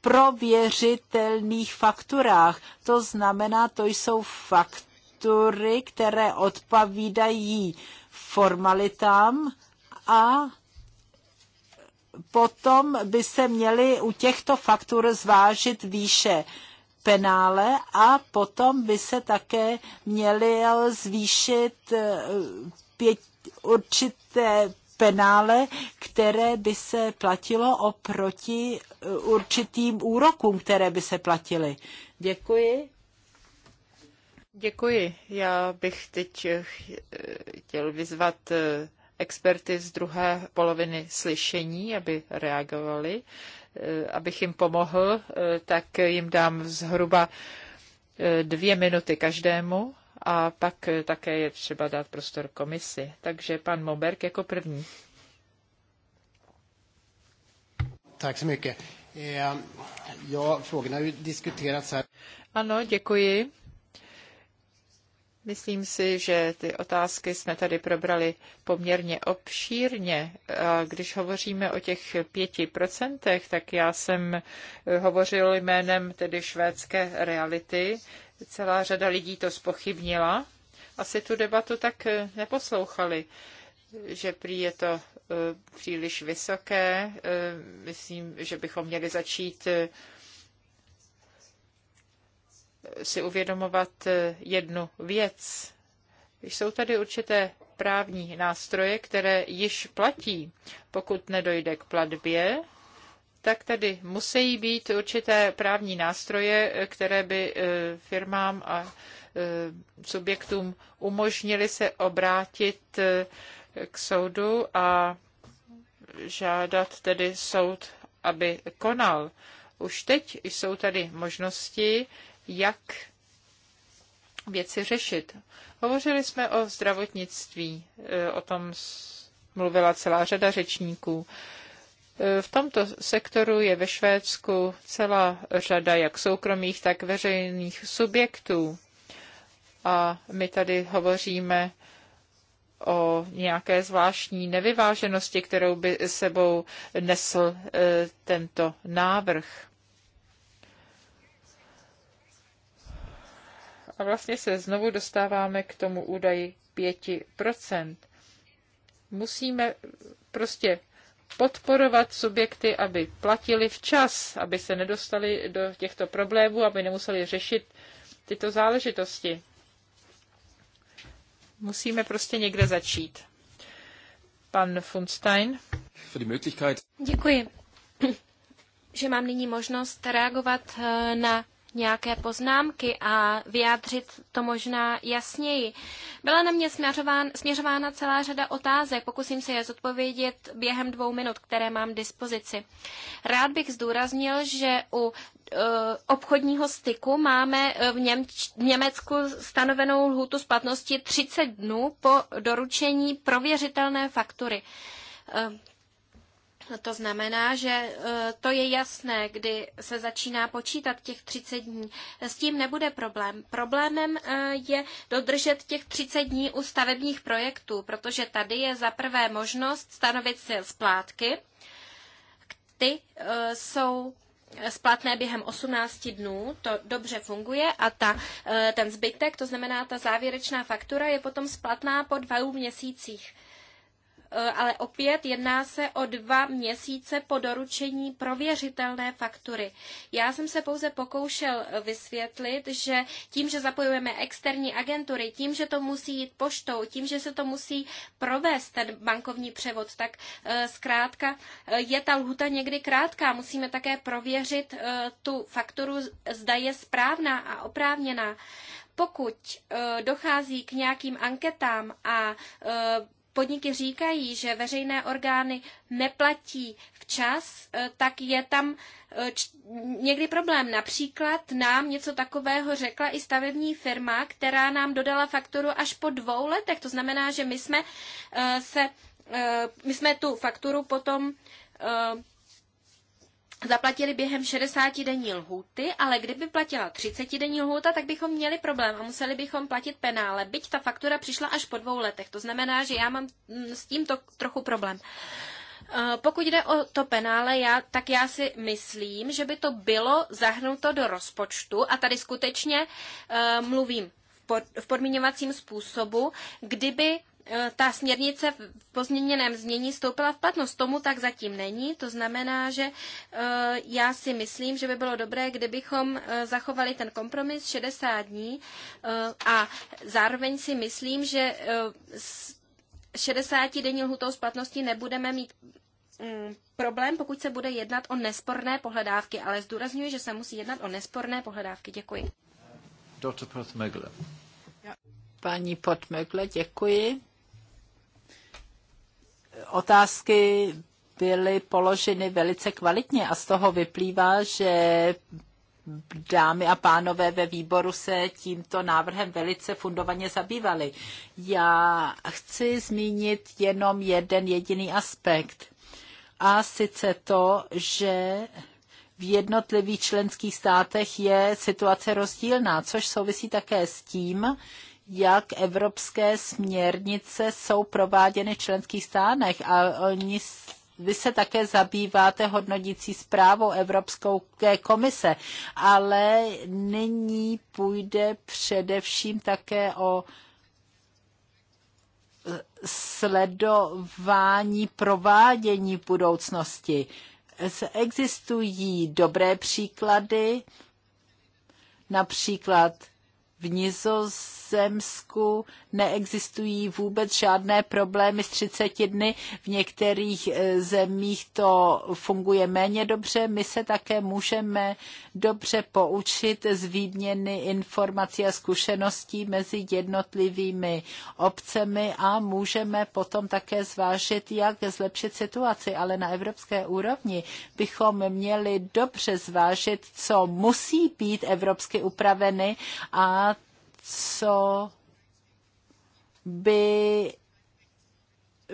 Speaker 3: prověřitelných fakturách. To znamená, to jsou faktury, které odpovídají formalitám a potom by se měly u těchto faktur zvážit výše penále a potom by se také měly zvýšit eh, pět, určité penále, které by se platilo oproti eh, určitým úrokům, které by se platily. Děkuji.
Speaker 1: Děkuji. Já bych teď eh, chtěl vyzvat eh, experty z druhé poloviny slyšení, aby reagovali. Abych jim pomohl, tak jim dám zhruba dvě minuty každému a pak také je třeba dát prostor komisi. Takže pan Moberg jako první.
Speaker 2: Tak se mycket. Eh, já,
Speaker 1: frågorna har diskuterats här. Ano, děkuji. Myslím si, že ty otázky jsme tady probrali poměrně obšírně. A když hovoříme o těch pěti procentech, tak já jsem hovořil jménem tedy švédské reality. Celá řada lidí to spochybnila. Asi tu debatu tak eh, neposlouchali, že prý je to eh, příliš vysoké. Eh, myslím, že bychom měli začít si uvědomovat jednu věc. Jsou tady určité právní nástroje, které již platí. Pokud nedojde k platbě, tak tady musí být určité právní nástroje, které by eh, firmám a eh, subjektům umožnili se obrátit eh, k soudu a žádat tedy soud, aby konal. Už teď jsou tady možnosti, jak věci řešit. Hovořili jsme o zdravotnictví, o tom mluvila celá řada řečníků. V tomto sektoru je ve Švédsku celá řada jak soukromých, tak veřejných subjektů. A my tady hovoříme o nějaké zvláštní nevyváženosti, kterou by sebou nesl e, tento návrh. A vlastně se znovu dostáváme k tomu údaji 5%. Musíme prostě podporovat subjekty, aby platili včas, aby se nedostali do těchto problémů, aby nemuseli řešit tyto záležitosti. Musíme prostě někde začít. Pan Funstein.
Speaker 4: Děkuji, že mám nyní možnost reagovat eh, na nějaké poznámky a vyjádřit to možná jasněji. Byla na mě směřován, směřována celá řada otázek, pokusím se je zodpovědět během dvou minut, které mám dispozici. Rád bych zdůraznil, že u e, obchodního styku máme v, Němč- v Německu stanovenou lhůtu splatnosti 30 dnů po doručení prověřitelné faktury. E, to znamená, že e, to je jasné, kdy se začíná počítat těch 30 dní. S tím nebude problém. Problémem e, je dodržet těch 30 dní u stavebních projektů, protože tady je za prvé možnost stanovit si splátky. Ty e, jsou splatné během 18 dnů, to dobře funguje a ta, ten zbytek, to znamená ta závěrečná faktura, je potom splatná po dvou měsících. Eh, ale opět jedná se o dva měsíce po doručení prověřitelné faktury. Já jsem se pouze pokoušel eh, vysvětlit, že tím, že zapojujeme externí agentury, tím, že to musí jít poštou, tím, že se to musí provést ten bankovní převod, tak eh, zkrátka je ta lhuta někdy krátká. Musíme také prověřit tu fakturu, zda je správná a oprávněná pokud dochází k nějakým anketám a podniky říkají, že veřejné orgány neplatí včas, e, tak je tam e, někdy problém. Například nám něco takového řekla i stavební firma, která nám dodala fakturu až po dvou letech. To znamená, že my jsme, e, se, my jsme tu fakturu potom zaplatili během 60-denní lhůty, ale kdyby platila 30-denní lhůta, tak bychom měli problém a museli bychom platit penále, byť ta faktura přišla až po dvou letech. To znamená, že já mám mm, s tím to trochu problém. Eh, pokud jde o to penále, já, tak já si myslím, že by to bylo zahrnuto do rozpočtu a tady skutečně uh, mluvím v podmiňovacím způsobu, kdyby Eh, ta směrnice v pozměněném změní stoupila v platnost. Tomu tak zatím není. To znamená, že eh, já si myslím, že by bylo dobré, kdybychom eh, zachovali ten kompromis 60 dní a zároveň si myslím, že s 60 denní lhutou splatnosti nebudeme mít mm, problém, pokud se bude jednat o nesporné pohledávky, ale zdůrazňuji, že se musí jednat o nesporné pohledávky. Děkuji.
Speaker 1: Dr.
Speaker 3: Paní Potmegle, děkuji otázky byly položeny velice kvalitně a z toho vyplývá, že dámy a pánové ve výboru se tímto návrhem velice fundovaně zabývali. Já chci zmínit jenom jeden jediný aspekt. A sice to, že v jednotlivých členských státech je situace rozdílná, což souvisí také s tím, jak evropské směrnice jsou prováděny v členských stánech a oni vy se také zabýváte hodnotící zprávou Evropskou komise, ale nyní půjde především také o sledování provádění budoucnosti. Existují dobré příklady, například v Nizozemí Nizozemsku neexistují vůbec žádné problémy s 30 dny. V některých eh, zemích to funguje méně dobře. My se také můžeme dobře poučit z výměny informací a zkušeností mezi jednotlivými obcemi a můžeme potom také zvážit, jak zlepšit situaci. Ale na evropské úrovni bychom měli dobře zvážit, co musí být evropsky upraveny a co by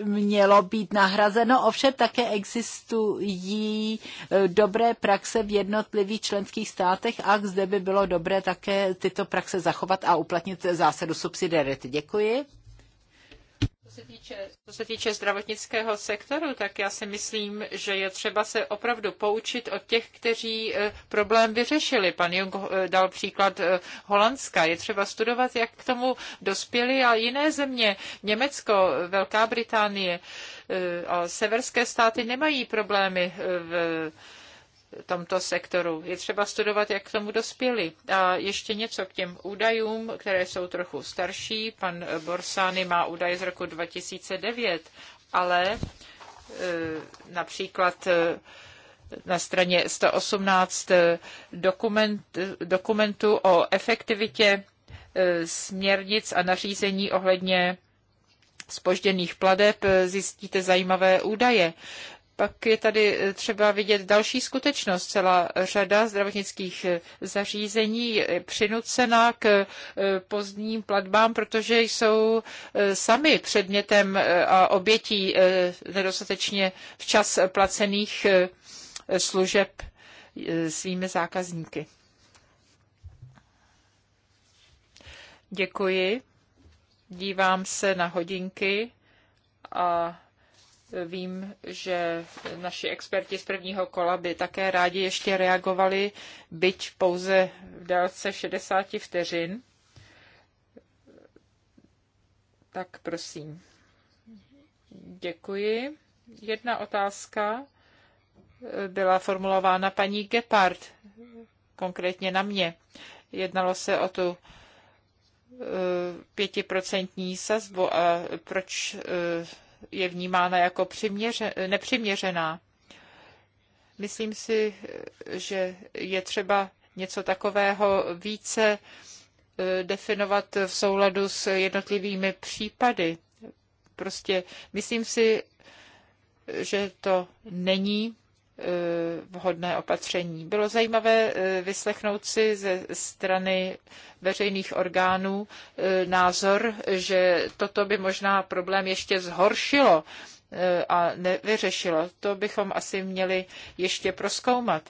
Speaker 3: mělo být nahrazeno. Ovšem také existují eh, dobré praxe v jednotlivých členských státech a zde by bylo dobré také tyto praxe zachovat a uplatnit zásadu subsidiarity. Děkuji
Speaker 1: se týče, co se týče zdravotnického sektoru, tak já si myslím, že je třeba se opravdu poučit od těch, kteří e,
Speaker 3: problém vyřešili.
Speaker 1: Pan Jung e, dal příklad e, Holandska. Je třeba studovat, jak k tomu dospěli a jiné země, Německo, Velká Británie a severské státy nemají problémy v tomto sektoru. Je třeba studovat, jak k tomu dospěli. A ještě něco k těm údajům, které jsou trochu starší. Pan Borsány má údaje z roku 2009, ale e, například e, na straně 118 e, dokument, dokumentu o efektivitě směrnic a nařízení ohledně spožděných pladeb zjistíte zajímavé údaje. Pak je tady eh, třeba vidět další skutečnost. Celá řada zdravotnických eh, zařízení je přinucena k eh, pozdním platbám, protože jsou sami předmětem a obětí nedostatečně včas placených služeb svými zákazníky. Děkuji. Dívám se na hodinky a Vím, že naši experti z prvního kola by také rádi ještě reagovali, byť pouze v délce 60 vteřin. Tak prosím. Děkuji. Jedna otázka byla formulována paní Gepard, konkrétně na mě. Jednalo se o tu eh, pětiprocentní sazbu a proč eh, je vnímána jako přiměře, nepřiměřená. Myslím si, že je třeba něco takového více e, definovat v souladu s jednotlivými případy. Prostě myslím si, že to není Eh, vhodné opatření. Bylo zajímavé eh, vyslechnout si ze strany veřejných orgánů eh, názor, že toto by možná problém ještě zhoršilo a nevyřešilo. To bychom asi měli ještě proskoumat.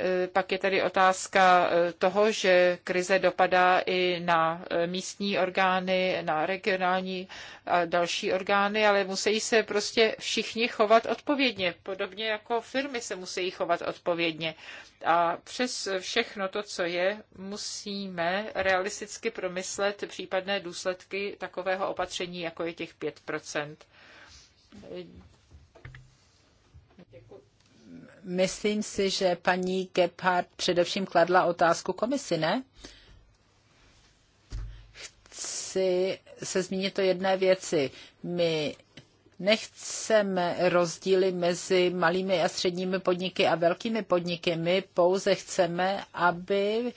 Speaker 1: Eh, pak je tady otázka eh, toho, že krize dopadá i na eh, místní orgány, na regionální a další orgány, ale musí se prostě všichni chovat odpovědně, podobně jako firmy se musí chovat odpovědně. A přes všechno to, co je, musíme realisticky promyslet případné důsledky takového opatření, jako je těch 5
Speaker 3: Myslím si, že paní Gebhardt především kladla otázku komisi, ne? Chci se zmínit o jedné věci. My nechceme rozdíly mezi malými a středními podniky a velkými podniky. My pouze chceme, aby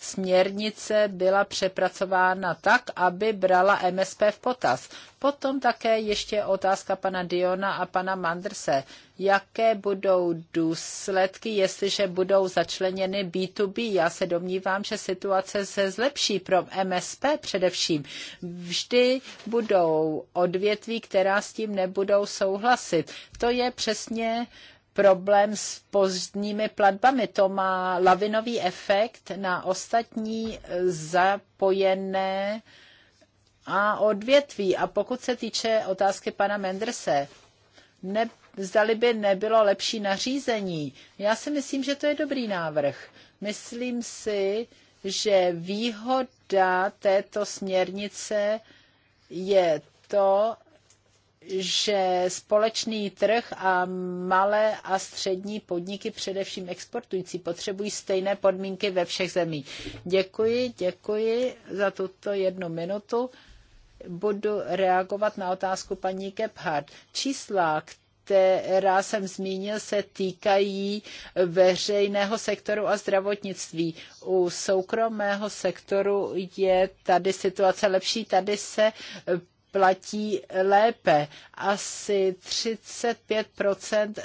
Speaker 3: směrnice byla přepracována tak, aby brala MSP v potaz. Potom také ještě otázka pana Diona a pana Mandrse. Jaké budou důsledky, jestliže budou začleněny B2B? Já se domnívám, že situace se zlepší pro MSP především. Vždy budou odvětví, která s tím nebudou souhlasit. To je přesně problém s pozdními platbami. To má lavinový efekt na ostatní zapojené a odvětví. A pokud se týče otázky pana Menderse, ne, zdali by nebylo lepší nařízení. Já si myslím, že to je dobrý návrh. Myslím si, že výhoda této směrnice je to, že společný trh a malé a střední podniky, především exportující, potřebují stejné podmínky ve všech zemích. Děkuji, děkuji za tuto jednu minutu. Budu reagovat na otázku paní Gebhardt. Čísla, která jsem zmínil, se týkají veřejného sektoru a zdravotnictví. U soukromého sektoru je tady situace lepší, tady se platí lépe. Asi 35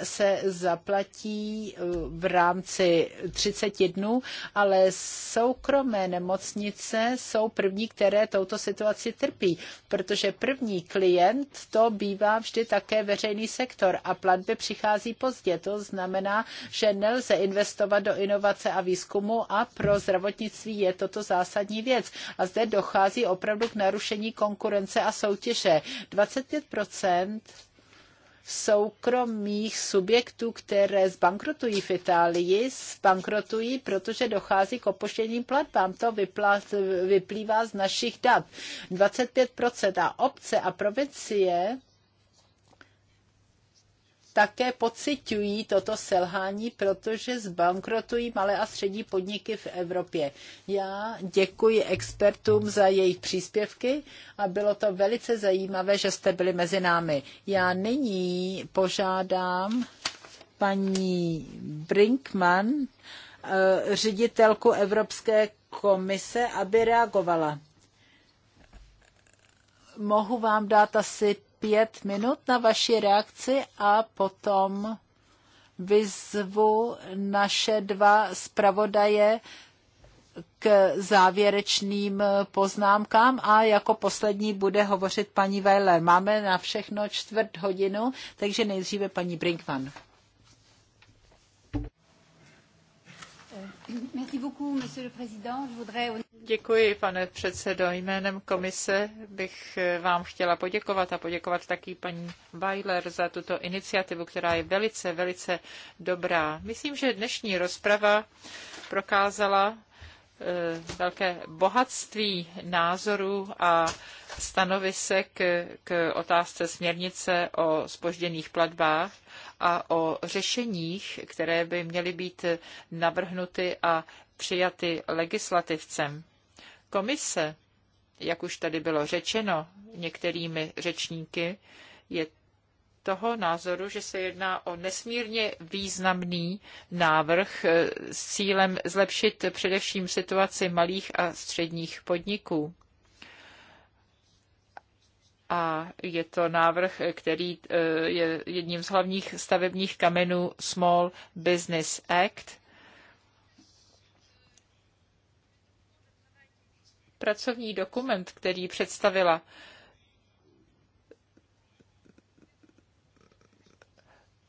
Speaker 3: se zaplatí uh, v rámci 30 dnů, ale soukromé nemocnice jsou první, které touto situaci trpí, protože první klient to bývá vždy také veřejný sektor a platby přichází pozdě. To znamená, že nelze investovat do inovace a výzkumu a pro zdravotnictví je toto zásadní věc. A zde dochází opravdu k narušení konkurence a soutěže soutěže. 25 soukromých subjektů, které zbankrotují v Itálii, zbankrotují, protože dochází k opoštěním platbám. To vyplývá z našich dat. 25% a obce a provincie také pocitují toto selhání, protože zbankrotují malé a střední podniky v Evropě. Já děkuji expertům za jejich příspěvky a bylo to velice zajímavé, že jste byli mezi námi. Já nyní požádám paní Brinkman, eh, ředitelku Evropské komise, aby reagovala. Mohu vám dát asi pět minut na vaši reakci a potom vyzvu naše dva zpravodaje k závěrečným poznámkám a jako poslední bude hovořit paní Weiler. Máme na všechno čtvrt hodinu, takže nejdříve paní Brinkman.
Speaker 1: Děkuji, pane předsedo. Jménem komise bych eh, vám chtěla poděkovat a poděkovat taky paní Weiler za tuto iniciativu, která je velice, velice dobrá. Myslím, že dnešní rozprava prokázala, Eh, velké bohatství názorů a stanovisek k otázce směrnice o spožděných platbách a o řešeních, které by měly být navrhnuty a přijaty legislativcem. Komise, jak už tady bylo řečeno některými řečníky, je toho názoru, že se jedná o nesmírně významný návrh e, s cílem zlepšit především situaci malých a středních podniků. A je to návrh, který e, je jedním z hlavních stavebních kamenů Small Business Act. Pracovní dokument, který představila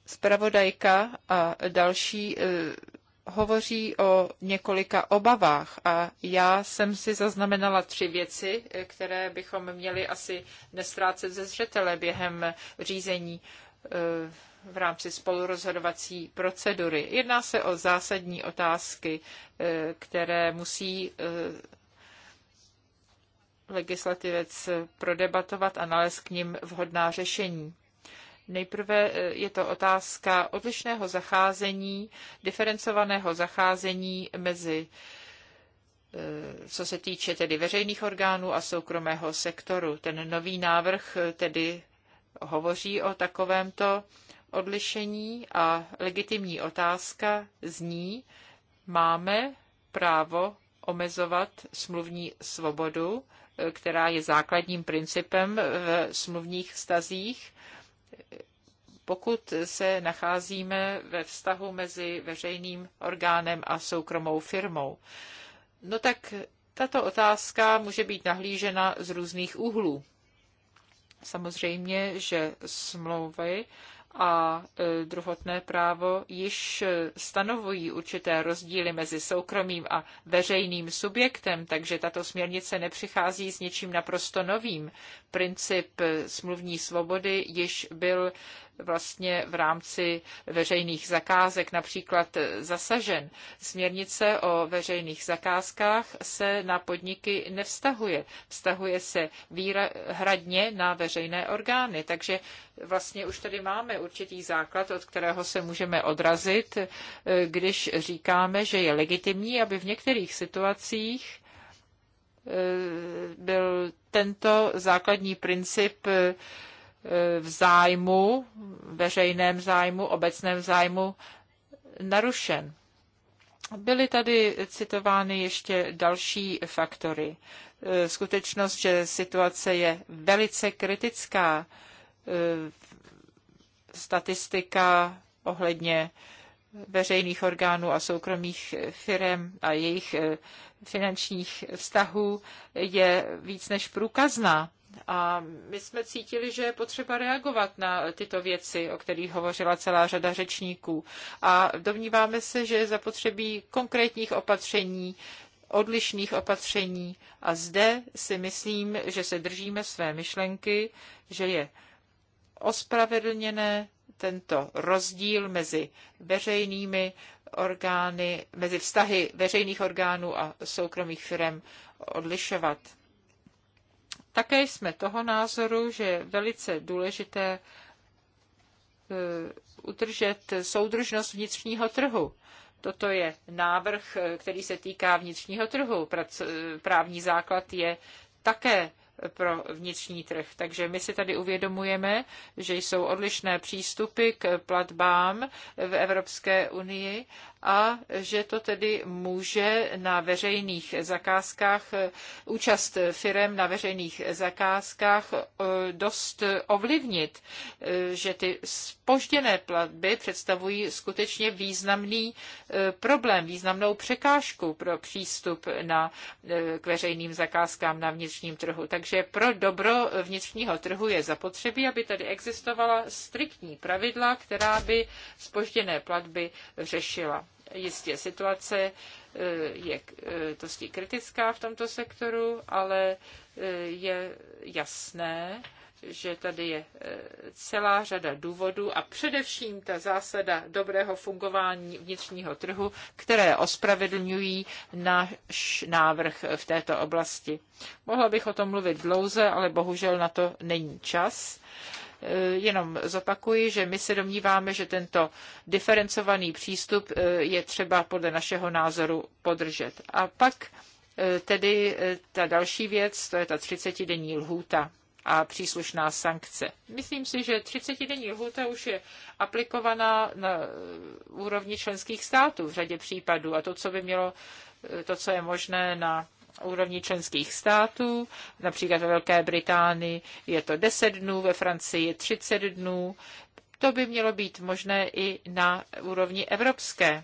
Speaker 1: Spravodajka a další e, hovoří o několika obavách a já jsem si zaznamenala tři věci, e, které bychom měli asi nestrácet ze zřetele během řízení e, v rámci spolurozhodovací procedury. Jedná se o zásadní otázky, které musí legislativec prodebatovat a nalézt k ním vhodná řešení. Nejprve eh, je to otázka odlišného zacházení, diferencovaného zacházení mezi eh, co se týče tedy veřejných orgánů a soukromého sektoru. Ten nový návrh eh, tedy hovoří o takovémto odlišení a legitimní otázka zní, máme právo omezovat smluvní svobodu, která je základním principem v smluvních stazích pokud se nacházíme ve vztahu mezi veřejným orgánem a soukromou firmou. No tak tato otázka může být nahlížena z různých úhlů. Samozřejmě, že smlouvy a e, druhotné právo již stanovují určité rozdíly mezi soukromým a veřejným subjektem, takže tato směrnice nepřichází s něčím naprosto novým. Princip smluvní svobody již byl vlastně v rámci veřejných zakázek například zasažen. Směrnice o veřejných zakázkách se na podniky nevztahuje. Vztahuje se výhradně na veřejné orgány. Takže vlastně už tady máme určitý základ, od kterého se můžeme odrazit, když říkáme, že je legitimní, aby v některých situacích eh, byl tento základní princip eh, v zájmu, veřejném zájmu, obecném zájmu narušen. Byly tady citovány ještě další faktory. E, skutečnost, že situace je velice kritická, e, statistika ohledně veřejných orgánů a soukromých firm a jejich e, finančních vztahů je víc než průkazná. A my jsme cítili, že je potřeba reagovat na tyto věci, o kterých hovořila celá řada řečníků. A domníváme se, že je zapotřebí konkrétních opatření, odlišných opatření. A zde si myslím, že se držíme své myšlenky, že je ospravedlněné tento rozdíl mezi veřejnými orgány, mezi vztahy veřejných orgánů a soukromých firm odlišovat. Také jsme toho názoru, že je velice důležité e, udržet soudržnost vnitřního trhu. Toto je návrh, e, který se týká vnitřního trhu. E, právní základ je také pro vnitřní trh. Takže my si tady uvědomujeme, že jsou odlišné přístupy k platbám v Evropské unii a že to tedy může na veřejných zakázkách, e, účast firem na veřejných zakázkách e, dost ovlivnit, e, že ty spožděné platby představují skutečně významný problém, významnou překážku pro přístup na, k veřejným zakázkám na vnitřním trhu. Takže pro dobro vnitřního trhu je zapotřebí, aby tady existovala striktní pravidla, která by spožděné platby řešila. Jistě situace eh, je eh, dosti kritická v tomto sektoru, ale eh, je jasné, že tady je celá řada důvodů a především ta zásada dobrého fungování vnitřního trhu, které ospravedlňují náš návrh v této oblasti. Mohla bych o tom mluvit dlouze, ale bohužel na to není čas. Eh, jenom zopakuji, že my se domníváme, že tento diferencovaný přístup eh, je třeba podle našeho názoru podržet. A pak eh, tedy ta další věc, to je ta 30-denní lhůta a příslušná sankce. Myslím si, že 30-denní lhůta už je aplikovaná na úrovni členských států v řadě případů a to, co by mělo, to, co je možné na úrovni členských států. Například ve Velké Británii je to 10 dnů, ve Francii 30 dnů. To by mělo být možné i na úrovni evropské.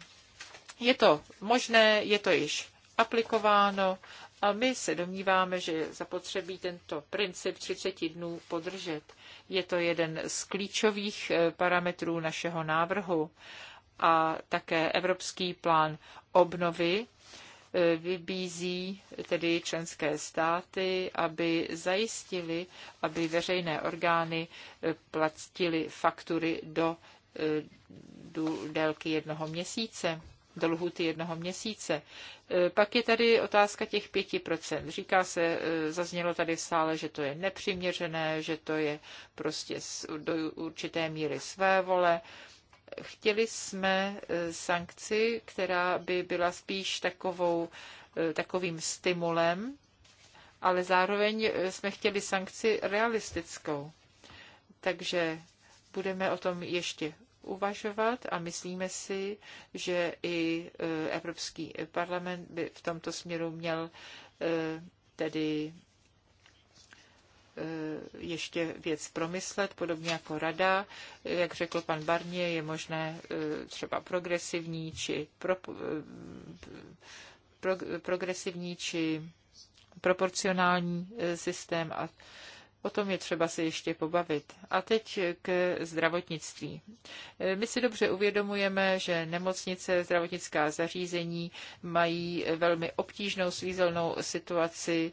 Speaker 1: Je to možné, je to již aplikováno a my se domníváme, že zapotřebí tento princip 30 dnů podržet. Je to jeden z klíčových eh, parametrů našeho návrhu a také Evropský plán obnovy vybízí tedy členské státy, aby zajistili, aby veřejné orgány eh, platily faktury do, eh, do délky jednoho měsíce do lhuty jednoho měsíce. Eh, pak je tady otázka těch 5%. Říká se, zaznělo tady v sále, že to je nepřiměřené, že to je prostě do určité míry své vole. Chtěli jsme e, sankci, která by byla spíš takovou, e, takovým stimulem, ale zároveň e, jsme chtěli sankci realistickou. Takže budeme o tom ještě uvažovat a myslíme si, že i Evropský parlament by v tomto směru měl tedy Eh, ještě věc promyslet, podobně jako rada. Jak řekl pan Barnier, je možné eh, třeba progresivní či pro, eh, pro, progresivní či proporcionální systém a O tom je třeba se ještě pobavit. A teď k zdravotnictví. My si dobře uvědomujeme, že nemocnice, zdravotnická zařízení mají velmi obtížnou svízelnou situaci,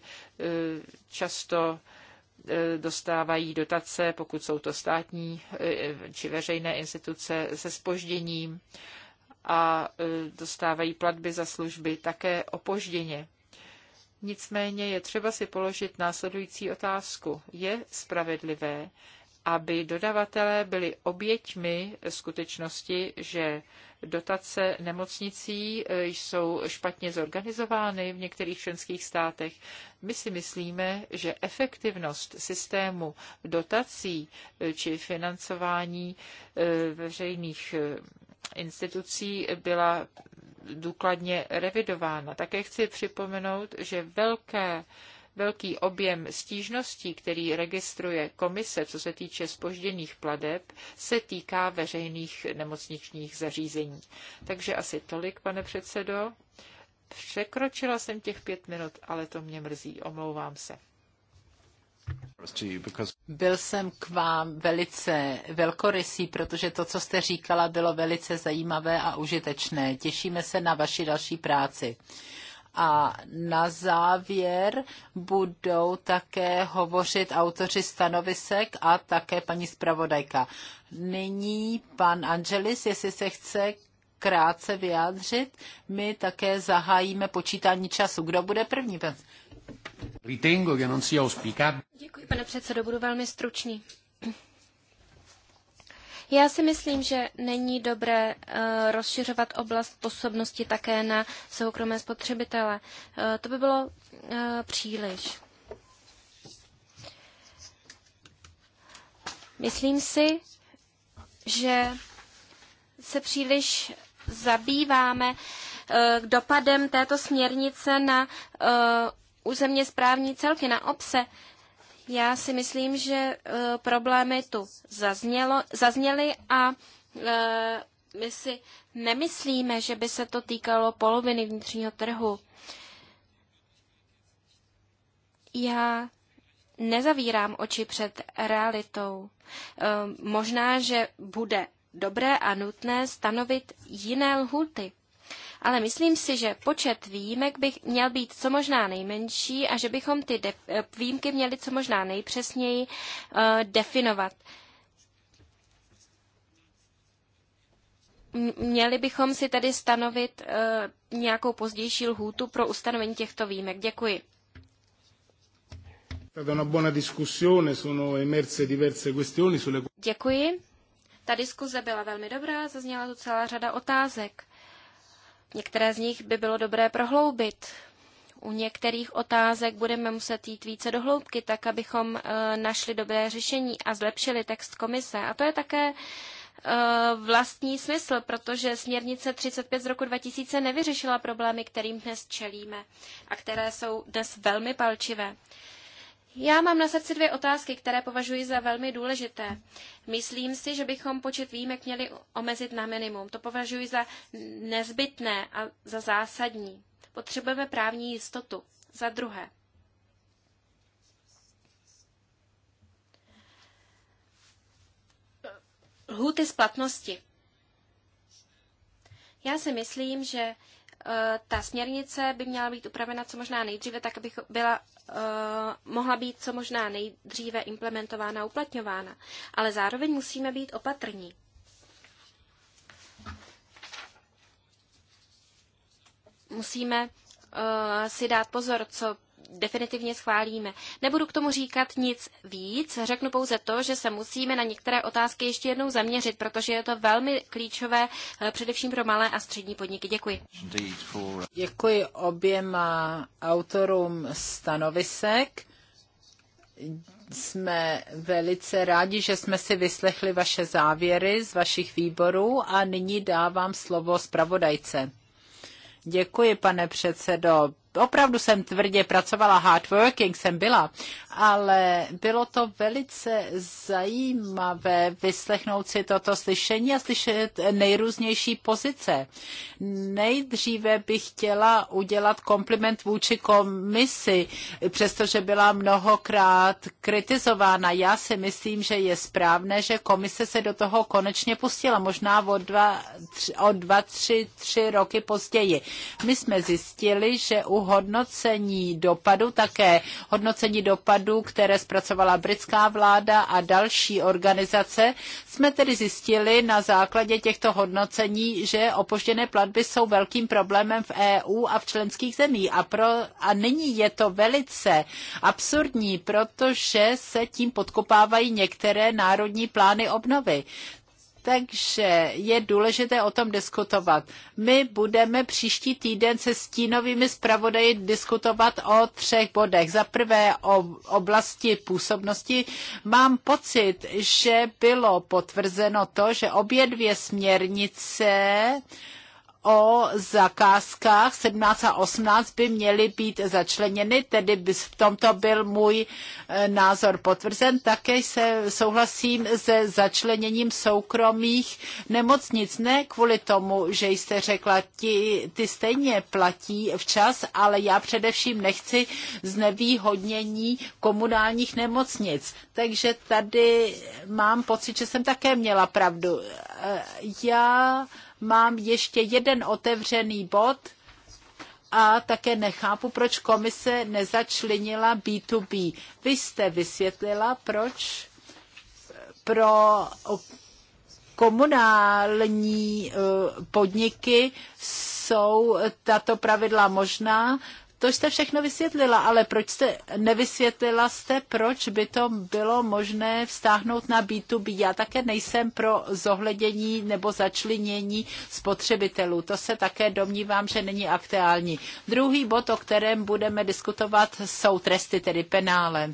Speaker 1: často E, dostávají dotace, pokud jsou to státní e, či veřejné instituce se spožděním a e, dostávají platby za služby také opožděně. Nicméně je třeba si položit následující otázku. Je spravedlivé, aby dodavatelé byli oběťmi skutečnosti, že dotace nemocnicí e, jsou špatně zorganizovány v některých členských státech. My si myslíme, že efektivnost systému dotací e, či financování e, veřejných institucí byla důkladně revidována. Také chci připomenout, že velké velký objem stížností, který registruje komise, co se týče spožděných pladeb, se týká veřejných nemocničních zařízení. Takže asi tolik, pane předsedo. Překročila
Speaker 3: jsem těch pět minut, ale to mě mrzí, omlouvám se. Byl jsem k vám velice velkorysý, protože to, co jste říkala, bylo velice zajímavé a užitečné. Těšíme se na vaši další práci. A na závěr budou také hovořit autoři stanovisek a také paní zpravodajka. Nyní pan Angelis, jestli se chce krátce vyjádřit, my také zahájíme počítání času. Kdo
Speaker 2: bude první? Ritengo, non sia
Speaker 4: Děkuji, pane předsedo, budu velmi stručný. Já si myslím, že není dobré eh, rozšiřovat oblast působnosti také na soukromé spotřebitele. Eh, to by bylo eh, příliš. Myslím si, že se příliš zabýváme dopadem této směrnice na územně správní celky, na obce. Já si myslím, že eh, problémy tu zaznělo, zazněly a eh, my si nemyslíme, že by se to týkalo poloviny vnitřního trhu. Já nezavírám oči před realitou. Eh, možná, že bude dobré a nutné stanovit jiné lhuty ale myslím si, že počet výjimek by měl být co možná nejmenší a že bychom ty eh, výjimky měli co možná nejpřesněji uh, definovat. Měli bychom si tedy stanovit uh, nějakou pozdější lhůtu pro ustanovení těchto výjimek. Děkuji. Děkuji. Ta diskuze byla velmi dobrá, zazněla tu celá řada otázek. Některé z nich by bylo dobré prohloubit. U některých otázek budeme muset jít více do hloubky, tak abychom eh, našli dobré řešení a zlepšili text komise. A to je také eh, vlastní smysl, protože směrnice 35 z roku 2000 nevyřešila problémy, kterým dnes čelíme a které jsou dnes velmi palčivé. Já mám na srdci dvě otázky, které považuji za velmi důležité. Myslím si, že bychom počet výjimek měli omezit na minimum. To považuji za nezbytné a za zásadní. Potřebujeme právní jistotu. Za druhé. Lhuty splatnosti. Já si myslím, že eh, ta směrnice by měla být upravena co možná nejdříve, tak aby byla Eh, mohla být co možná nejdříve implementována a uplatňována. Ale zároveň musíme být opatrní. Musíme eh, si dát pozor, co definitivně schválíme. Nebudu k tomu říkat nic víc, řeknu pouze to, že se musíme na některé otázky ještě jednou zaměřit, protože je to velmi klíčové eh, především pro malé a střední podniky. Děkuji. Děkuji oběma
Speaker 3: autorům stanovisek.
Speaker 4: Jsme
Speaker 3: velice rádi, že jsme si vyslechli vaše závěry z vašich výborů a nyní dávám slovo zpravodajce. Děkuji, pane předsedo opravdu jsem tvrdě pracovala, hard working jsem byla, ale bylo to velice zajímavé vyslechnout si toto slyšení a slyšet nejrůznější pozice. Nejdříve bych chtěla udělat kompliment vůči komisi, přestože byla mnohokrát kritizována. Já si myslím, že je správné, že komise se do toho konečně pustila, možná o dva, tři, o dva tři, tři roky později. My jsme zjistili, že u hodnocení dopadu, také hodnocení dopadu, které zpracovala britská vláda a další organizace, jsme tedy zjistili na základě těchto hodnocení, že opožděné platby jsou velkým problémem v EU a v členských zemích. A, pro, a nyní je to velice absurdní, protože se tím podkopávají některé národní plány obnovy. Takže je důležité o tom diskutovat. My budeme příští týden se stínovými zpravodaji diskutovat o třech bodech. Za prvé o oblasti působnosti. Mám pocit, že bylo potvrzeno to, že obě dvě směrnice o zakázkách 17 a 18 by měly být začleněny, tedy by v tomto byl můj e, názor potvrzen. Také se souhlasím se začleněním soukromých nemocnic. Ne kvůli tomu, že jste řekla, ti, ty stejně platí včas, ale já především nechci znevýhodnění komunálních nemocnic. Takže tady mám pocit, že jsem také měla pravdu. E, já mám ještě jeden otevřený bod a také nechápu, proč komise nezačlenila B2B. Vy jste vysvětlila, proč pro komunální eh, podniky jsou tato pravidla možná, to jste všechno vysvětlila, ale proč jste nevysvětlila jste, proč by to bylo možné vztáhnout na B2B? Já také nejsem pro zohledění nebo začlinění spotřebitelů. To se také domnívám, že není aktuální. Druhý bod, o kterém budeme diskutovat, jsou tresty, tedy penále.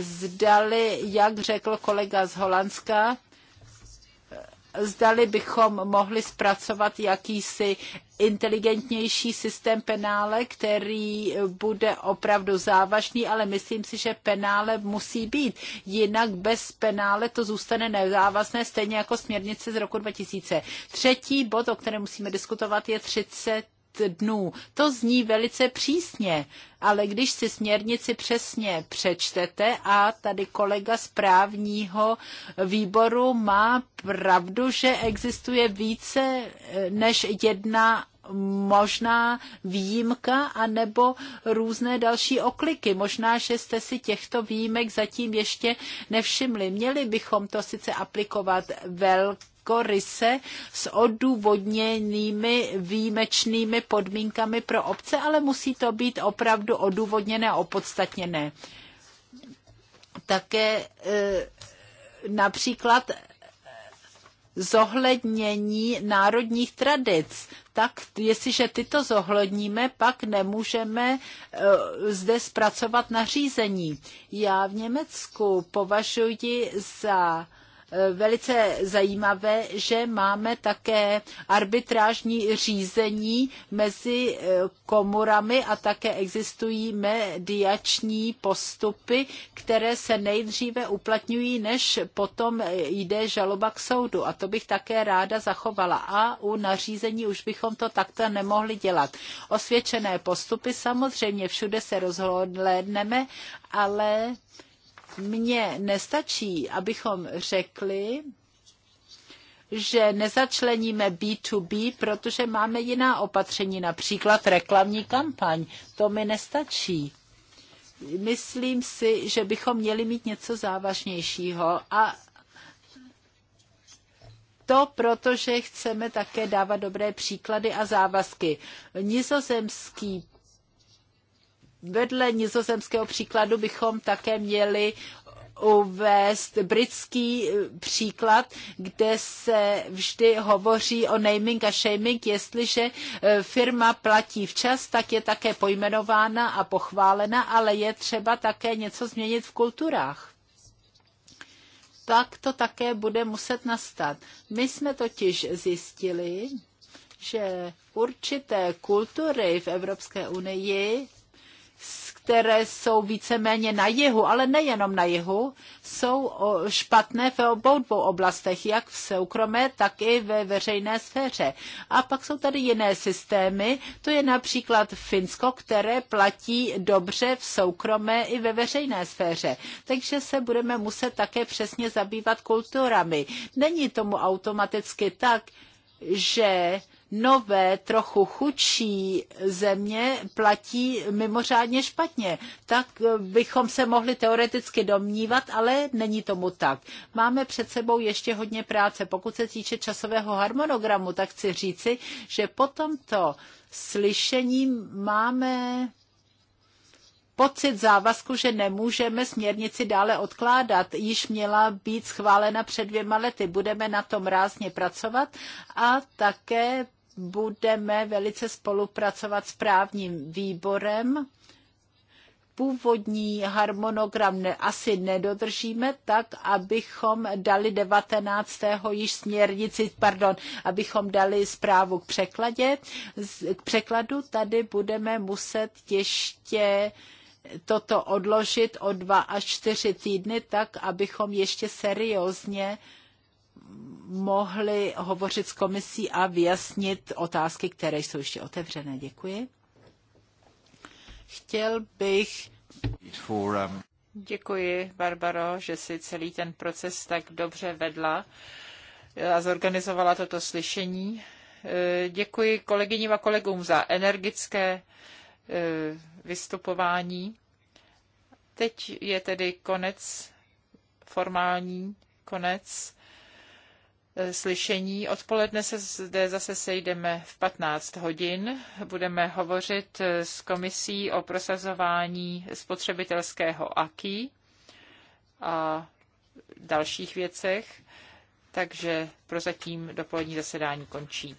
Speaker 3: Zdali, jak řekl kolega z Holandska, zdali bychom mohli zpracovat jakýsi inteligentnější systém penále, který bude opravdu závažný, ale myslím si, že penále musí být. Jinak bez penále to zůstane nezávazné, stejně jako směrnice z roku 2000. Třetí bod, o kterém musíme diskutovat, je 30 dnů. To zní velice přísně, ale když si směrnici přesně přečtete a tady kolega z právního výboru má pravdu, že existuje více eh, než jedna možná výjimka anebo různé další okliky. Možná, že jste si těchto výjimek zatím ještě nevšimli. Měli bychom to sice aplikovat velk velkoryse s odůvodněnými výjimečnými podmínkami pro obce, ale musí to být opravdu odůvodněné a opodstatněné. Také e, například e, zohlednění národních tradic. Tak jestliže tyto zohledníme, pak nemůžeme e, zde zpracovat nařízení. Já v Německu považuji za Eh, velice zajímavé, že máme také arbitrážní řízení mezi eh, komorami a také existují mediační postupy, které se nejdříve uplatňují, než potom eh, jde žaloba k soudu. A to bych také ráda zachovala. A u nařízení už bychom to takto nemohli dělat. Osvědčené postupy samozřejmě všude se rozhlédneme, ale mně nestačí, abychom řekli, že nezačleníme B2B, protože máme jiná opatření, například reklamní kampaň. To mi nestačí. Myslím si, že bychom měli mít něco závažnějšího a to, protože chceme také dávat dobré příklady a závazky. Nizozemský Vedle nizozemského příkladu bychom také měli uvést britský e, příklad, kde se vždy hovoří o naming a shaming. Jestliže e, firma platí včas, tak je také pojmenována a pochválena, ale je třeba také něco změnit v kulturách tak to také bude muset nastat. My jsme totiž zjistili, že určité kultury v Evropské unii které jsou víceméně na jihu, ale nejenom na jihu, jsou špatné v obou dvou oblastech, jak v soukromé, tak i ve veřejné sféře. A pak jsou tady jiné systémy, to je například Finsko, které platí dobře v soukromé i ve veřejné sféře. Takže se budeme muset také přesně zabývat kulturami. Není tomu automaticky tak, že nové, trochu chudší země platí mimořádně špatně. Tak bychom se mohli teoreticky domnívat, ale není tomu tak. Máme před sebou ještě hodně práce. Pokud se týče časového harmonogramu, tak chci říci, že po tomto slyšení máme pocit závazku, že nemůžeme směrnici dále odkládat. Již měla být schválena před dvěma lety. Budeme na tom rázně pracovat a také budeme velice spolupracovat s právním výborem. Původní harmonogram ne, asi nedodržíme tak, abychom dali 19. již směrnici, pardon, abychom dali zprávu k, překladě, k překladu. Tady budeme muset ještě toto odložit o dva až čtyři týdny, tak abychom ještě seriózně uh, mohli hovořit s komisí a vyjasnit otázky, které jsou ještě otevřené. Děkuji. Chtěl bych.
Speaker 2: Um,
Speaker 1: děkuji, Barbaro, že si celý ten proces tak dobře vedla a zorganizovala toto slyšení. E, děkuji kolegyním a kolegům za energické e, vystupování. Teď je tedy konec, formální konec slyšení. Odpoledne se zde zase sejdeme v 15 hodin. Budeme hovořit s komisí o prosazování spotřebitelského AKI a dalších věcech. Takže prozatím dopolední zasedání končí.